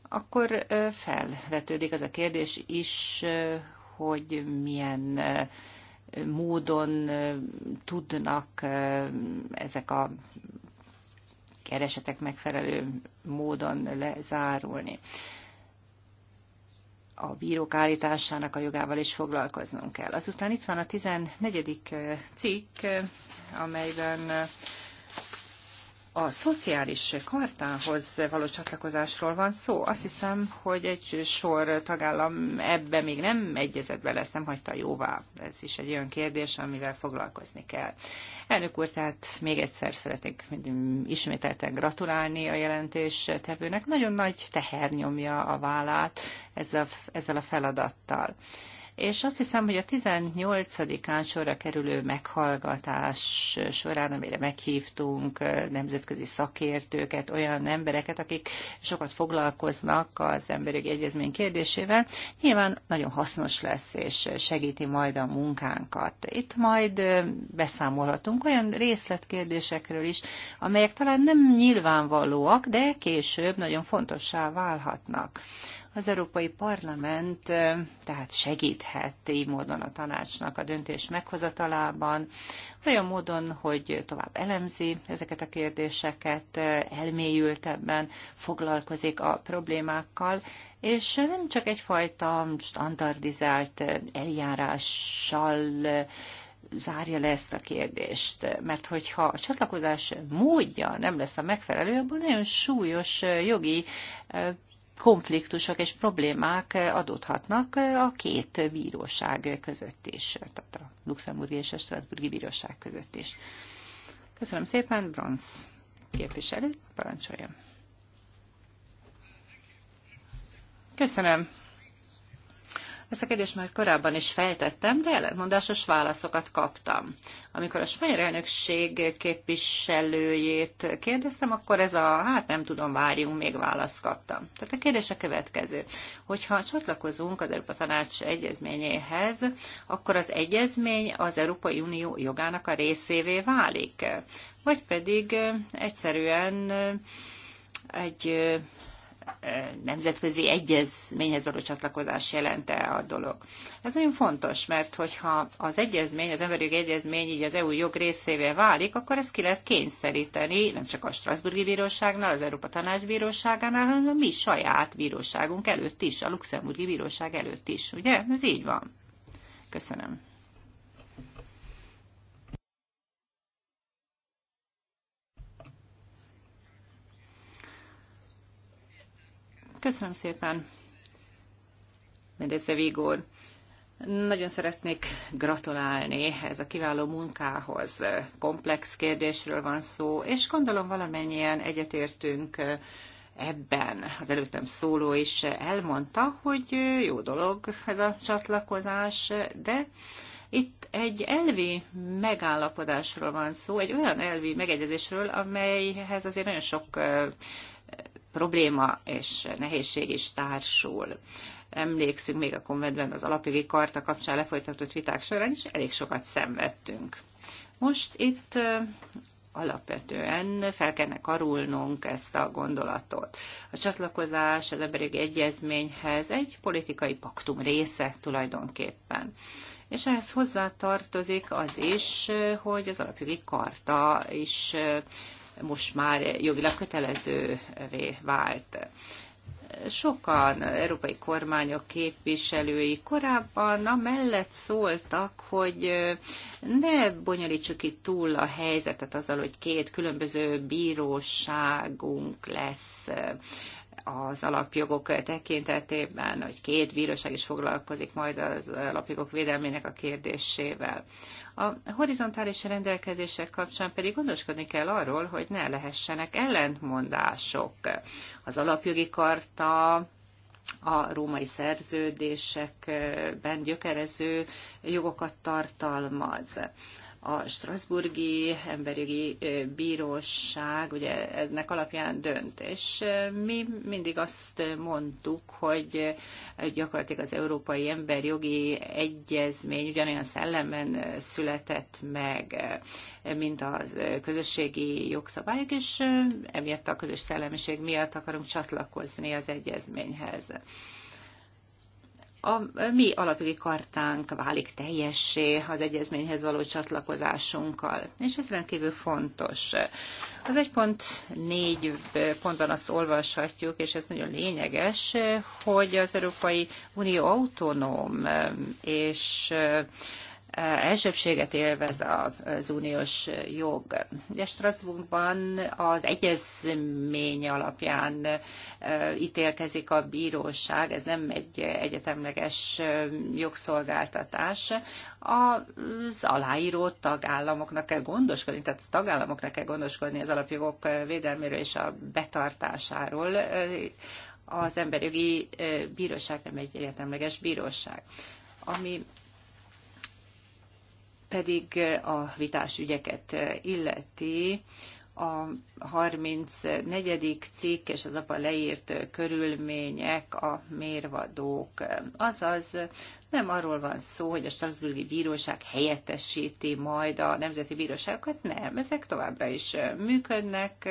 S3: akkor felvetődik az a kérdés is, hogy milyen módon tudnak ezek a keresetek megfelelő módon lezárulni. A bírók állításának a jogával is foglalkoznunk kell. Azután itt van a 14. cikk, amelyben a szociális kartához való csatlakozásról van szó. Azt hiszem, hogy egy sor tagállam ebbe még nem egyezett bele, ezt nem hagyta jóvá. Ez is egy olyan kérdés, amivel foglalkozni kell. Elnök úr, tehát még egyszer szeretnék ismételten gratulálni a jelentés tevőnek. Nagyon nagy teher nyomja a vállát ezzel, a feladattal és azt hiszem, hogy a 18-án sorra kerülő meghallgatás során, amire meghívtunk nemzetközi szakértőket, olyan embereket, akik sokat foglalkoznak az emberi egyezmény kérdésével, nyilván nagyon hasznos lesz, és segíti majd a munkánkat. Itt majd beszámolhatunk olyan részletkérdésekről is, amelyek talán nem nyilvánvalóak, de később nagyon fontossá válhatnak. Az Európai Parlament tehát segíthet így módon a tanácsnak a döntés meghozatalában, olyan módon, hogy tovább elemzi ezeket a kérdéseket, elmélyültebben foglalkozik a problémákkal, és nem csak egyfajta standardizált eljárással zárja le ezt a kérdést, mert hogyha a csatlakozás módja nem lesz a megfelelő, abban nagyon súlyos jogi konfliktusok és problémák adódhatnak a két bíróság között is, tehát a luxemburgi és a strasburgi bíróság között is. Köszönöm szépen, Bronz képviselő, parancsoljon. Köszönöm. Ezt a kérdést már korábban is feltettem, de ellentmondásos válaszokat kaptam. Amikor a spanyol elnökség képviselőjét kérdeztem, akkor ez a hát nem tudom, várjunk, még választ kaptam. Tehát a kérdés a következő. Hogyha csatlakozunk az Európa Tanács egyezményéhez, akkor az egyezmény az Európai Unió jogának a részévé válik. Vagy pedig eh, egyszerűen eh, egy eh, nemzetközi egyezményhez való csatlakozás jelente a dolog. Ez nagyon fontos, mert hogyha az egyezmény, az emberi egyezmény így az EU jog részévé válik, akkor ezt ki lehet kényszeríteni nem csak a Strasburgi Bíróságnál, az Európa Tanács Bíróságánál, hanem a mi saját bíróságunk előtt is, a Luxemburgi Bíróság előtt is. Ugye? Ez így van. Köszönöm. Köszönöm szépen, Medezze Vigor. Nagyon szeretnék gratulálni ez a kiváló munkához. Komplex kérdésről van szó, és gondolom valamennyien egyetértünk ebben. Az előttem szóló is elmondta, hogy jó dolog ez a csatlakozás, de itt egy elvi megállapodásról van szó, egy olyan elvi megegyezésről, amelyhez azért nagyon sok probléma és nehézség is társul. Emlékszünk még a konventben az alapjogi karta kapcsán lefolytatott viták során is elég sokat szenvedtünk. Most itt alapvetően fel kellene karulnunk ezt a gondolatot. A csatlakozás az emberi egyezményhez egy politikai paktum része tulajdonképpen. És ehhez hozzá tartozik az is, hogy az alapjogi karta is most már jogilag kötelezővé vált sokan európai kormányok képviselői korábban amellett szóltak, hogy ne bonyolítsuk itt túl a helyzetet azzal, hogy két különböző bíróságunk lesz az alapjogok tekintetében, hogy két bíróság is foglalkozik majd az alapjogok védelmének a kérdésével. A horizontális rendelkezések kapcsán pedig gondoskodni kell arról, hogy ne lehessenek ellentmondások. Az alapjogi karta, a római szerződésekben gyökerező jogokat tartalmaz a Strasburgi Emberjogi Bíróság ugye eznek alapján dönt, és mi mindig azt mondtuk, hogy gyakorlatilag az Európai Emberjogi Egyezmény ugyanolyan szellemben született meg, mint a közösségi jogszabályok, és emiatt a közös szellemiség miatt akarunk csatlakozni az egyezményhez a mi alapjogi kartánk válik teljessé az egyezményhez való csatlakozásunkkal, és ez rendkívül fontos. Az egy pont négy pontban azt olvashatjuk, és ez nagyon lényeges, hogy az Európai Unió autonóm, és elsőbséget élvez az uniós jog. De Strasbourgban az egyezmény alapján ítélkezik a bíróság, ez nem egy egyetemleges jogszolgáltatás. Az aláíró tagállamoknak kell gondoskodni, tehát a tagállamoknak kell gondoskodni az alapjogok védelméről és a betartásáról. Az emberjogi bíróság nem egy egyetemleges bíróság. Ami pedig eh, a vitás ügyeket eh, illeti, a 34. cikk és az apa leírt eh, körülmények a mérvadók. Azaz nem arról van szó, hogy a Strasburgi Bíróság helyettesíti majd a nemzeti bíróságokat, nem, ezek továbbra is működnek,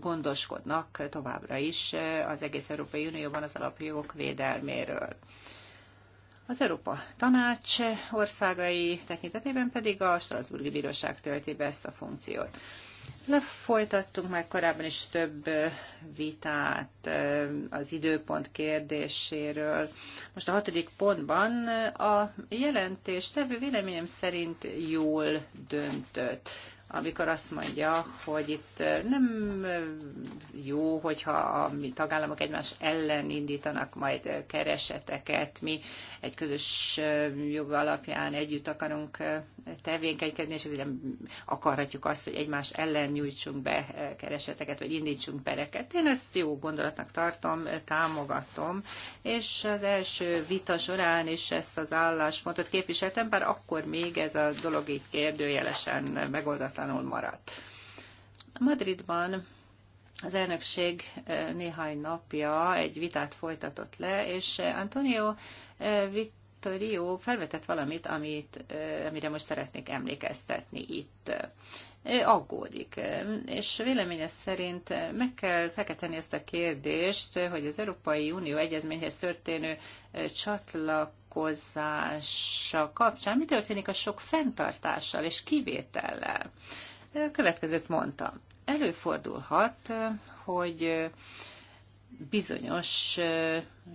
S3: gondoskodnak továbbra is az egész Európai Unióban az alapjogok védelméről. Az Európa Tanács országai tekintetében pedig a Strasburgi Bíróság tölti be ezt a funkciót. Lefolytattunk már korábban is több vitát az időpont kérdéséről. Most a hatodik pontban a jelentés, tevő véleményem szerint jól döntött amikor azt mondja, hogy itt nem jó, hogyha a mi tagállamok egymás ellen indítanak majd kereseteket, mi egy közös jog alapján együtt akarunk tevékenykedni, és ezért nem akarhatjuk azt, hogy egymás ellen nyújtsunk be kereseteket, vagy indítsunk pereket. Én ezt jó gondolatnak tartom, támogatom, és az első vita során is ezt az álláspontot képviseltem, bár akkor még ez a dolog így kérdőjelesen megoldatlan változatlanul maradt. Madridban az elnökség néhány napja egy vitát folytatott le, és Antonio Vittorio felvetett valamit, amit, amire most szeretnék emlékeztetni itt aggódik. És véleménye szerint meg kell feketeni ezt a kérdést, hogy az Európai Unió egyezményhez történő csatlak létrehozása kapcsán mi történik a sok fenntartással és kivétellel? Következőt mondtam. Előfordulhat, hogy bizonyos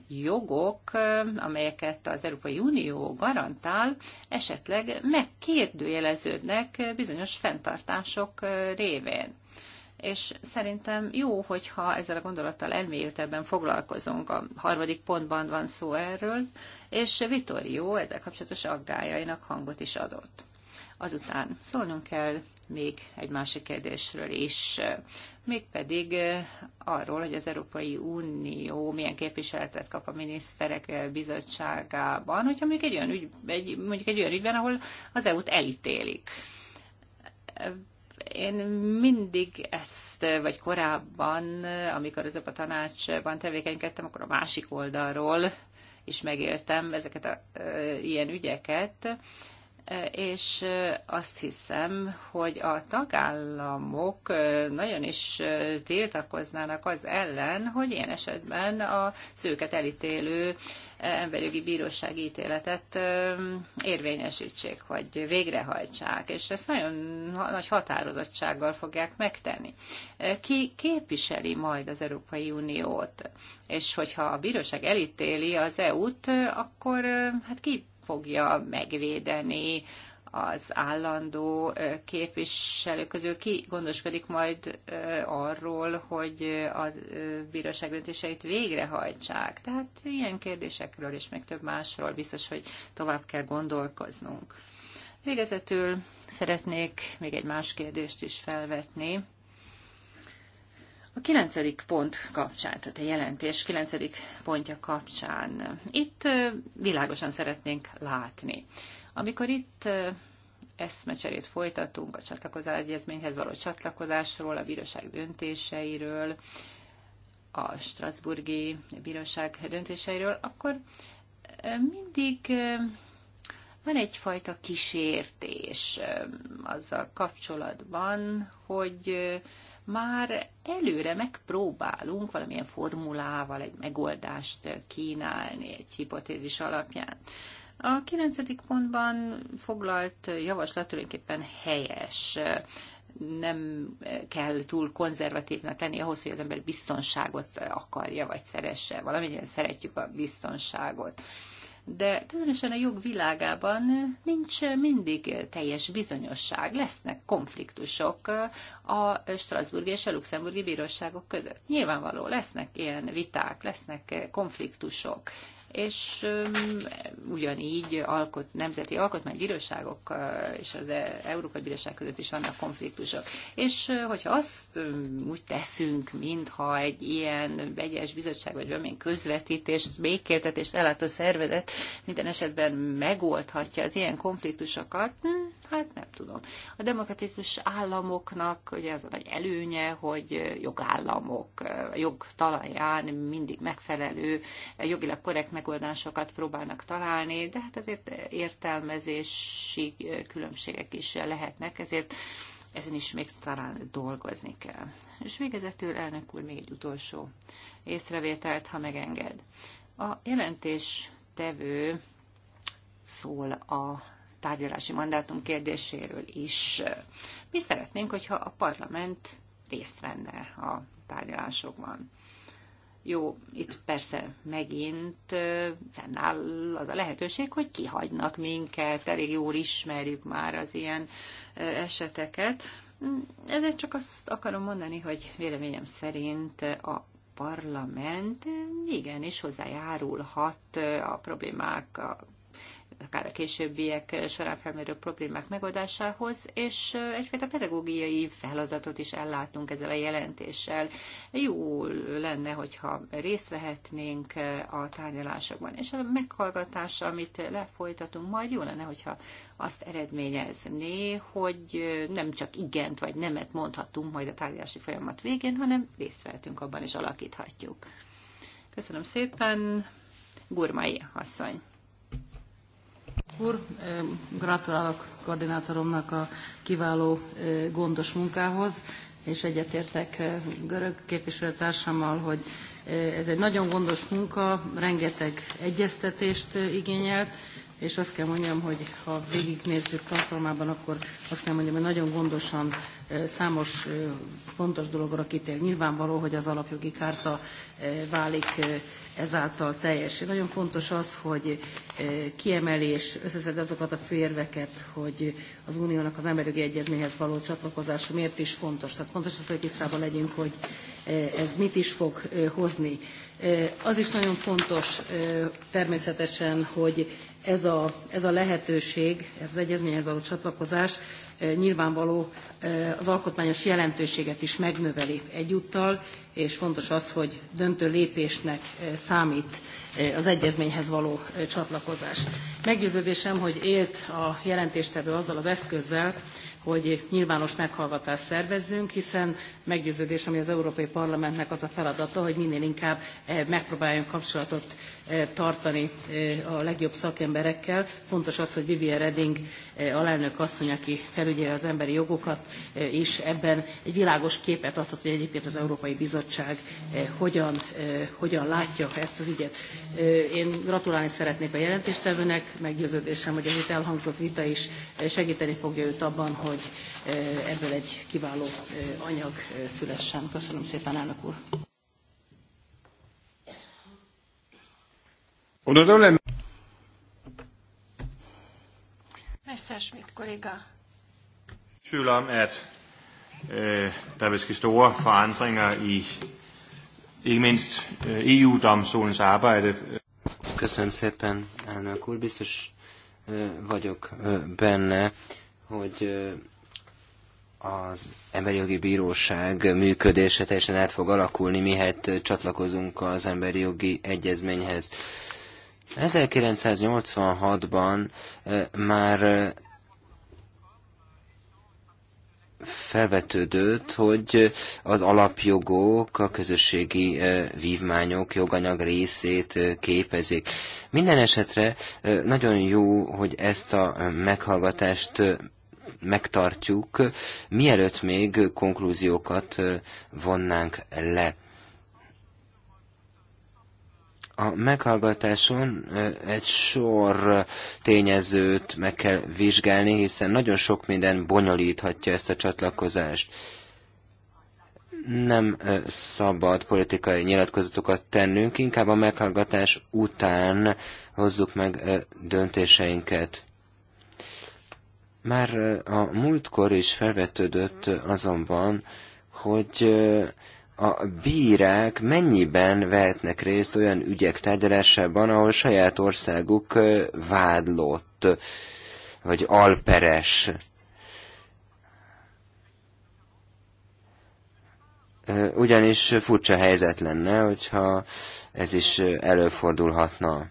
S3: jogok, amelyeket az Európai Unió garantál, esetleg megkérdőjeleződnek bizonyos fenntartások révén és szerintem jó, hogyha ezzel a gondolattal elmélyültebben foglalkozunk. A harmadik pontban van szó erről, és Vittorio ezzel kapcsolatos aggájainak hangot is adott. Azután szólnunk kell még egy másik kérdésről is, mégpedig eh, arról, hogy az Európai Unió milyen képviseletet kap a miniszterek eh, bizottságában, hogyha mondjuk egy olyan, ügy, egy, mondjuk egy olyan ügyben, ahol az EU-t elítélik én mindig ezt, vagy korábban, amikor az a tanácsban tevékenykedtem, akkor a másik oldalról is megéltem ezeket a e, ilyen ügyeket, és azt hiszem, hogy a tagállamok nagyon is tiltakoznának az ellen, hogy ilyen esetben a szőket elítélő emberjogi bíróság ítéletet érvényesítsék, vagy végrehajtsák, és ezt nagyon nagy határozottsággal fogják megtenni. Ki képviseli majd az Európai Uniót? És hogyha a bíróság elítéli az EU-t, akkor hát ki fogja megvédeni az állandó képviselők közül ki gondoskodik majd arról, hogy a bíróság döntéseit végrehajtsák. Tehát ilyen kérdésekről és meg több másról biztos, hogy tovább kell gondolkoznunk. Végezetül szeretnék még egy más kérdést is felvetni, a kilencedik pont kapcsán, tehát a jelentés kilencedik pontja kapcsán, itt világosan szeretnénk látni. Amikor itt eszmecserét folytatunk a csatlakozás egyezményhez való csatlakozásról, a bíróság döntéseiről, a Strasburgi Bíróság döntéseiről, akkor mindig van egyfajta kísértés azzal kapcsolatban, hogy már előre megpróbálunk valamilyen formulával egy megoldást kínálni egy hipotézis alapján. A kilencedik pontban foglalt javaslat tulajdonképpen helyes nem kell túl konzervatívnak lenni ahhoz, hogy az ember biztonságot akarja, vagy szeresse. Valamennyire szeretjük a biztonságot de különösen a jog világában nincs mindig teljes bizonyosság. Lesznek konfliktusok a Strasburgi és a Luxemburgi bíróságok között. Nyilvánvaló, lesznek ilyen viták, lesznek konfliktusok és ugyanígy alkot, nemzeti alkotmánybíróságok és az e- Európai Bíróság között is vannak konfliktusok. És hogyha azt úgy teszünk, mintha egy ilyen vegyes bizottság vagy valamilyen közvetítést, békéltetést ellátó szervezet minden esetben megoldhatja az ilyen konfliktusokat, hm, hát nem tudom. A demokratikus államoknak ugye az a nagy előnye, hogy jogállamok, jog talaján mindig megfelelő, jogilag korrekt megoldásokat próbálnak találni, de hát azért értelmezési különbségek is lehetnek, ezért ezen is még talán dolgozni kell. És végezetül, elnök úr, még egy utolsó észrevételt, ha megenged. A jelentés tevő szól a tárgyalási mandátum kérdéséről is. Mi szeretnénk, hogyha a parlament részt venne a tárgyalásokban. Jó, itt persze megint fennáll az a lehetőség, hogy kihagynak minket, elég jól ismerjük már az ilyen eseteket. Ezért csak azt akarom mondani, hogy véleményem szerint a parlament igenis hozzájárulhat a problémák a akár a későbbiek során felmerülő problémák megoldásához, és egyfajta pedagógiai feladatot is ellátunk ezzel a jelentéssel. Jó lenne, hogyha részt vehetnénk a tárgyalásokban. És a meghallgatás, amit lefolytatunk, majd jó lenne, hogyha azt eredményezné, hogy nem csak igent vagy nemet mondhatunk majd a tárgyalási folyamat végén, hanem részt vehetünk abban és alakíthatjuk. Köszönöm szépen, Gurmai asszony.
S4: Úr, gratulálok koordinátoromnak a kiváló gondos munkához, és egyetértek görög képviselőtársammal, hogy ez egy nagyon gondos munka, rengeteg egyeztetést igényelt, és azt kell mondjam, hogy ha végignézzük tartalmában, akkor azt kell mondjam, hogy nagyon gondosan számos fontos dologra kitér. Nyilvánvaló, hogy az alapjogi kárta válik ezáltal teljes. Nagyon fontos az, hogy kiemeli és összeszed azokat a férveket, hogy az uniónak az emberi egyezményhez való csatlakozása miért is fontos. Tehát fontos az, hogy tisztában legyünk, hogy ez mit is fog hozni. Az is nagyon fontos természetesen, hogy ez a, ez a lehetőség, ez az egyezményhez való csatlakozás nyilvánvaló az alkotmányos jelentőséget is megnöveli egyúttal, és fontos az, hogy döntő lépésnek számít az egyezményhez való csatlakozás. Meggyőződésem, hogy élt a jelentéstevő azzal az eszközzel, hogy nyilvános meghallgatást szervezzünk, hiszen meggyőződésem, hogy az Európai Parlamentnek az a feladata, hogy minél inkább megpróbáljunk kapcsolatot Eh, tartani eh, a legjobb szakemberekkel. Fontos az, hogy Vivian Redding eh, alelnök asszony, aki felügyel az emberi jogokat, és ebben egy világos képet adhat, hogy egyébként az Európai Bizottság hogyan, hogyan látja ezt az ügyet. Én gratulálni szeretnék a jelentéstevőnek, meggyőződésem, hogy az itt elhangzott vita is segíteni fogja őt abban, hogy ebből egy kiváló anyag szülessen. Köszönöm szépen, elnök úr!
S1: Honorable...
S2: Messerschmidt kollega.
S1: Tvivl om, at øh, der vil ske store forandringer i ikke mindst øh, EU-domstolens arbejde. Köszönöm szépen, elnök úr. Biztos vagyok benne, hogy az Emberi Jogi Bíróság működése teljesen át fog alakulni, mihet csatlakozunk az Emberi Jogi Egyezményhez. 1986-ban már felvetődött, hogy az alapjogok, a közösségi vívmányok joganyag részét képezik. Minden esetre nagyon jó, hogy ezt a meghallgatást megtartjuk, mielőtt még konklúziókat vonnánk le. A meghallgatáson egy sor tényezőt meg kell vizsgálni, hiszen nagyon sok minden bonyolíthatja ezt a csatlakozást. Nem szabad politikai nyilatkozatokat tennünk, inkább a meghallgatás után hozzuk meg döntéseinket. Már a múltkor is felvetődött azonban, hogy a bírák mennyiben vehetnek részt olyan ügyek tárgyalásában, ahol saját országuk vádlott, vagy alperes. Ugyanis furcsa helyzet lenne, hogyha ez is előfordulhatna.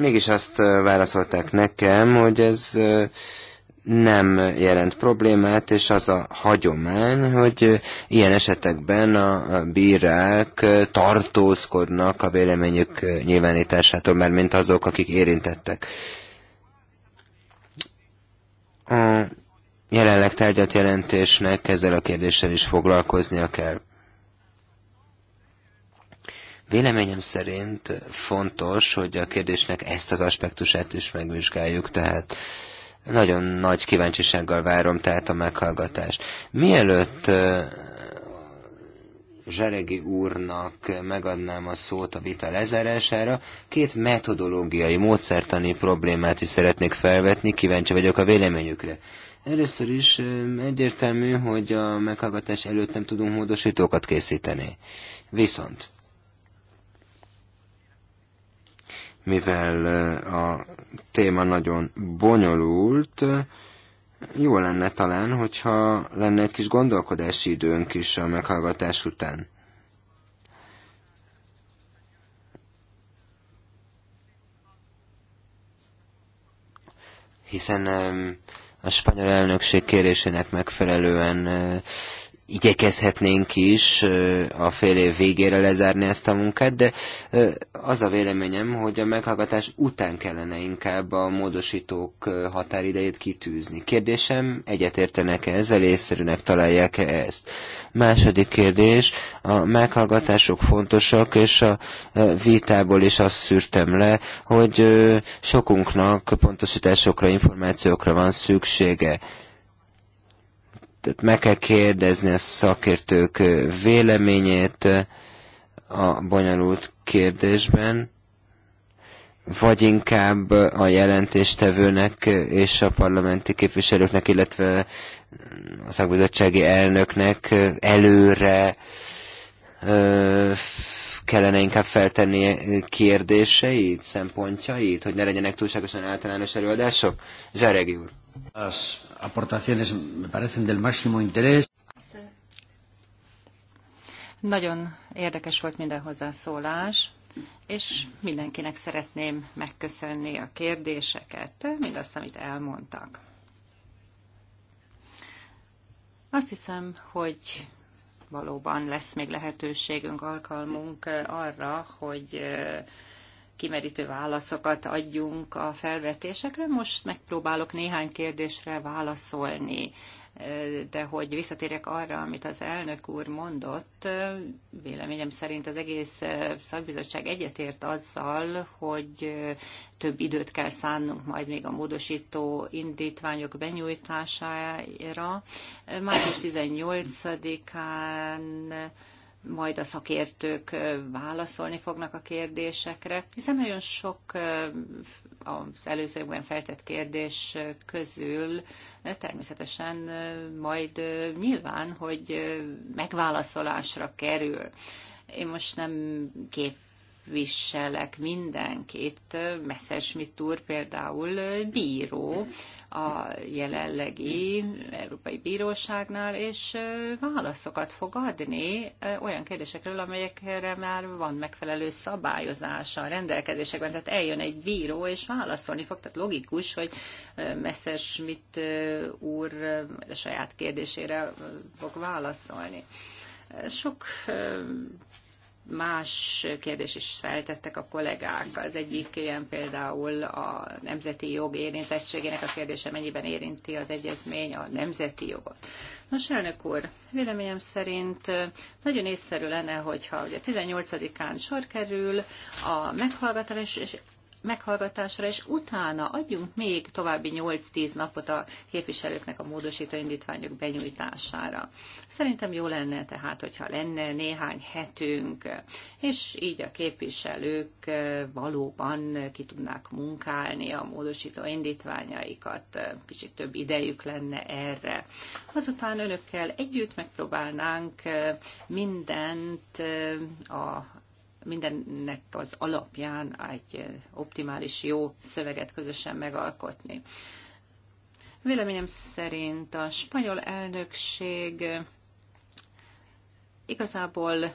S1: Mégis azt válaszolták nekem, hogy ez nem jelent problémát, és az a hagyomány, hogy ilyen esetekben a bírák tartózkodnak a véleményük nyilvánításától, mert mint azok, akik érintettek. A jelenleg tárgyat jelentésnek ezzel a kérdéssel is foglalkoznia kell. Véleményem szerint fontos, hogy a kérdésnek ezt az aspektusát is megvizsgáljuk, tehát uh, nagyon nagy kíváncsisággal várom tehát a meghallgatást. Mielőtt Zseregi úrnak megadnám a szót a vita lezárására, két metodológiai, módszertani problémát is szeretnék felvetni, kíváncsi vagyok a véleményükre. Először is egyértelmű, hogy a meghallgatás előtt nem tudunk módosítókat készíteni. Viszont mivel a téma nagyon bonyolult, jó lenne talán, hogyha lenne egy kis gondolkodási időnk is a meghallgatás után. Hiszen a spanyol elnökség kérésének megfelelően igyekezhetnénk is a fél év végére lezárni ezt a munkát, de az a véleményem, hogy a meghallgatás után kellene inkább a módosítók határidejét kitűzni. Kérdésem, egyetértenek-e ezzel, észszerűnek találják-e ezt? Második kérdés, a meghallgatások fontosak, és a vitából is azt szűrtem le, hogy sokunknak pontosításokra, információkra van szüksége tehát meg kell kérdezni a szakértők véleményét a bonyolult kérdésben, vagy inkább a jelentéstevőnek és a parlamenti képviselőknek, illetve a szakbizottsági elnöknek előre kellene inkább feltenni kérdéseit, szempontjait, hogy ne legyenek túlságosan általános előadások? Zseregi úr. Azt
S2: aportaciones me parecen del máximo interés.
S3: Nagyon érdekes volt minden hozzászólás, és mindenkinek szeretném megköszönni a kérdéseket, mindazt, amit elmondtak. Azt hiszem, hogy valóban lesz még lehetőségünk, alkalmunk arra, hogy kimerítő válaszokat adjunk a felvetésekre. Most megpróbálok néhány kérdésre válaszolni, de hogy visszatérjek arra, amit az elnök úr mondott, véleményem szerint az egész szakbizottság egyetért azzal, hogy több időt kell szánnunk majd még a módosító indítványok benyújtására. Május 18-án majd a szakértők válaszolni fognak a kérdésekre, hiszen nagyon sok az előzőben feltett kérdés közül természetesen majd nyilván, hogy megválaszolásra kerül. Én most nem kép képviselek mindenkit. Messerschmitt úr például bíró a jelenlegi Európai Bíróságnál, és válaszokat fog adni olyan kérdésekről, amelyekre már van megfelelő szabályozása a rendelkezésekben. Tehát eljön egy bíró, és válaszolni fog. Tehát logikus, hogy Messerschmitt úr a saját kérdésére fog válaszolni. Sok más kérdés is feltettek a kollégák. Az egyik ilyen például a nemzeti jog érintettségének a kérdése, mennyiben érinti az egyezmény a nemzeti jogot. Nos, elnök úr, véleményem szerint nagyon észszerű lenne, hogyha ugye 18-án sor kerül a meghallgatás, és meghallgatásra, és utána adjunk még további 8-10 napot a képviselőknek a módosító indítványok benyújtására. Szerintem jó lenne tehát, hogyha lenne néhány hetünk, és így a képviselők eh, valóban ki tudnák munkálni a módosító indítványaikat, kicsit több idejük lenne erre. Azután önökkel együtt megpróbálnánk eh, mindent eh, a mindennek az alapján egy eh, optimális jó szöveget közösen megalkotni. Véleményem szerint a spanyol elnökség eh, igazából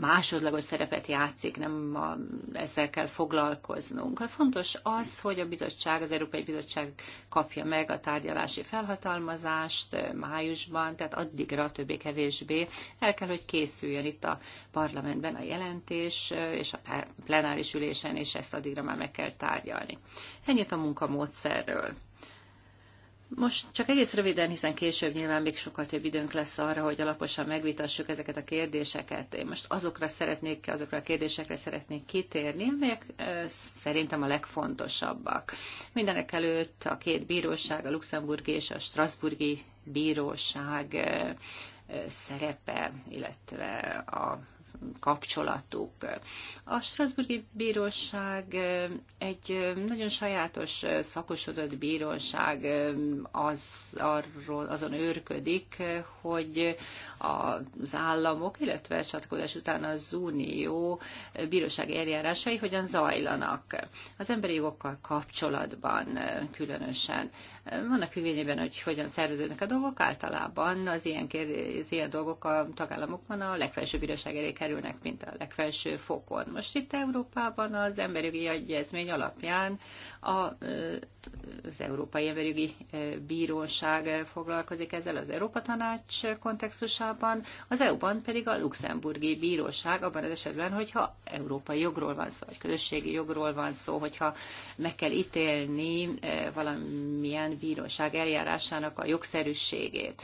S3: másodlagos szerepet játszik, nem a, ezzel kell foglalkoznunk. Hát fontos az, hogy a bizottság, az Európai Bizottság kapja meg a tárgyalási felhatalmazást eh, májusban, tehát addigra többé-kevésbé el kell, hogy készüljön itt a parlamentben a jelentés, eh, és a plenáris ülésen is ezt addigra már meg kell tárgyalni. Ennyit a munkamódszerről. Most csak egész röviden, hiszen később nyilván még sokkal több időnk lesz arra, hogy alaposan megvitassuk ezeket a kérdéseket. Én most azokra szeretnék, azokra a kérdésekre szeretnék kitérni, melyek szerintem a legfontosabbak. Mindenek előtt a két bíróság, a luxemburgi és a strasburgi bíróság szerepe, illetve a kapcsolatuk. A Strasburgi Bíróság egy nagyon sajátos szakosodott bíróság az, arról, azon őrködik, hogy az államok, illetve csatkozás után az Unió bíróság eljárásai hogyan zajlanak az emberi jogokkal kapcsolatban különösen. Vannak függvényében, hogy hogyan szerveződnek a dolgok, általában az ilyen, kérdés, az ilyen dolgok a tagállamokban a legfelsőbb bíróság elé kerülnek, mint a legfelső fokon. Most itt Európában az emberi egyezmény alapján a, az Európai Emberjogi e, Bíróság e, foglalkozik ezzel az Európa Tanács kontextusában, az EU-ban pedig a Luxemburgi Bíróság abban az esetben, hogyha európai jogról van szó, vagy közösségi jogról van szó, hogyha meg kell ítélni e, valamilyen bíróság eljárásának a jogszerűségét.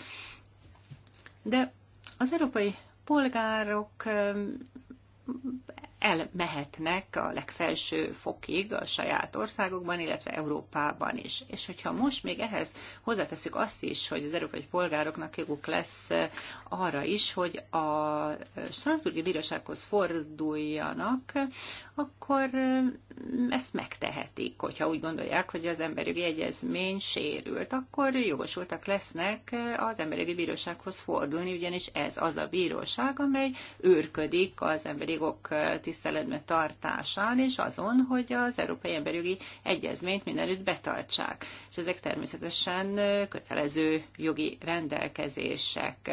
S3: De az európai polgárok elmehetnek a legfelső fokig a saját országokban, illetve Európában is. És hogyha most még ehhez hozzáteszük azt is, hogy az európai polgároknak joguk lesz eh, arra is, hogy a Strasburgi Bírósághoz forduljanak, akkor eh, ezt megtehetik. Hogyha úgy gondolják, hogy az emberjogi egyezmény sérült, akkor jogosultak lesznek eh, az emberjogi bírósághoz fordulni, ugyanis ez az a bíróság, amely őrködik az emberi jogok tiszteletében tiszteletben tartásán, és azon, hogy az Európai Emberjogi Egyezményt mindenütt betartsák. És ezek természetesen kötelező jogi rendelkezések.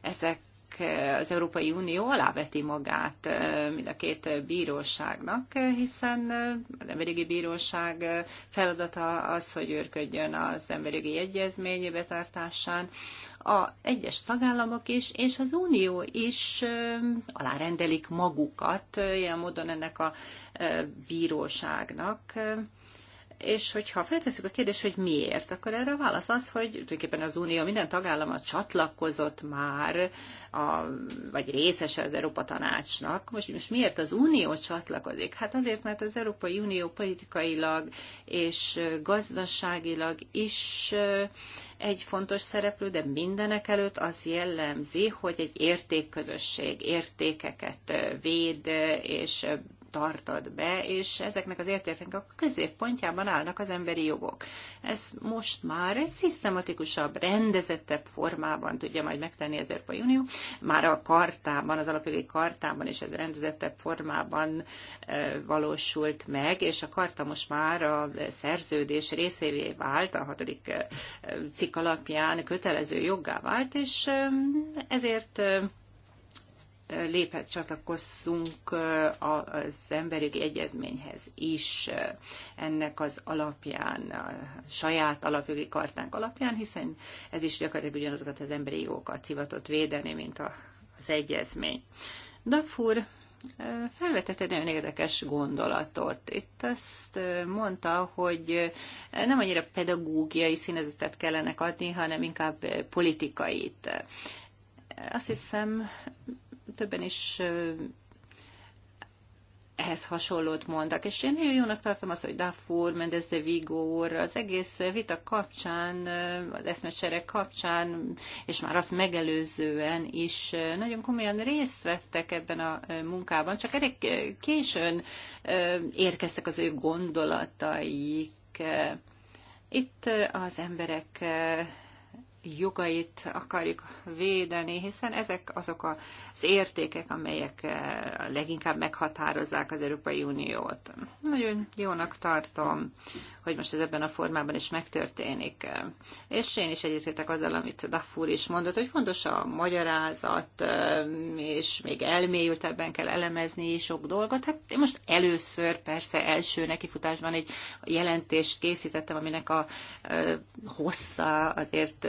S3: Ezek Eh, az Európai Unió aláveti magát eh, mind a két bíróságnak, eh, hiszen az Emberi Bíróság feladata az, hogy őrködjön az emberi egyezmény betartásán, a egyes tagállamok is, és az Unió is alárendelik magukat ilyen módon ennek a bíróságnak, és hogyha feltesszük a kérdést, hogy miért, akkor erre a válasz az, hogy tulajdonképpen az Unió minden tagállama csatlakozott már, a, vagy részese az Európa Tanácsnak. Most, most miért az Unió csatlakozik? Hát azért, mert az Európai Unió politikailag és gazdaságilag is egy fontos szereplő, de mindenek előtt az jellemzi, hogy egy értékközösség értékeket véd és tartad be, és ezeknek az értékeknek a középpontjában állnak az emberi jogok. Ez most már egy szisztematikusabb, rendezettebb formában tudja majd megtenni az Európai Unió. Már a kartában, az alapjogi kartában is ez rendezettebb formában e, valósult meg, és a karta most már a szerződés részévé vált, a hatodik cikk alapján kötelező joggá vált, és ezért léphet, csatlakozzunk az emberi egyezményhez is ennek az alapján, a saját alapjogi kartánk alapján, hiszen ez is gyakorlatilag ugyanazokat az emberi jogokat hivatott védeni, mint a, az egyezmény. Dafur felvetett egy nagyon érdekes gondolatot. Itt azt mondta, hogy nem annyira pedagógiai színezetet kellene adni, hanem inkább politikait. Azt hiszem, többen is ehhez hasonlót mondtak És én nagyon jónak tartom azt, hogy Dafur, Mendez de Vigor, az egész vita kapcsán, az eszmecsere kapcsán, és már azt megelőzően is nagyon komolyan részt vettek ebben a munkában, csak elég későn érkeztek az ő gondolataik. Itt az emberek jogait akarjuk védeni, hiszen ezek azok a értékek, amelyek eh, leginkább meghatározzák az Európai Uniót. Nagyon jónak tartom, hogy most ez ebben a formában is megtörténik. És én is egyetértek azzal, amit Daffur is mondott, hogy fontos a magyarázat, eh, és még elmélyültebben kell elemezni sok dolgot. Hát én most először, persze első nekifutásban egy jelentést készítettem, aminek a eh, hossza azért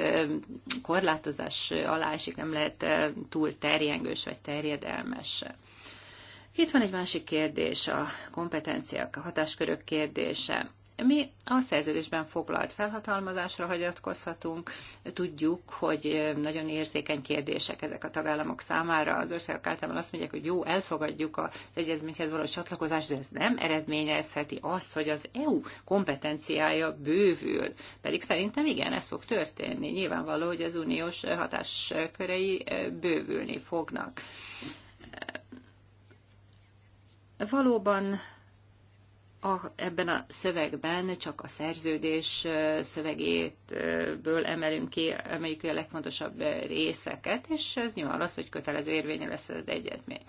S3: korlátozás alá esik, nem lehet túl terjengő, jelentős vagy terjedelmes. Itt van egy másik kérdés, a kompetenciák, a hatáskörök kérdése. Mi a szerződésben foglalt felhatalmazásra hagyatkozhatunk, tudjuk, hogy nagyon érzékeny kérdések ezek a tagállamok számára. Az országok általában azt mondják, hogy jó, elfogadjuk az egyezményhez való csatlakozást, de ez nem eredményezheti azt, hogy az EU kompetenciája bővül. Pedig szerintem igen, ez fog történni. Nyilvánvaló, hogy az uniós hatáskörei bővülni fognak. Valóban a, ebben a szövegben csak a szerződés szövegétből emelünk ki, emeljük ki a legfontosabb részeket, és ez nyilván az, hogy kötelező érvényű lesz az egyezmény.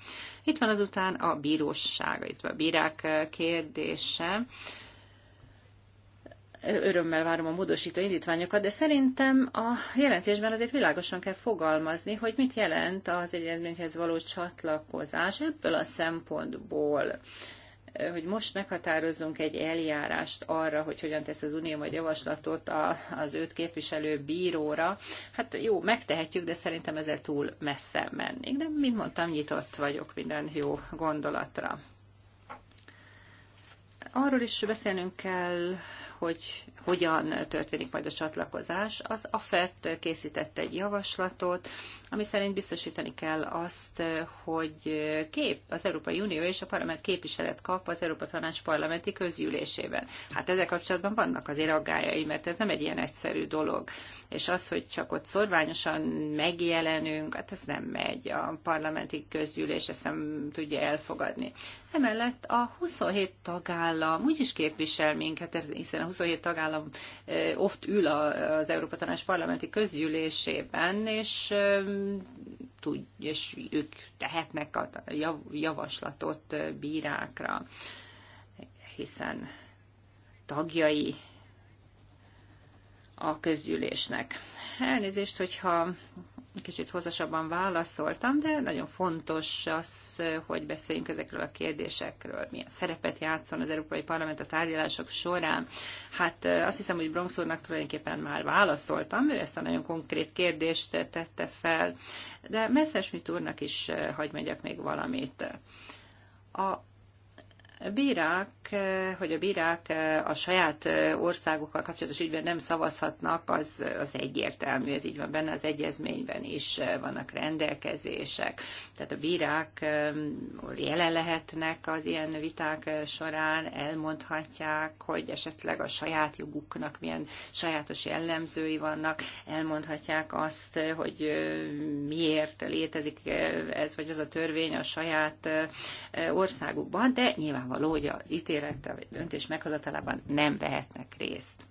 S3: Itt van azután a bíróság, itt van a bírák kérdése. Örömmel várom a módosító indítványokat, de szerintem a jelentésben azért világosan kell fogalmazni, hogy mit jelent az egyezményhez való csatlakozás ebből a szempontból hogy most meghatározzunk egy eljárást arra, hogy hogyan tesz az Unió majd javaslatot a, az őt képviselő bíróra, hát jó, megtehetjük, de szerintem ezzel túl messze mennék. De, mint mondtam, nyitott vagyok minden jó gondolatra. Arról is beszélnünk kell, hogy hogyan történik majd a csatlakozás. Az AFET készített egy javaslatot, ami szerint biztosítani kell azt, hogy kép az Európai Unió és a parlament képviselet kap az Európa Tanács parlamenti közgyűlésében. Hát ezzel kapcsolatban vannak azért aggályai, mert ez nem egy ilyen egyszerű dolog. És az, hogy csak ott szorványosan megjelenünk, hát ez nem megy. A parlamenti közgyűlés ezt nem tudja elfogadni. Emellett a 27 tagállam úgyis képvisel minket, hiszen a 27 tagállam eh, oft ül az Európa Tanács parlamenti közgyűlésében, és eh, tud, és ők tehetnek a javaslatot bírákra, hiszen tagjai a közgyűlésnek. Elnézést, hogyha kicsit hosszasabban válaszoltam, de nagyon fontos az, hogy beszéljünk ezekről a kérdésekről, milyen szerepet játszon az Európai Parlament a tárgyalások során. Hát azt hiszem, hogy Bronx úrnak tulajdonképpen már válaszoltam, ő ezt a nagyon konkrét kérdést tette fel, de Messerschmitt úrnak is hagyd megyek még valamit. A bírák, hogy a bírák a saját országokkal kapcsolatos ügyben nem szavazhatnak, az, az egyértelmű, ez így van benne az egyezményben is vannak rendelkezések. Tehát a bírák um, jelen lehetnek az ilyen viták során, elmondhatják, hogy esetleg a saját joguknak milyen sajátos jellemzői vannak, elmondhatják azt, hogy uh, miért létezik ez vagy az a törvény a saját uh, országukban, de nyilván nyilvánvaló, hogy az ítélettel vagy döntés meghozatalában nem vehetnek részt.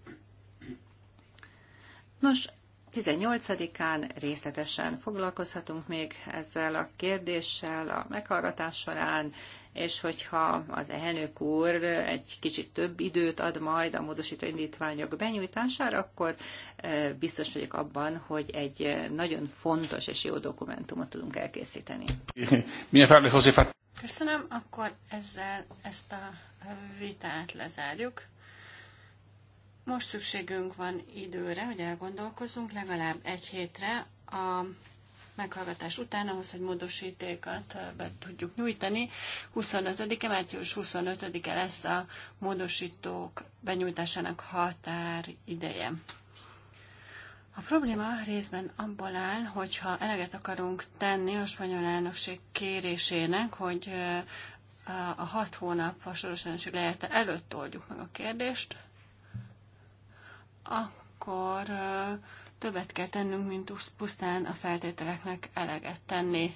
S3: Nos, 18-án részletesen foglalkozhatunk még ezzel a kérdéssel a meghallgatás során, és hogyha az elnök úr egy kicsit több időt ad majd a módosító indítványok benyújtására, akkor eh, biztos vagyok abban, hogy egy eh, nagyon fontos és jó dokumentumot tudunk elkészíteni. Köszönöm,
S2: akkor ezzel ezt a vitát lezárjuk. Most szükségünk van időre, hogy elgondolkozzunk, legalább egy hétre a meghallgatás után ahhoz, hogy módosítékat be tudjuk nyújtani. 25-e, március 25-e lesz a módosítók benyújtásának határideje. A probléma részben abból áll, hogyha eleget akarunk tenni a spanyol elnökség kérésének, hogy a hat hónap a soros elnökség lejárta előtt oldjuk meg a kérdést, akkor többet kell tennünk, mint pusztán a feltételeknek eleget tenni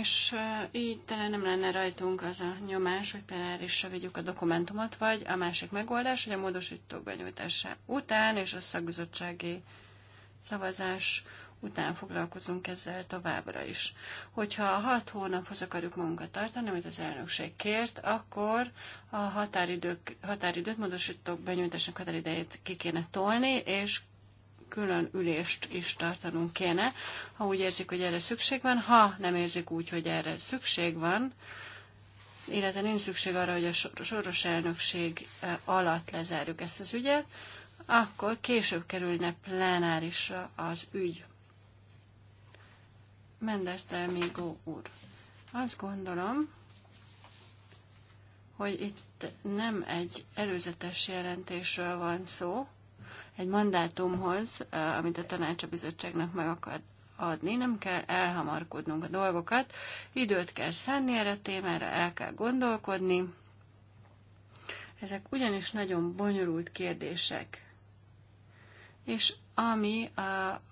S2: és így talán nem lenne rajtunk az a nyomás, hogy plenárisra vigyük a dokumentumot, vagy a másik megoldás, hogy a módosítók benyújtása után és a szakbizottsági szavazás után foglalkozunk ezzel továbbra is. Hogyha a hat hónaphoz akarjuk magunkat tartani, amit az elnökség kért, akkor a határidők, határidőt módosítók benyújtásnak határidejét ki kéne tolni, és külön ülést is tartanunk kéne, ha úgy érzik, hogy erre szükség van. Ha nem érzik úgy, hogy erre szükség van, illetve nincs szükség arra, hogy a soros elnökség e, alatt lezárjuk ezt az ügyet, akkor később kerülne plenárisra az ügy. Mendes még úr. Azt gondolom, hogy itt nem egy előzetes jelentésről van szó, egy mandátumhoz, amit a tanács a bizottságnak meg akar adni, nem kell elhamarkodnunk a dolgokat, időt kell szánni erre a témára, el kell gondolkodni. Ezek ugyanis nagyon bonyolult kérdések. És ami a,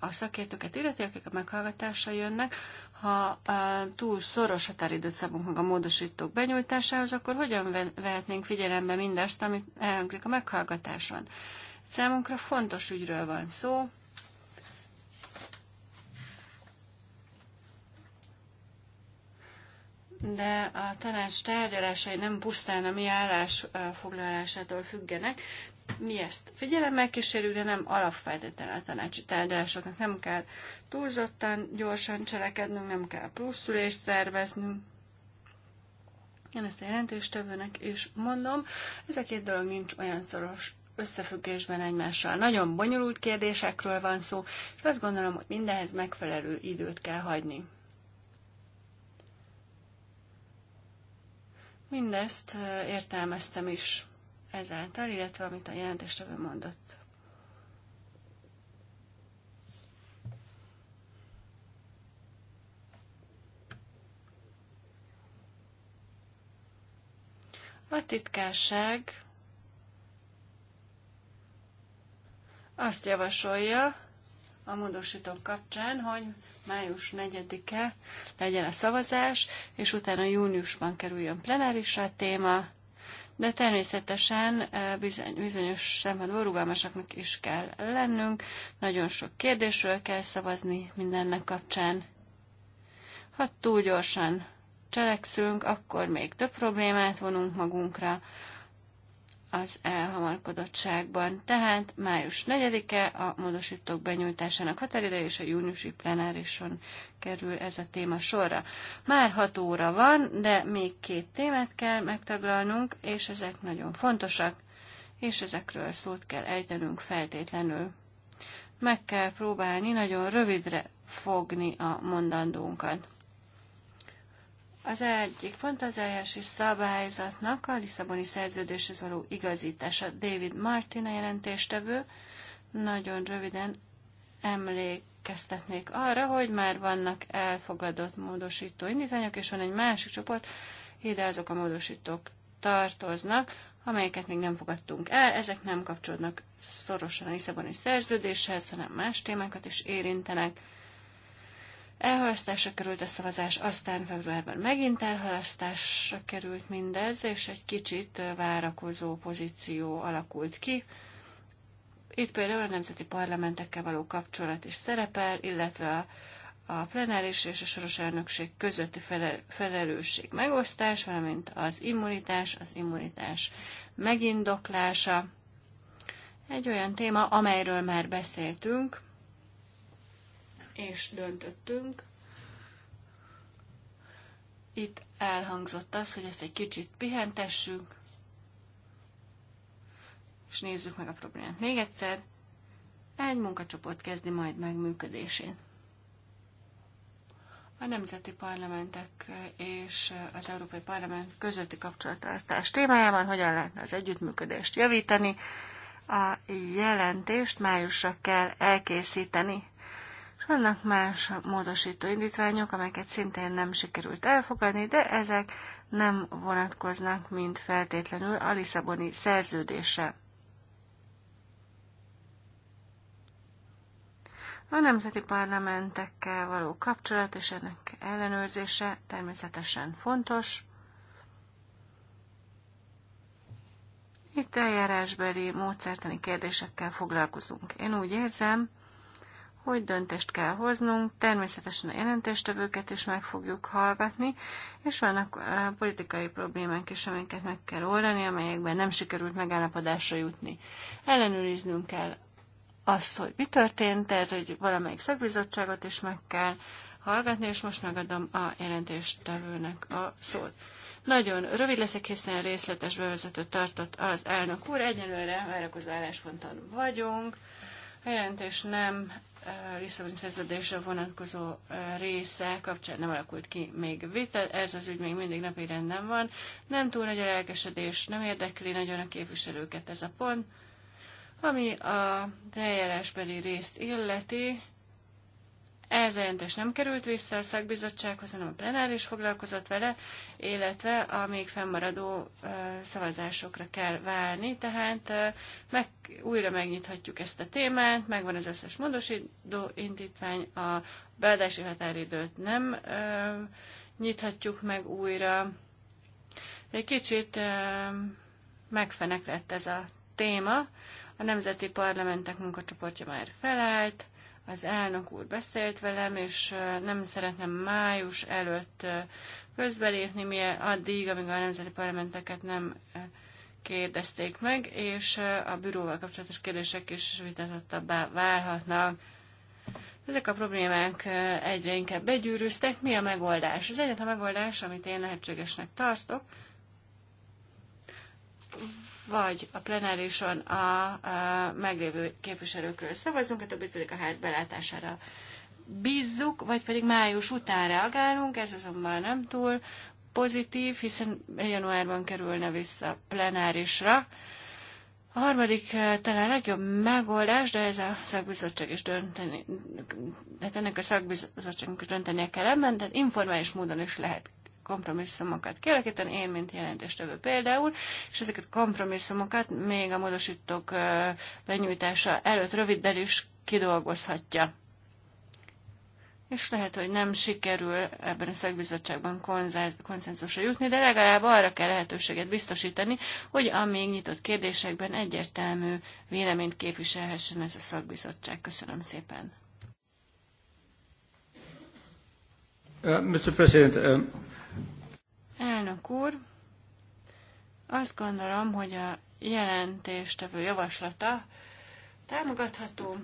S2: a szakértőket illeti, akik a meghallgatásra jönnek, ha a, túl szoros határidőt szabunk meg a módosítók benyújtásához, akkor hogyan vehetnénk figyelembe mindazt, amit elhangzik a meghallgatáson? Számunkra fontos ügyről van szó, de a tanács tárgyalásai nem pusztán a mi állásfoglalásától függenek. Mi ezt figyelemmel kísérjük, de nem alapfeltétlen a tanácsi tárgyalásoknak. Nem kell túlzottan gyorsan cselekednünk, nem kell pluszülést szerveznünk. Én ezt a jelentéstevőnek is mondom, ez a két dolog nincs olyan szoros összefüggésben egymással. Nagyon bonyolult kérdésekről van szó, és azt gondolom, hogy mindenhez megfelelő időt kell hagyni. Mindezt értelmeztem is ezáltal, illetve amit a jelentéstevő mondott. A titkárság azt javasolja a módosítók kapcsán, hogy május 4-e legyen a szavazás, és utána júniusban kerüljön plenárisra a téma, de természetesen eh, bizonyos szempontból rugalmasaknak is kell lennünk, nagyon sok kérdésről kell szavazni mindennek kapcsán. Ha túl gyorsan cselekszünk, akkor még több problémát vonunk magunkra, az elhamarkodottságban. Tehát május 4-e a módosítók benyújtásának határideje, és a júniusi plenárison kerül ez a téma sorra. Már 6 óra van, de még két témát kell megtaglalnunk, és ezek nagyon fontosak, és ezekről szót kell ejtenünk feltétlenül. Meg kell próbálni nagyon rövidre fogni a mondandónkat. Az egyik pont az eljárási szabályzatnak a Lisszaboni szerződéshez való igazítása. David Martin a jelentéstevő. Nagyon röviden emlékeztetnék arra, hogy már vannak elfogadott módosító indítványok, és van egy másik csoport, ide azok a módosítók tartoznak, amelyeket még nem fogadtunk el. Ezek nem kapcsolódnak szorosan a Lisszaboni szerződéshez, hanem más témákat is érintenek elhalasztásra került a szavazás, aztán februárban megint elhalasztásra került mindez, és egy kicsit várakozó pozíció alakult ki. Itt például a nemzeti parlamentekkel való kapcsolat is szerepel, illetve a a plenáris és a soros elnökség közötti felelősség megosztás, valamint az immunitás, az immunitás megindoklása. Egy olyan téma, amelyről már beszéltünk, és döntöttünk. Itt elhangzott az, hogy ezt egy kicsit pihentessünk, és nézzük meg a problémát még egyszer. Egy munkacsoport kezdi majd meg működésén. A nemzeti parlamentek és az Európai Parlament közötti kapcsolatartás témájában hogyan lehetne az együttműködést javítani. A jelentést májusra kell elkészíteni és vannak más módosító indítványok, amelyeket szintén nem sikerült elfogadni, de ezek nem vonatkoznak mind feltétlenül a Lisszaboni szerződése. A nemzeti parlamentekkel való kapcsolat és ennek ellenőrzése természetesen fontos. Itt eljárásbeli módszertani kérdésekkel foglalkozunk. Én úgy érzem, hogy döntést kell hoznunk, természetesen a jelentéstevőket is meg fogjuk hallgatni, és vannak politikai problémák is, amiket meg kell oldani, amelyekben nem sikerült megállapodásra jutni. Ellenőriznünk kell azt, hogy mi történt, tehát, hogy valamelyik szakbizottságot is meg kell hallgatni, és most megadom a jelentéstevőnek a szót. Nagyon rövid leszek, hiszen részletes bevezetőt tartott az elnök úr. Egyenlőre várakozó állásponton vagyunk. A jelentés nem Eh, Lisszaboni szerződésre vonatkozó eh, része kapcsán nem alakult ki még vita, ez az ügy még mindig napi renden van. Nem túl nagy a lelkesedés, nem érdekli nagyon a képviselőket ez a pont. Ami a teljesbeli részt illeti, ez a jelentés nem került vissza a szakbizottsághoz, hanem a plenáris foglalkozott vele, illetve a még fennmaradó szavazásokra kell várni, tehát meg, újra megnyithatjuk ezt a témát, megvan az összes módosító indítvány, a beadási határidőt nem nyithatjuk meg újra. Egy kicsit megfenek lett ez a téma. A Nemzeti Parlamentek munkacsoportja már felállt, az elnök úr beszélt velem, és nem szeretném május előtt közbelépni, mi addig, amíg a nemzeti parlamenteket nem kérdezték meg, és a büróval kapcsolatos kérdések is vitatottabbá válhatnak. Ezek a problémák egyre inkább begyűrűztek. Mi a megoldás? Az egyetlen megoldás, amit én lehetségesnek tartok, vagy a plenárison a, a meglévő képviselőkről szavazunk, a többit pedig a hát belátására bízzuk, vagy pedig május után reagálunk, ez azonban nem túl pozitív, hiszen januárban kerülne vissza plenárisra. A harmadik eh, talán legjobb megoldás, de ez a szakbizottság is dönteni, hát ennek a szakbizottságnak is döntenie kell ebben, tehát informális módon is lehet kompromisszumokat kialakítani, én, mint jelentéstevő például, és ezeket a kompromisszumokat még a módosítók benyújtása előtt röviddel is kidolgozhatja. És lehet, hogy nem sikerül ebben a szakbizottságban konszenzusra jutni, de legalább arra kell lehetőséget biztosítani, hogy a még nyitott kérdésekben egyértelmű véleményt képviselhessen ez a szakbizottság. Köszönöm szépen!
S1: Uh, Mr. President, um...
S2: Elnök úr, azt gondolom, hogy a jelentéstevő javaslata támogatható.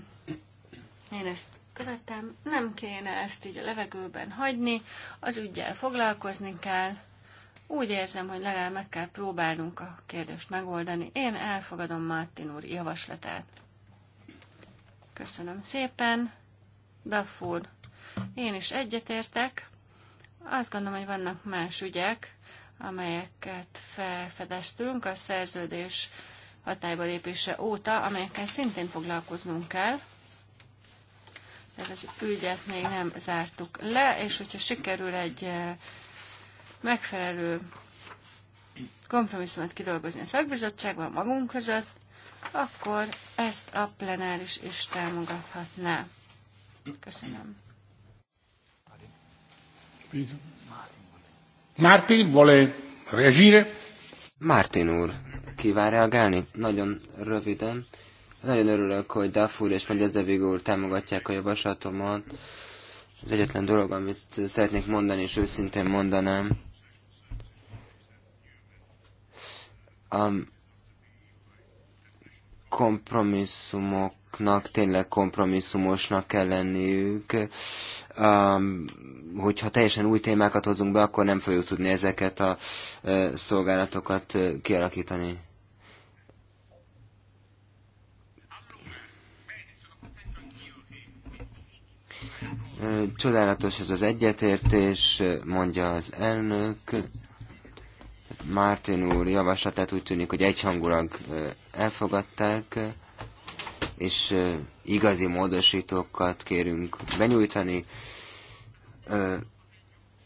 S2: Én ezt követem, nem kéne ezt így a levegőben hagyni, az ügyjel foglalkozni kell. Úgy érzem, hogy legalább meg kell próbálnunk a kérdést megoldani. Én elfogadom Martin úr javaslatát. Köszönöm szépen. Daffur, én is egyetértek. Azt gondolom, hogy vannak más ügyek, amelyeket felfedeztünk a szerződés hatályba lépése óta, amelyekkel szintén foglalkoznunk kell. Tehát az ügyet még nem zártuk le, és hogyha sikerül egy eh, megfelelő kompromisszumot kidolgozni a szakbizottságban magunk között, akkor ezt a plenáris is támogathatná. Köszönöm.
S1: Martin, vuole reagire? Martin úr, kíván reagálni? Nagyon röviden. Nagyon örülök, hogy Dafur és Megyezdevégo úr támogatják a javaslatomat. Az egyetlen dolog, amit szeretnék mondani, és őszintén mondanám, a kompromisszumoknak tényleg kompromisszumosnak kell lenniük. A hogyha teljesen új témákat hozunk be, akkor nem fogjuk tudni ezeket a szolgálatokat kialakítani. Csodálatos ez az egyetértés, mondja az elnök. Mártin úr javaslatát úgy tűnik, hogy egyhangulag elfogadták, és igazi módosítókat kérünk benyújtani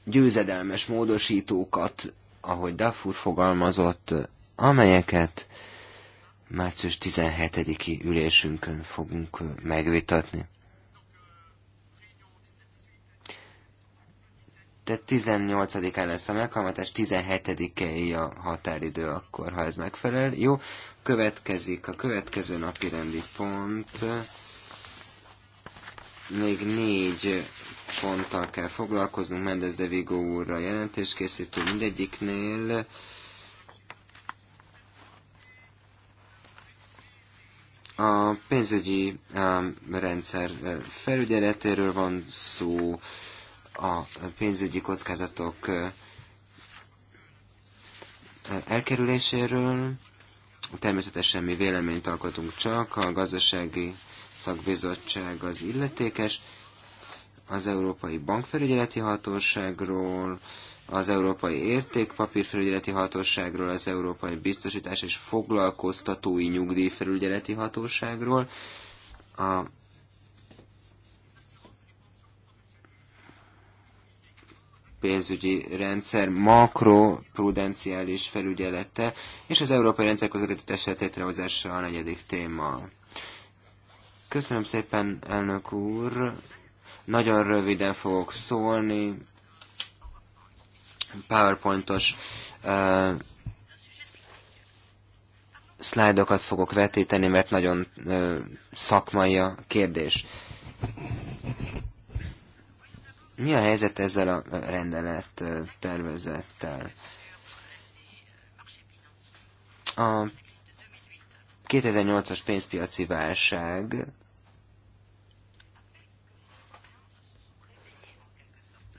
S1: győzedelmes módosítókat, ahogy Dafur fogalmazott, amelyeket március 17-i ülésünkön fogunk megvitatni. Tehát 18-án lesz a meghallgatás, 17-i a határidő akkor, ha ez megfelel. Jó, következik a következő napi rendi pont. Még négy ponttal kell foglalkoznunk, Mendez de Vigo úrra jelentéskészítő mindegyiknél. A pénzügyi um, rendszer felügyeletéről van szó, a pénzügyi kockázatok uh, elkerüléséről. Természetesen mi véleményt alkotunk csak, a gazdasági szakbizottság az illetékes, az Európai Bankfelügyeleti Hatóságról, az Európai Értékpapírfelügyeleti Hatóságról, az Európai Biztosítás és Foglalkoztatói Nyugdíjfelügyeleti Hatóságról, a pénzügyi rendszer makroprudenciális felügyelete, és az Európai Rendszer közötti létrehozása a negyedik téma. Köszönöm szépen, elnök úr! Nagyon röviden fogok szólni, powerpointos uh, szlájdokat fogok vetíteni, mert nagyon uh, szakmai a kérdés. Mi a helyzet ezzel a rendelet tervezettel? A 2008-as pénzpiaci válság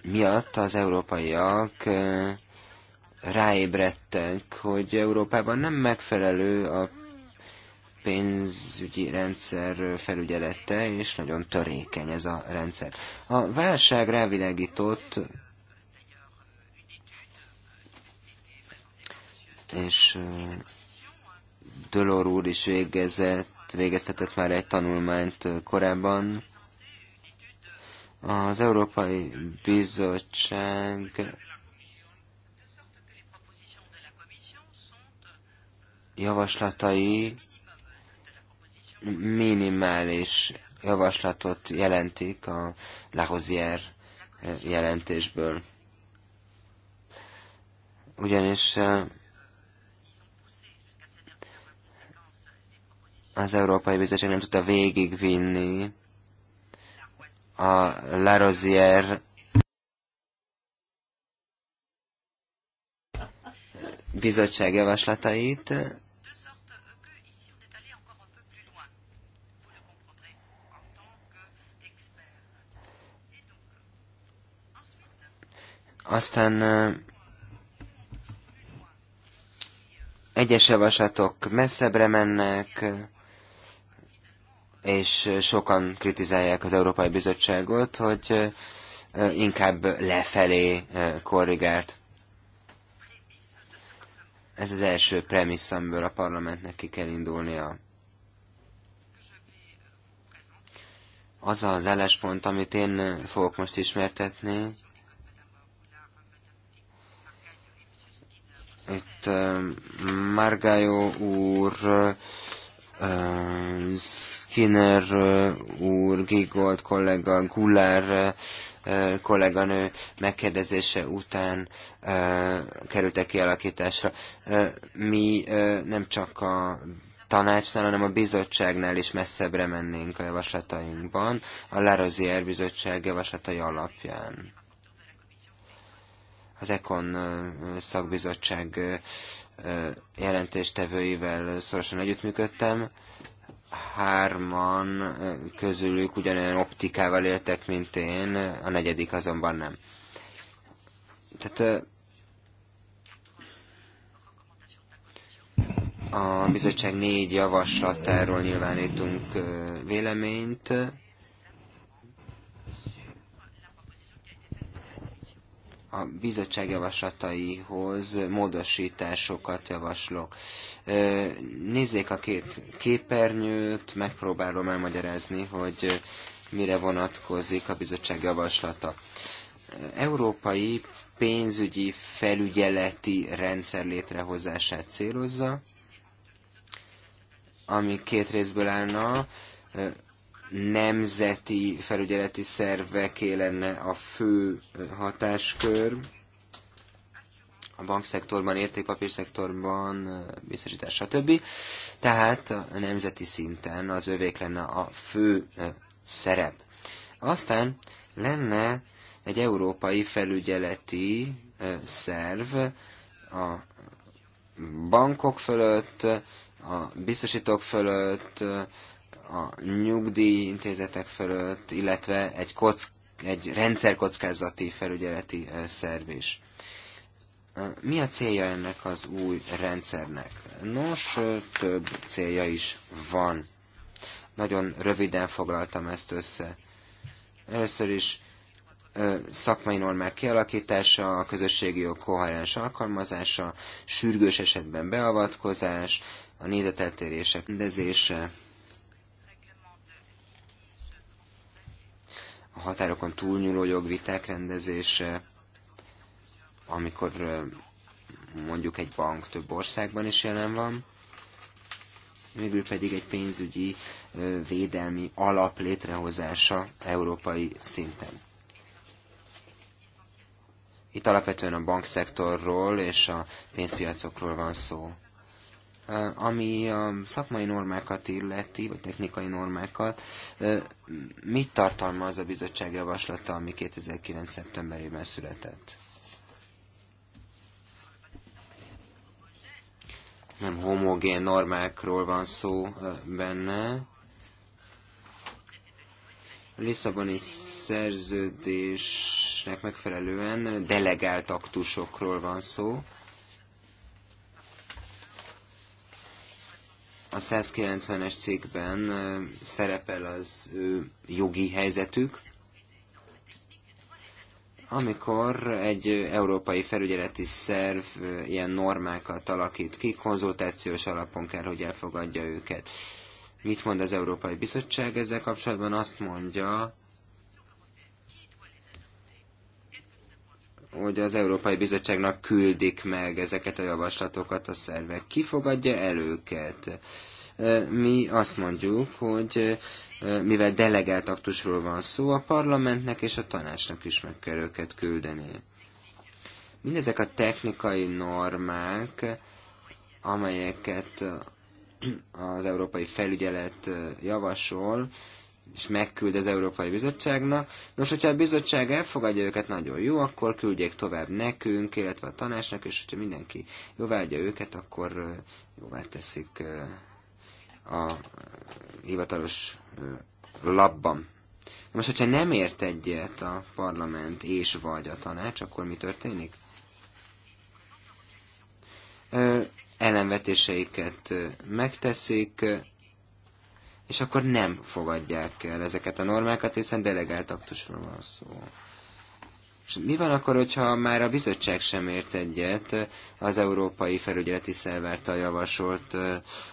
S1: miatt az európaiak ráébredtek, hogy Európában nem megfelelő a pénzügyi rendszer felügyelete, és nagyon törékeny ez a rendszer. A válság rávilágított, és Dölor úr is végezett, végeztetett már egy tanulmányt korábban, az Európai Bizottság javaslatai minimális javaslatot jelentik a Lahozier jelentésből. Ugyanis az Európai Bizottság nem tudta végigvinni a Larosier bizottság javaslatait. Aztán egyes javaslatok messzebbre mennek, és sokan kritizálják az Európai Bizottságot, hogy inkább lefelé korrigált. Ez az első premissz, amiből a parlamentnek ki kell indulnia. Az az álláspont, amit én fogok most ismertetni, itt Margályó úr Um, Skinner uh, úr, Gigold kollega, Guller uh, uh, kolléganő megkérdezése után kerültek kialakításra. Mi nem csak a tanácsnál, hanem a bizottságnál is messzebbre mennénk a javaslatainkban, a Larozier bizottság javaslatai alapján. Az Ekon szakbizottság jelentéstevőivel szorosan együttműködtem. Hárman közülük ugyanolyan optikával éltek, mint én, a negyedik azonban nem. Tehát a bizottság négy javaslatáról nyilvánítunk véleményt, a bizottság javaslataihoz módosításokat javaslok. Nézzék a két képernyőt, megpróbálom elmagyarázni, hogy mire vonatkozik a bizottság javaslata. Európai pénzügyi felügyeleti rendszer létrehozását célozza, ami két részből állna, nemzeti felügyeleti szerveké lenne a fő hatáskör. A bankszektorban, értékpapírszektorban, biztosítás, stb. Tehát a nemzeti szinten az övék lenne a fő szerep. Aztán lenne egy európai felügyeleti szerv a bankok fölött, a biztosítók fölött, a nyugdíjintézetek fölött, illetve egy, kock, egy rendszerkockázati felügyeleti szerv is. Mi a célja ennek az új rendszernek? Nos, több célja is van. Nagyon röviden foglaltam ezt össze. Először is szakmai normák kialakítása, a közösségi jog koherens alkalmazása, sürgős esetben beavatkozás, a nézeteltérések rendezése, a határokon túlnyúló jogviták rendezése, amikor mondjuk egy bank több országban is jelen van, végül pedig egy pénzügyi védelmi alap létrehozása európai szinten. Itt alapvetően a bankszektorról és a pénzpiacokról van szó ami a szakmai normákat illeti, vagy technikai normákat, mit tartalmaz a bizottság javaslata, ami 2009. szeptemberében született? Nem homogén normákról van szó benne. A Lisszaboni szerződésnek megfelelően delegált aktusokról van szó A 190-es cikkben szerepel az ő jogi helyzetük, amikor egy európai felügyeleti szerv ilyen normákat alakít ki, konzultációs alapon kell, hogy elfogadja őket. Mit mond az Európai Bizottság ezzel kapcsolatban? Azt mondja, hogy az Európai Bizottságnak küldik meg ezeket a javaslatokat a szervek. Ki fogadja el őket? Mi azt mondjuk, hogy mivel delegált aktusról van szó, a parlamentnek és a tanácsnak is meg kell őket küldeni. Mindezek a technikai normák, amelyeket az európai felügyelet javasol, és megküld az Európai Bizottságnak. Nos, hogyha a bizottság elfogadja őket, nagyon jó, akkor küldjék tovább nekünk, illetve a tanácsnak, és hogyha mindenki jóvágyja őket, akkor jóvá teszik a hivatalos labban. Most, hogyha nem ért egyet a parlament és vagy a tanács, akkor mi történik? Ellenvetéseiket megteszik, és akkor nem fogadják el ezeket a normákat, hiszen delegált aktusról van szó. És mi van akkor, hogyha már a bizottság sem ért egyet az Európai Felügyeleti Szervert a javasolt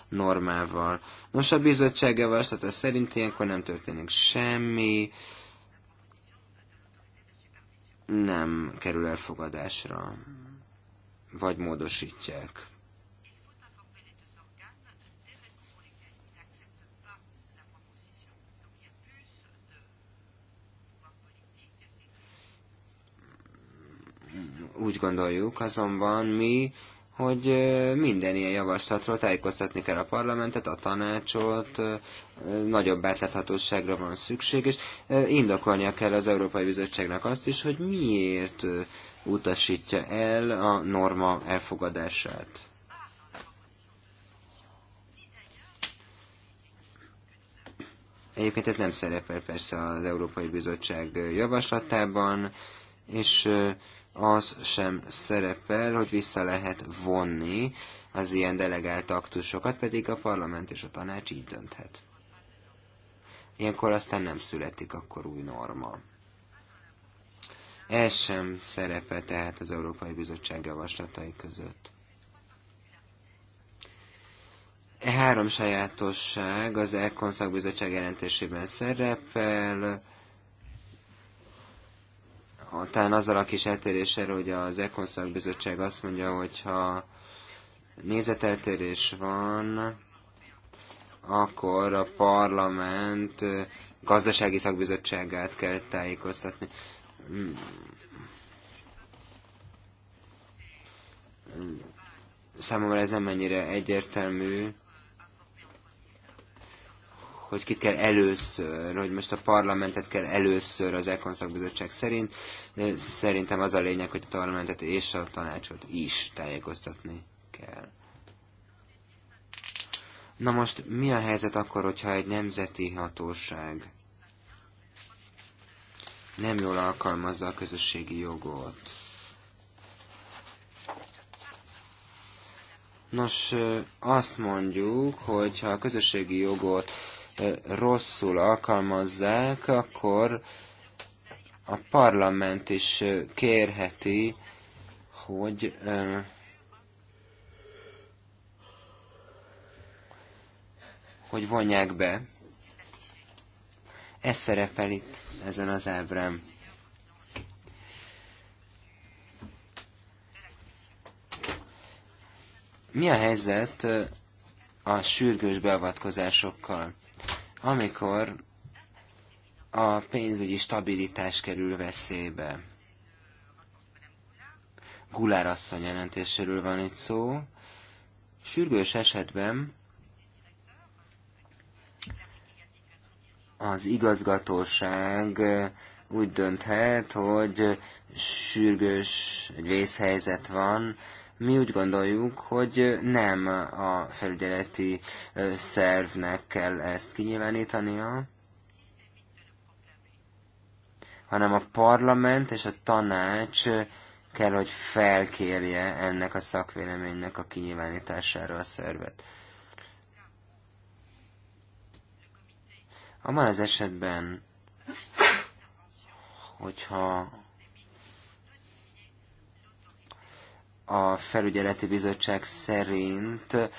S1: normával? Nos, a bizottság javaslata szerint ilyenkor nem történik semmi, nem kerül elfogadásra, vagy módosítják. Úgy gondoljuk azonban mi, hogy minden ilyen javaslatról tájékoztatni kell a parlamentet, a tanácsot, nagyobb átláthatóságra van szükség, és indokolnia kell az Európai Bizottságnak azt is, hogy miért utasítja el a norma elfogadását. Egyébként ez nem szerepel persze az Európai Bizottság javaslatában, és az sem szerepel, hogy vissza lehet vonni az ilyen delegált aktusokat, pedig a parlament és a tanács így dönthet. Ilyenkor aztán nem születik akkor új norma. Ez sem szerepel tehát az Európai Bizottság javaslatai között. E három sajátosság az Elkonszak Bizottság jelentésében szerepel, talán azzal a kis eltéréssel, hogy az Ekonszak Bizottság azt mondja, hogy ha nézeteltérés van, akkor a parlament gazdasági szakbizottságát kell tájékoztatni. Mm. Számomra ez nem ennyire egyértelmű hogy kit kell először, hogy most a parlamentet kell először az Ekonszak Bizottság szerint, de szerintem az a lényeg, hogy a parlamentet és a tanácsot is tájékoztatni kell. Na most mi a helyzet akkor, hogyha egy nemzeti hatóság nem jól alkalmazza a közösségi jogot? Nos, azt mondjuk, hogy ha a közösségi jogot rosszul alkalmazzák, akkor a parlament is kérheti, hogy hogy vonják be. Ez szerepel itt ezen az ábrán. Mi a helyzet a sürgős beavatkozásokkal? amikor a pénzügyi stabilitás kerül veszélybe. Gulár asszony jelentéséről van itt szó. Sürgős esetben az igazgatóság úgy dönthet, hogy sürgős egy vészhelyzet van, mi úgy gondoljuk, hogy nem a felügyeleti szervnek kell ezt kinyilvánítania, hanem a parlament és a tanács kell, hogy felkérje ennek a szakvéleménynek a kinyilvánítására a szervet. Abban az esetben, hogyha a felügyeleti bizottság szerint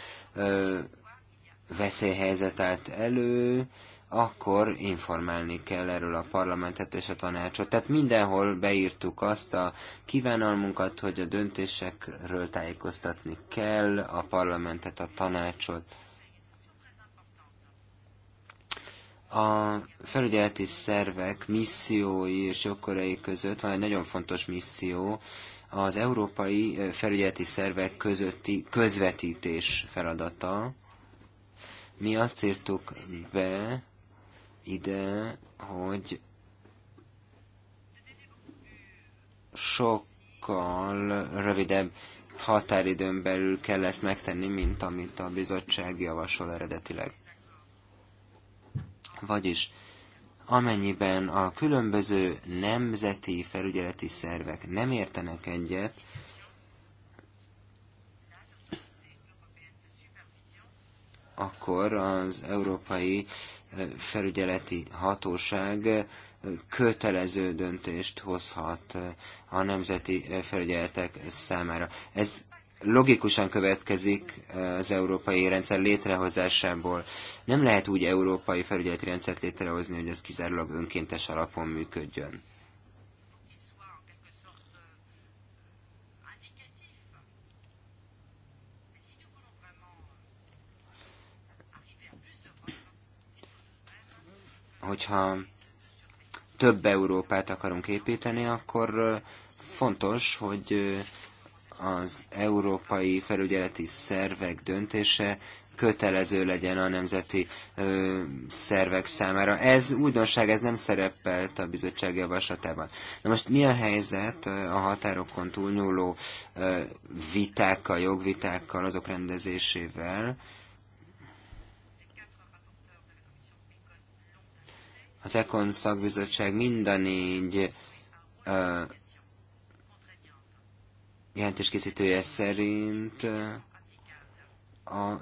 S1: veszélyhelyzet állt elő, akkor informálni kell erről a parlamentet és a tanácsot. Tehát mindenhol beírtuk azt a kívánalmunkat, hogy a döntésekről tájékoztatni kell a parlamentet, a tanácsot. A felügyeleti szervek missziói és jogkorei között van egy nagyon fontos misszió, az európai felügyeleti szervek közötti közvetítés feladata. Mi azt írtuk be ide, hogy sokkal rövidebb határidőn belül kell ezt megtenni, mint amit a bizottság javasol eredetileg. Vagyis amennyiben a különböző nemzeti felügyeleti szervek nem értenek egyet, akkor az Európai Felügyeleti Hatóság kötelező döntést hozhat a nemzeti felügyeletek számára. Ez logikusan következik eh, az európai rendszer létrehozásából. Nem lehet úgy európai felügyeleti rendszert létrehozni, hogy ez kizárólag önkéntes alapon működjön. Hogyha több Európát akarunk építeni, akkor eh, fontos, hogy eh, az európai felügyeleti szervek döntése kötelező legyen a nemzeti ö, szervek számára. Ez újdonság, ez nem szerepelt a bizottság javaslatában. Na most mi a helyzet a határokon túlnyúló ö, vitákkal, jogvitákkal, azok rendezésével? Az Ekon szakbizottság mind a négy ö, készítője szerint a, az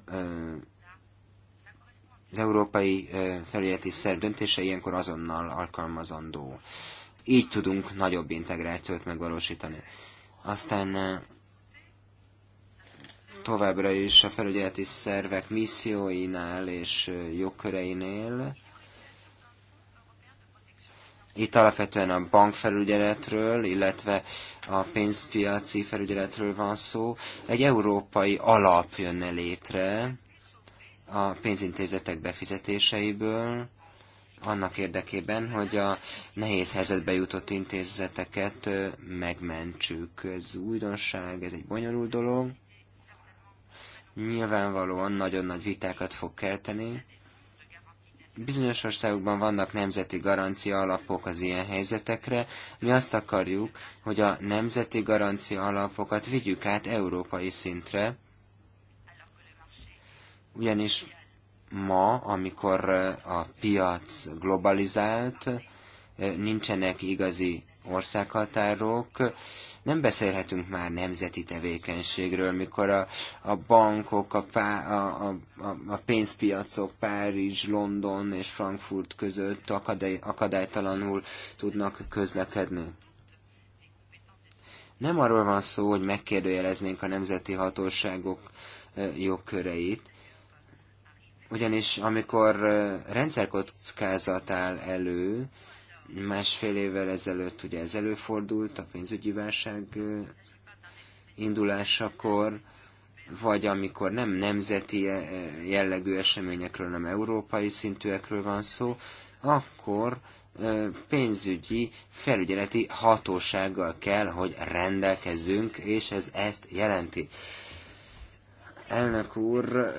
S1: európai felületi szerv döntése ilyenkor azonnal alkalmazandó. Így tudunk nagyobb integrációt megvalósítani. Aztán továbbra is a felügyeleti szervek misszióinál és jogköreinél itt alapvetően a bankfelügyeletről, illetve a pénzpiaci felügyeletről van szó. Egy európai alap jönne létre a pénzintézetek befizetéseiből, annak érdekében, hogy a nehéz helyzetbe jutott intézeteket megmentsük. Ez újdonság, ez egy bonyolult dolog. Nyilvánvalóan nagyon nagy vitákat fog kelteni Bizonyos országokban vannak nemzeti garancia alapok az ilyen helyzetekre. Mi azt akarjuk, hogy a nemzeti garancia alapokat vigyük át európai szintre, ugyanis ma, amikor a piac globalizált, nincsenek igazi országhatárok, nem beszélhetünk már nemzeti tevékenységről, mikor a, a bankok, a, pá, a, a, a pénzpiacok Párizs, London és Frankfurt között akadály, akadálytalanul tudnak közlekedni. Nem arról van szó, hogy megkérdőjeleznénk a nemzeti hatóságok jogköreit, ugyanis amikor rendszerkockázat áll elő, Másfél évvel ezelőtt ugye ez előfordult a pénzügyi válság indulásakor, vagy amikor nem nemzeti e, e, jellegű eseményekről, nem európai szintűekről van szó, akkor pénzügyi felügyeleti hatósággal kell, hogy rendelkezzünk, és ez ezt jelenti. Elnök úr,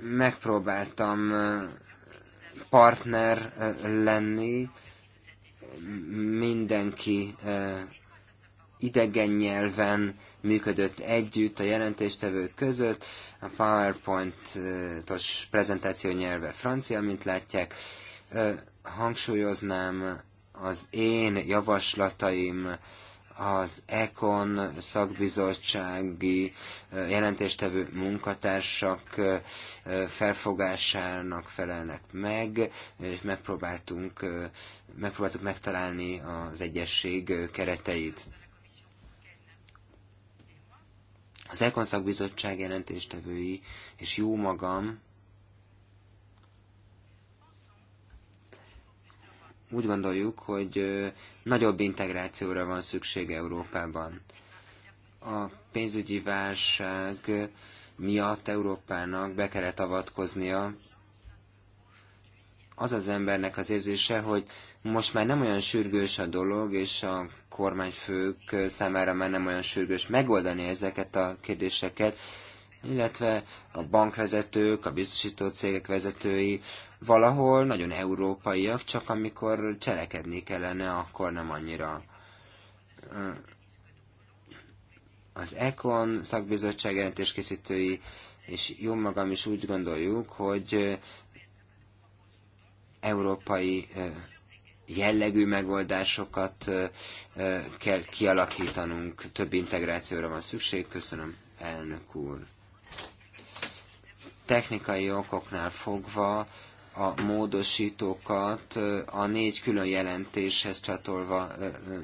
S1: megpróbáltam partner lenni, mindenki idegen nyelven működött együtt a jelentéstevők között. A PowerPoint-os prezentáció nyelve francia, mint látják. Hangsúlyoznám az én javaslataim az ECON szakbizottsági jelentéstevő munkatársak felfogásának felelnek meg, és megpróbáltunk, megpróbáltuk megtalálni az egyesség kereteit. Az ECON szakbizottság jelentéstevői és jó magam úgy gondoljuk, hogy Nagyobb integrációra van szükség Európában. A pénzügyi válság miatt Európának be kellett avatkoznia. Az az embernek az érzése, hogy most már nem olyan sürgős a dolog, és a kormányfők számára már nem olyan sürgős megoldani ezeket a kérdéseket, illetve a bankvezetők, a biztosító cégek vezetői valahol nagyon európaiak, csak amikor cselekedni kellene, akkor nem annyira. Az ECON szakbizottság jelentéskészítői és jó magam is úgy gondoljuk, hogy európai jellegű megoldásokat kell kialakítanunk, több integrációra van szükség. Köszönöm, elnök úr. Technikai okoknál fogva a módosítókat a négy külön jelentéshez csatolva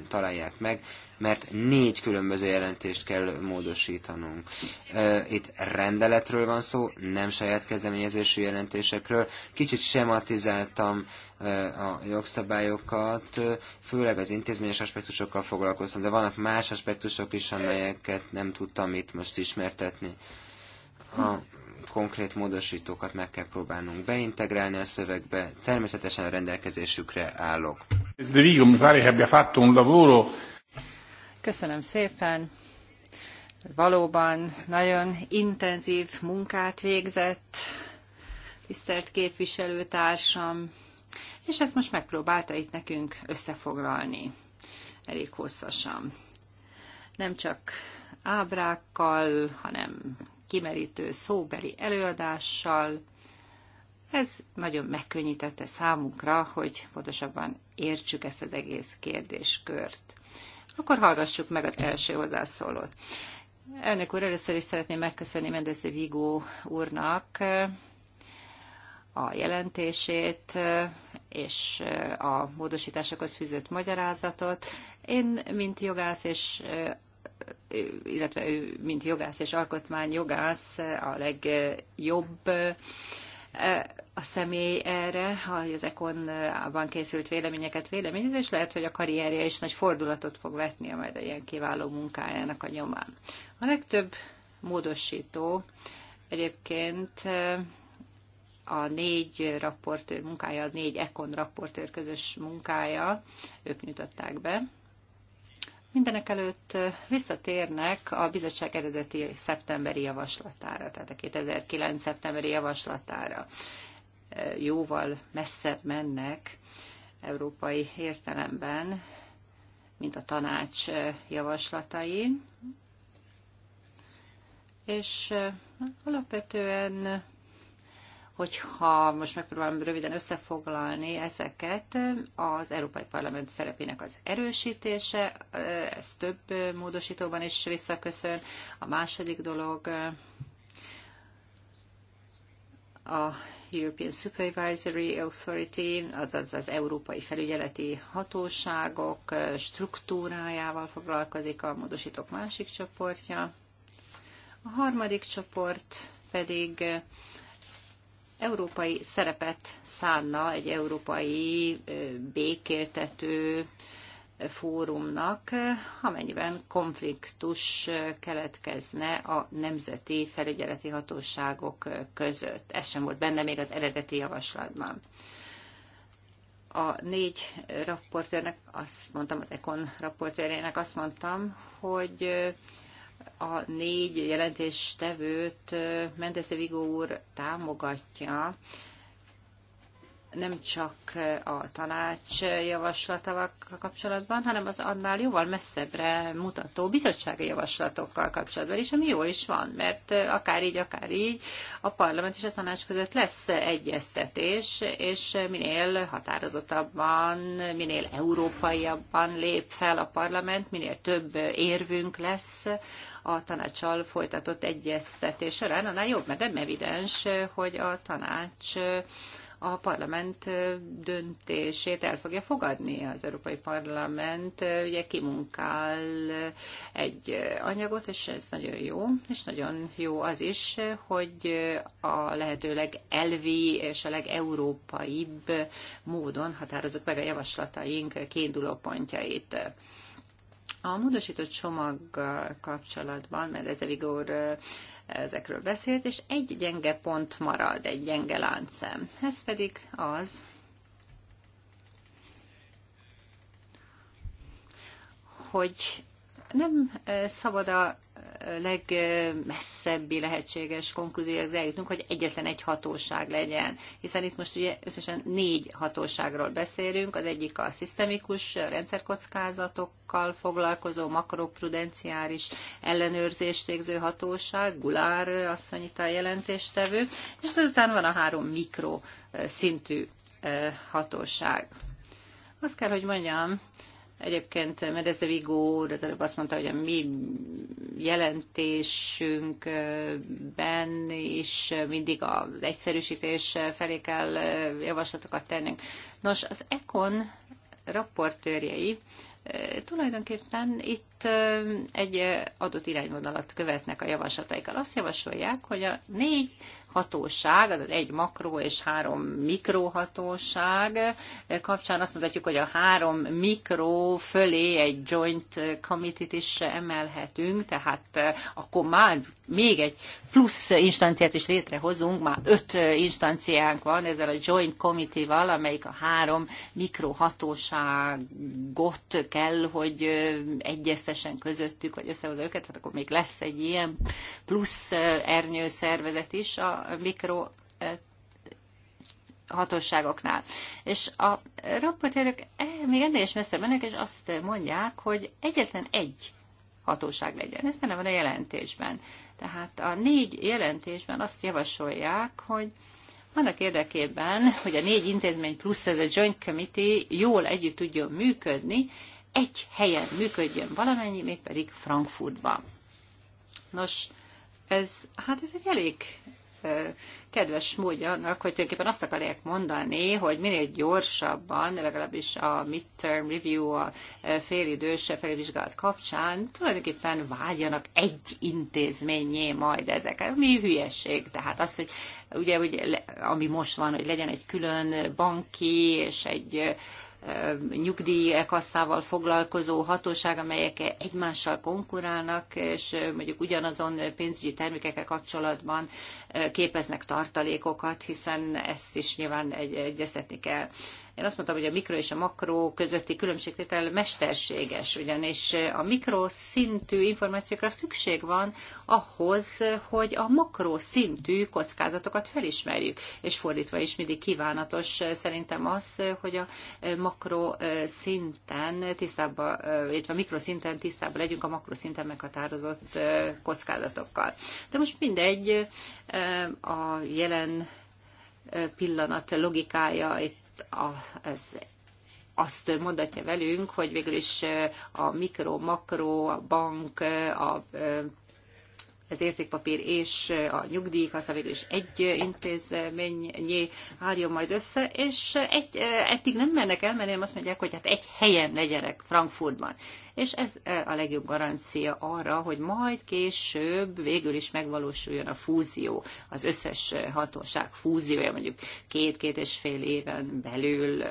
S1: találják meg, mert négy különböző jelentést kell módosítanunk. Itt rendeletről van szó, nem saját kezdeményezésű jelentésekről. Kicsit sematizáltam a jogszabályokat, főleg az intézményes aspektusokkal foglalkoztam, de vannak más aspektusok is, amelyeket nem tudtam itt most ismertetni. A konkrét módosítókat meg kell próbálnunk beintegrálni a szövegbe, természetesen a rendelkezésükre állok.
S3: Köszönöm szépen! Valóban nagyon intenzív munkát végzett tisztelt képviselőtársam, és ezt most megpróbálta itt nekünk összefoglalni elég hosszasan. Nem csak ábrákkal, hanem kimerítő szóbeli előadással. Ez nagyon megkönnyítette számunkra, hogy pontosabban értsük ezt az egész kérdéskört. Akkor hallgassuk meg az első hozzászólót. Elnök úr, először is szeretném megköszönni Mendezi Vigó úrnak a jelentését és a módosításokhoz fűzött magyarázatot. Én, mint jogász és illetve ő, mint jogász és alkotmányjogász a legjobb a személy erre, ha az Econban készült véleményeket véleményez, és lehet, hogy a karrierje is nagy fordulatot fog vetni a majd ilyen kiváló munkájának a nyomán. A legtöbb módosító egyébként a négy raportőr munkája, a négy Econ raportőr közös munkája, ők nyújtották be, Mindenek előtt visszatérnek a bizottság eredeti szeptemberi javaslatára, tehát a 2009. szeptemberi javaslatára. Jóval messzebb mennek európai értelemben, mint a tanács javaslatai, és alapvetően Hogyha most megpróbálom röviden összefoglalni ezeket, az Európai Parlament szerepének az erősítése, ez több módosítóban is visszaköszön. A második dolog a European Supervisory Authority, azaz az Európai Felügyeleti Hatóságok struktúrájával foglalkozik a módosítók másik csoportja. A harmadik csoport pedig európai szerepet szánna egy európai békéltető fórumnak, amennyiben konfliktus keletkezne a nemzeti felügyeleti hatóságok között. Ez sem volt benne még az eredeti javaslatban. A négy raportőrnek, azt mondtam, az ECON raportőrének azt mondtam, hogy a négy jelentéstevőt Mendeze Vigó úr támogatja, nem csak a tanács javaslatával kapcsolatban, hanem az annál jóval messzebbre mutató bizottsági javaslatokkal kapcsolatban is, ami jó is van, mert akár így, akár így a parlament és a tanács között lesz egyeztetés, és minél határozottabban, minél európaiabban lép fel a parlament, minél több érvünk lesz a tanácsal folytatott egyeztetés során, annál jobb, mert nem evidens, hogy a tanács a parlament döntését el fogja fogadni. Az Európai Parlament ugye kimunkál egy anyagot, és ez nagyon jó, és nagyon jó az is, hogy a lehetőleg elvi és a legeurópaibb módon határozott meg a javaslataink kiinduló pontjait. A módosított csomag kapcsolatban, mert ez a Vigor ezekről beszélt, és egy gyenge pont marad, egy gyenge láncszem. Ez pedig az, hogy nem szabad a legmesszebbi lehetséges konklúzióhoz eljutnunk, hogy egyetlen egy hatóság legyen. Hiszen itt most ugye összesen négy hatóságról beszélünk, az egyik a szisztemikus rendszerkockázatokkal foglalkozó makroprudenciáris ellenőrzést végző hatóság, Gulár asszony itt a jelentéstevő, és azután van a három mikro szintű hatóság. Azt kell, hogy mondjam, Egyébként Medeze Vigó úr az előbb azt mondta, hogy a mi jelentésünkben is mindig az egyszerűsítés felé kell javaslatokat tennünk. Nos, az ECON raportőrjei tulajdonképpen itt egy adott irányvonalat követnek a javaslataikkal. Azt javasolják, hogy a négy hatóság, az egy makró és három mikrohatóság kapcsán azt mondhatjuk, hogy a három mikro fölé egy joint committee-t is emelhetünk, tehát akkor már még egy plusz instanciát is létrehozunk, már öt instanciánk van ezzel a Joint Committee-val, amelyik a három mikrohatóságot kell, hogy egyeztessen közöttük, vagy összehozza őket, tehát akkor még lesz egy ilyen plusz ernyő szervezet is a mikro hatóságoknál. És a raportőrök eh, még ennél is messze mennek, és azt mondják, hogy egyetlen egy hatóság legyen. Ez benne van a jelentésben. Tehát a négy jelentésben azt javasolják, hogy annak érdekében, hogy a négy intézmény plusz ez a Joint Committee jól együtt tudjon működni, egy helyen működjön valamennyi, mégpedig Frankfurtban. Nos, ez, hát ez egy elég kedves módja annak, hogy tulajdonképpen azt akarják mondani, hogy minél gyorsabban, legalábbis a midterm review, a e, félidős e, felvizsgálat kapcsán tulajdonképpen vágyanak egy intézményé majd ezek. Hát mi hülyeség, tehát az, hogy ugye, hogy ami most van, hogy legyen egy külön banki és egy Nyugdíjekasszával foglalkozó hatóság, amelyek egymással konkurálnak, és mondjuk ugyanazon pénzügyi termékekkel kapcsolatban képeznek tartalékokat, hiszen ezt is nyilván egy egyeztetni kell. Én azt mondtam, hogy a mikro és a makro közötti különbségtétel mesterséges, ugyanis a mikro szintű információkra szükség van ahhoz, hogy a makro szintű kockázatokat felismerjük. És fordítva is mindig kívánatos szerintem az, hogy a makro szinten tisztában, illetve a mikroszinten tisztában legyünk a makroszinten meghatározott kockázatokkal. De most mindegy, a jelen pillanat logikája itt az azt mondatja velünk, hogy végül is a mikro, makro, a bank, a az értékpapír és a az aztán végül is egy intézményé álljon majd össze, és egy, eddig nem mennek el, mert azt mondják, hogy hát egy helyen legyenek Frankfurtban. És ez a legjobb garancia arra, hogy majd később végül is megvalósuljon a fúzió, az összes hatóság fúziója, mondjuk két-két és fél éven belül,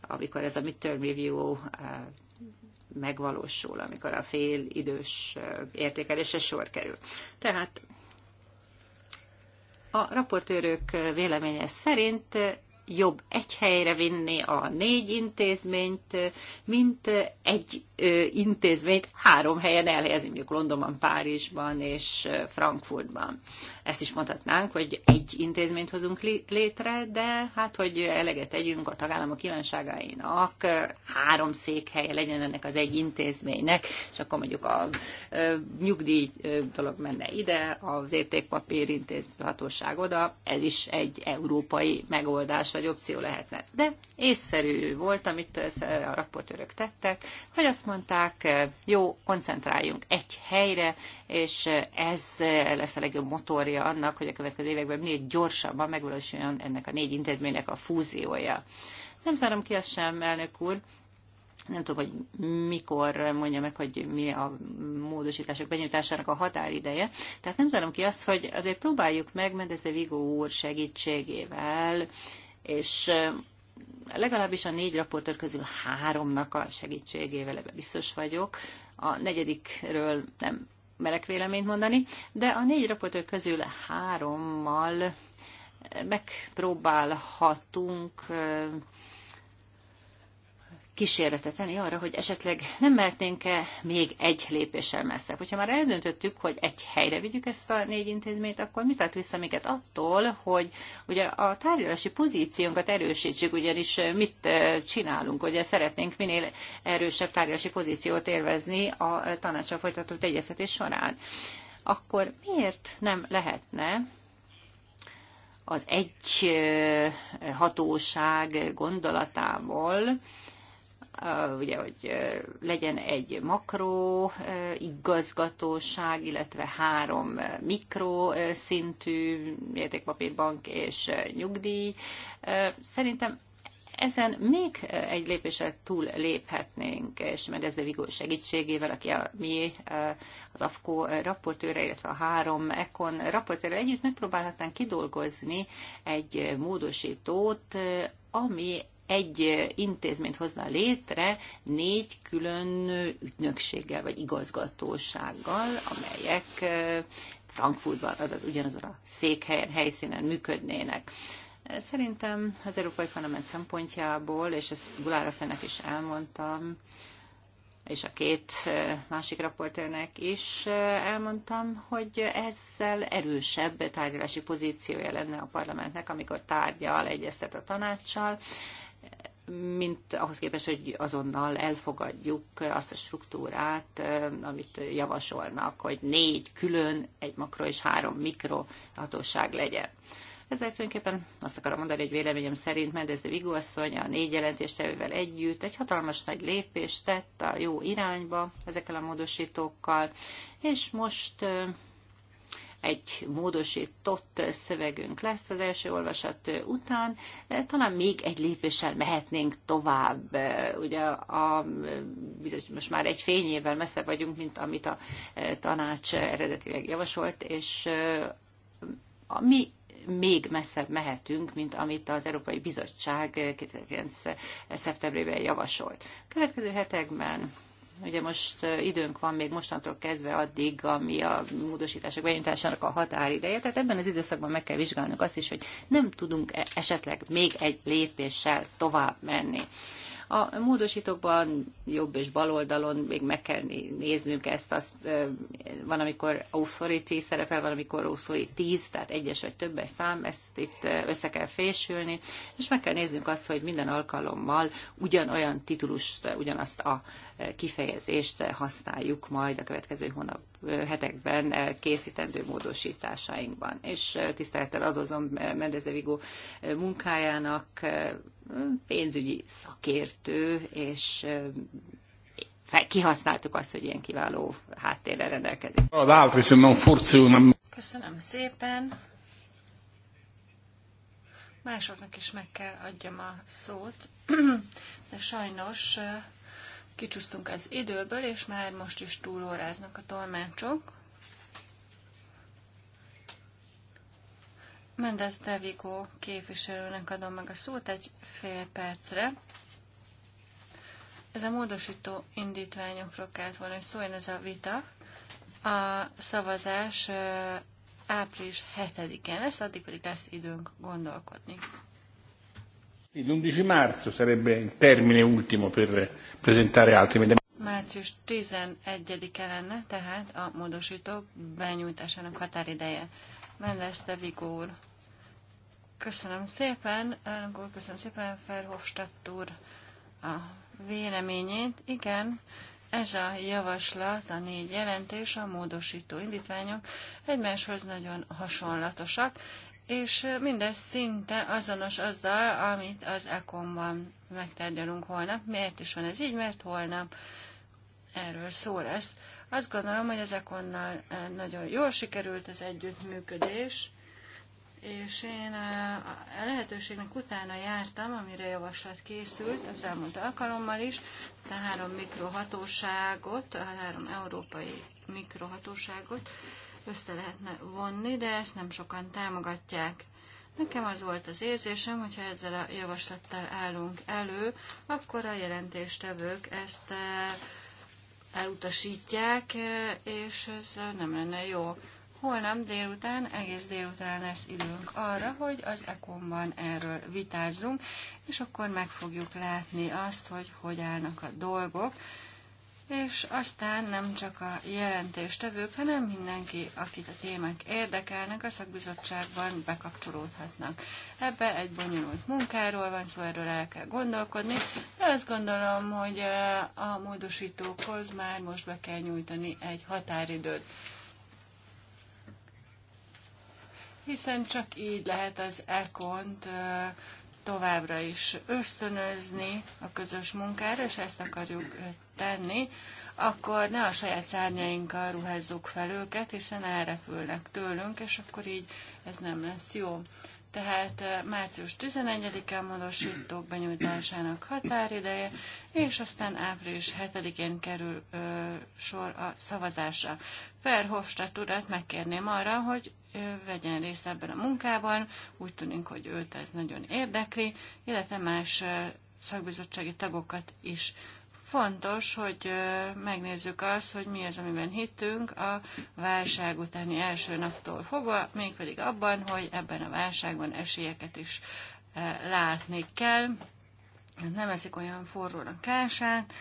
S3: amikor ez a midterm review megvalósul, amikor a félidős értékelése sor kerül. Tehát a raportőrök véleménye szerint jobb egy helyre vinni a négy intézményt, mint egy intézményt három helyen elhelyezni, mondjuk Londonban, Párizsban és Frankfurtban. Ezt is mondhatnánk, hogy egy intézményt hozunk létre, de hát, hogy eleget tegyünk a tagállamok kívánságainak, három székhelye legyen ennek az egy intézménynek, és akkor mondjuk a nyugdíj dolog menne ide, az értékpapír intézhatóság oda, ez is egy európai megoldás vagy opció lehetne. De észszerű volt, amit eh, a raportőrök tettek, hogy azt mondták, eh, jó, koncentráljunk egy helyre, és eh, ez lesz a legjobb motorja annak, hogy a következő években minél gyorsabban megvalósuljon ennek a négy intézménynek a fúziója. Nem zárom ki azt sem, elnök úr, nem tudom, hogy mikor mondja meg, hogy mi a módosítások benyújtásának a határideje. Tehát nem zárom ki azt, hogy azért próbáljuk meg a Vigó úr segítségével és legalábbis a négy raportőr közül háromnak a segítségével, ebben biztos vagyok. A negyedikről nem merek véleményt mondani, de a négy raportőr közül hárommal megpróbálhatunk kísérletet tenni arra, hogy esetleg nem mehetnénk-e még egy lépéssel messzebb. Hogyha már eldöntöttük, hogy egy helyre vigyük ezt a négy intézményt, akkor mit tart vissza minket attól, hogy ugye a tárgyalási pozíciónkat erősítsük, ugyanis eh, mit eh, csinálunk, ugye szeretnénk minél erősebb tárgyalási pozíciót élvezni a eh, tanácsra folytatott egyeztetés során. Akkor miért nem lehetne az egy hatóság gondolatával? ugye, hogy legyen egy makro igazgatóság, illetve három mikro szintű értékpapírbank és nyugdíj. Szerintem ezen még egy lépéssel túl léphetnénk, és ezzel Vigó segítségével, aki a mi, az AFKO raportőre, illetve a három ECON raportőre együtt megpróbálhatnánk kidolgozni egy módosítót, ami egy intézményt hozna létre négy külön ügynökséggel vagy igazgatósággal, amelyek Frankfurtban, azaz ugyanazon a székhelyen, helyszínen működnének. Szerintem az Európai Parlament szempontjából, és ezt Gulára Aszennek is elmondtam, és a két másik raportőrnek is elmondtam, hogy ezzel erősebb tárgyalási pozíciója lenne a parlamentnek, amikor tárgyal, egyeztet a tanácssal, mint ahhoz képest, hogy azonnal elfogadjuk azt a struktúrát, amit javasolnak, hogy négy külön, egy makro és három mikro hatóság legyen. Ezzel tulajdonképpen azt akarom mondani, hogy véleményem szerint Mendezi Vigó a négy jelentéstevővel együtt egy hatalmas nagy lépést tett a jó irányba ezekkel a módosítókkal, és most egy módosított szövegünk lesz az első olvasat után. Talán még egy lépéssel mehetnénk tovább. Ugye a, most már egy fényével messze vagyunk, mint amit a tanács eredetileg javasolt, és a mi még messzebb mehetünk, mint amit az Európai Bizottság 2009. szeptemberében javasolt. Következő hetekben Ugye most időnk van még mostantól kezdve addig, ami a módosítások benyújtásának a határideje. Tehát ebben az időszakban meg kell vizsgálnunk azt is, hogy nem tudunk -e esetleg még egy lépéssel tovább menni. A módosítókban jobb és bal oldalon még meg kell néznünk ezt, azt, van, amikor authority szerepel, van, amikor authority 10, tehát egyes vagy többes szám, ezt itt össze kell fésülni, és meg kell néznünk azt, hogy minden alkalommal ugyanolyan titulust, ugyanazt a kifejezést használjuk majd a következő hónap hetekben készítendő módosításainkban. És tisztelettel adozom Mendeze Vigó munkájának pénzügyi szakértő, és kihasználtuk azt, hogy ilyen kiváló háttérrel rendelkezik.
S2: Köszönöm szépen. Másoknak is meg kell adjam a szót, de sajnos Kicsúsztunk az időből, és már most is túlóráznak a tolmácsok. Mendez Devigo képviselőnek adom meg a szót egy fél percre. Ez a módosító indítványokról kellett volna, hogy szóljon ez a vita. A szavazás április 7-én lesz, addig pedig lesz időnk gondolkodni. L'11 marzo sarebbe il termine ultimo per Március 11-e lenne tehát a módosítók benyújtásának határideje. Mendes de Vigó úr. Köszönöm szépen, elnök úr, köszönöm szépen Ferhofstadt úr a véleményét. Igen, ez a javaslat, a négy jelentés, a módosító indítványok egymáshoz nagyon hasonlatosak, és mindez szinte azonos azzal, amit az ECOM-ban megtárgyalunk holnap. Miért is van ez így? Mert holnap erről szó lesz. Azt gondolom, hogy az econ eh, nagyon jól sikerült az együttműködés, és én eh, a lehetőségnek utána jártam, amire javaslat készült az elmúlt alkalommal is, a három mikrohatóságot, a három európai mikrohatóságot, össze lehetne vonni, de ezt nem sokan támogatják. Nekem az volt az érzésem, hogyha ezzel a javaslattal állunk elő, akkor a jelentéstevők ezt e, elutasítják, e, és ez nem lenne jó. Holnap délután, egész délután lesz időnk arra, hogy az ekonban erről vitázzunk, és akkor meg fogjuk látni azt, hogy hogy állnak a dolgok és aztán nem csak a jelentéstevők, hanem mindenki, akit a témák érdekelnek, a szakbizottságban bekapcsolódhatnak. Ebbe egy bonyolult munkáról van szó, szóval erről el kell gondolkodni, de azt gondolom, hogy a módosítókhoz már most be kell nyújtani egy határidőt. Hiszen csak így lehet az ekont továbbra is ösztönözni a közös munkára, és ezt akarjuk tenni, akkor ne a saját szárnyainkkal ruházzuk fel őket, hiszen elrepülnek tőlünk, és akkor így ez nem lesz jó. Tehát eh, március 11-en módosítók benyújtásának határideje, és aztán április 7-én kerül ö, sor a szavazásra. Verhofstadt urat megkérném arra, hogy vegyen részt ebben a munkában. Úgy tűnik, hogy őt ez nagyon érdekli, illetve más szakbizottsági tagokat is. Fontos, hogy megnézzük azt, hogy mi az, amiben hittünk a válság utáni első naptól fogva, mégpedig abban, hogy ebben a válságban esélyeket is látni kell. Nem eszik olyan forró a kását,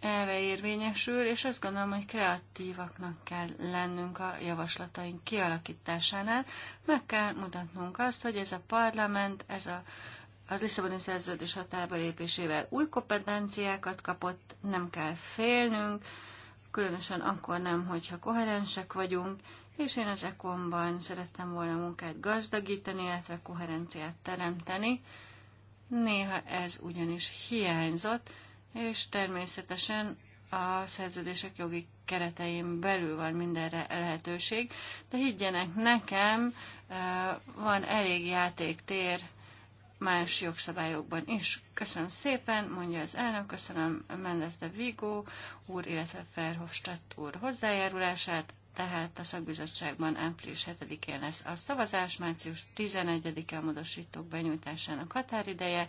S2: elve érvényesül, és azt gondolom, hogy kreatívaknak kell lennünk a javaslataink kialakításánál. Meg kell mutatnunk azt, hogy ez a parlament, ez a az Lisszaboni szerződés hatába lépésével új kompetenciákat kapott, nem kell félnünk, különösen akkor nem, hogyha koherensek vagyunk, és én az ekonban szerettem volna a munkát gazdagítani, illetve koherenciát teremteni. Néha ez ugyanis hiányzott, és természetesen a szerződések jogi keretein belül van mindenre lehetőség, de higgyenek nekem, van elég játéktér más jogszabályokban is. Köszönöm szépen, mondja az elnök, köszönöm Mendes de Vigo úr, illetve Ferhofstadt úr hozzájárulását tehát a szakbizottságban április 7-én lesz a szavazás, március 11-e a módosítók benyújtásának határideje.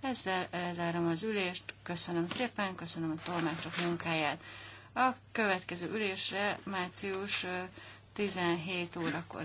S2: Ezzel lezárom eh, az ülést, köszönöm szépen, köszönöm a tolmácsok munkáját. A következő ülésre március 17 eh, órakor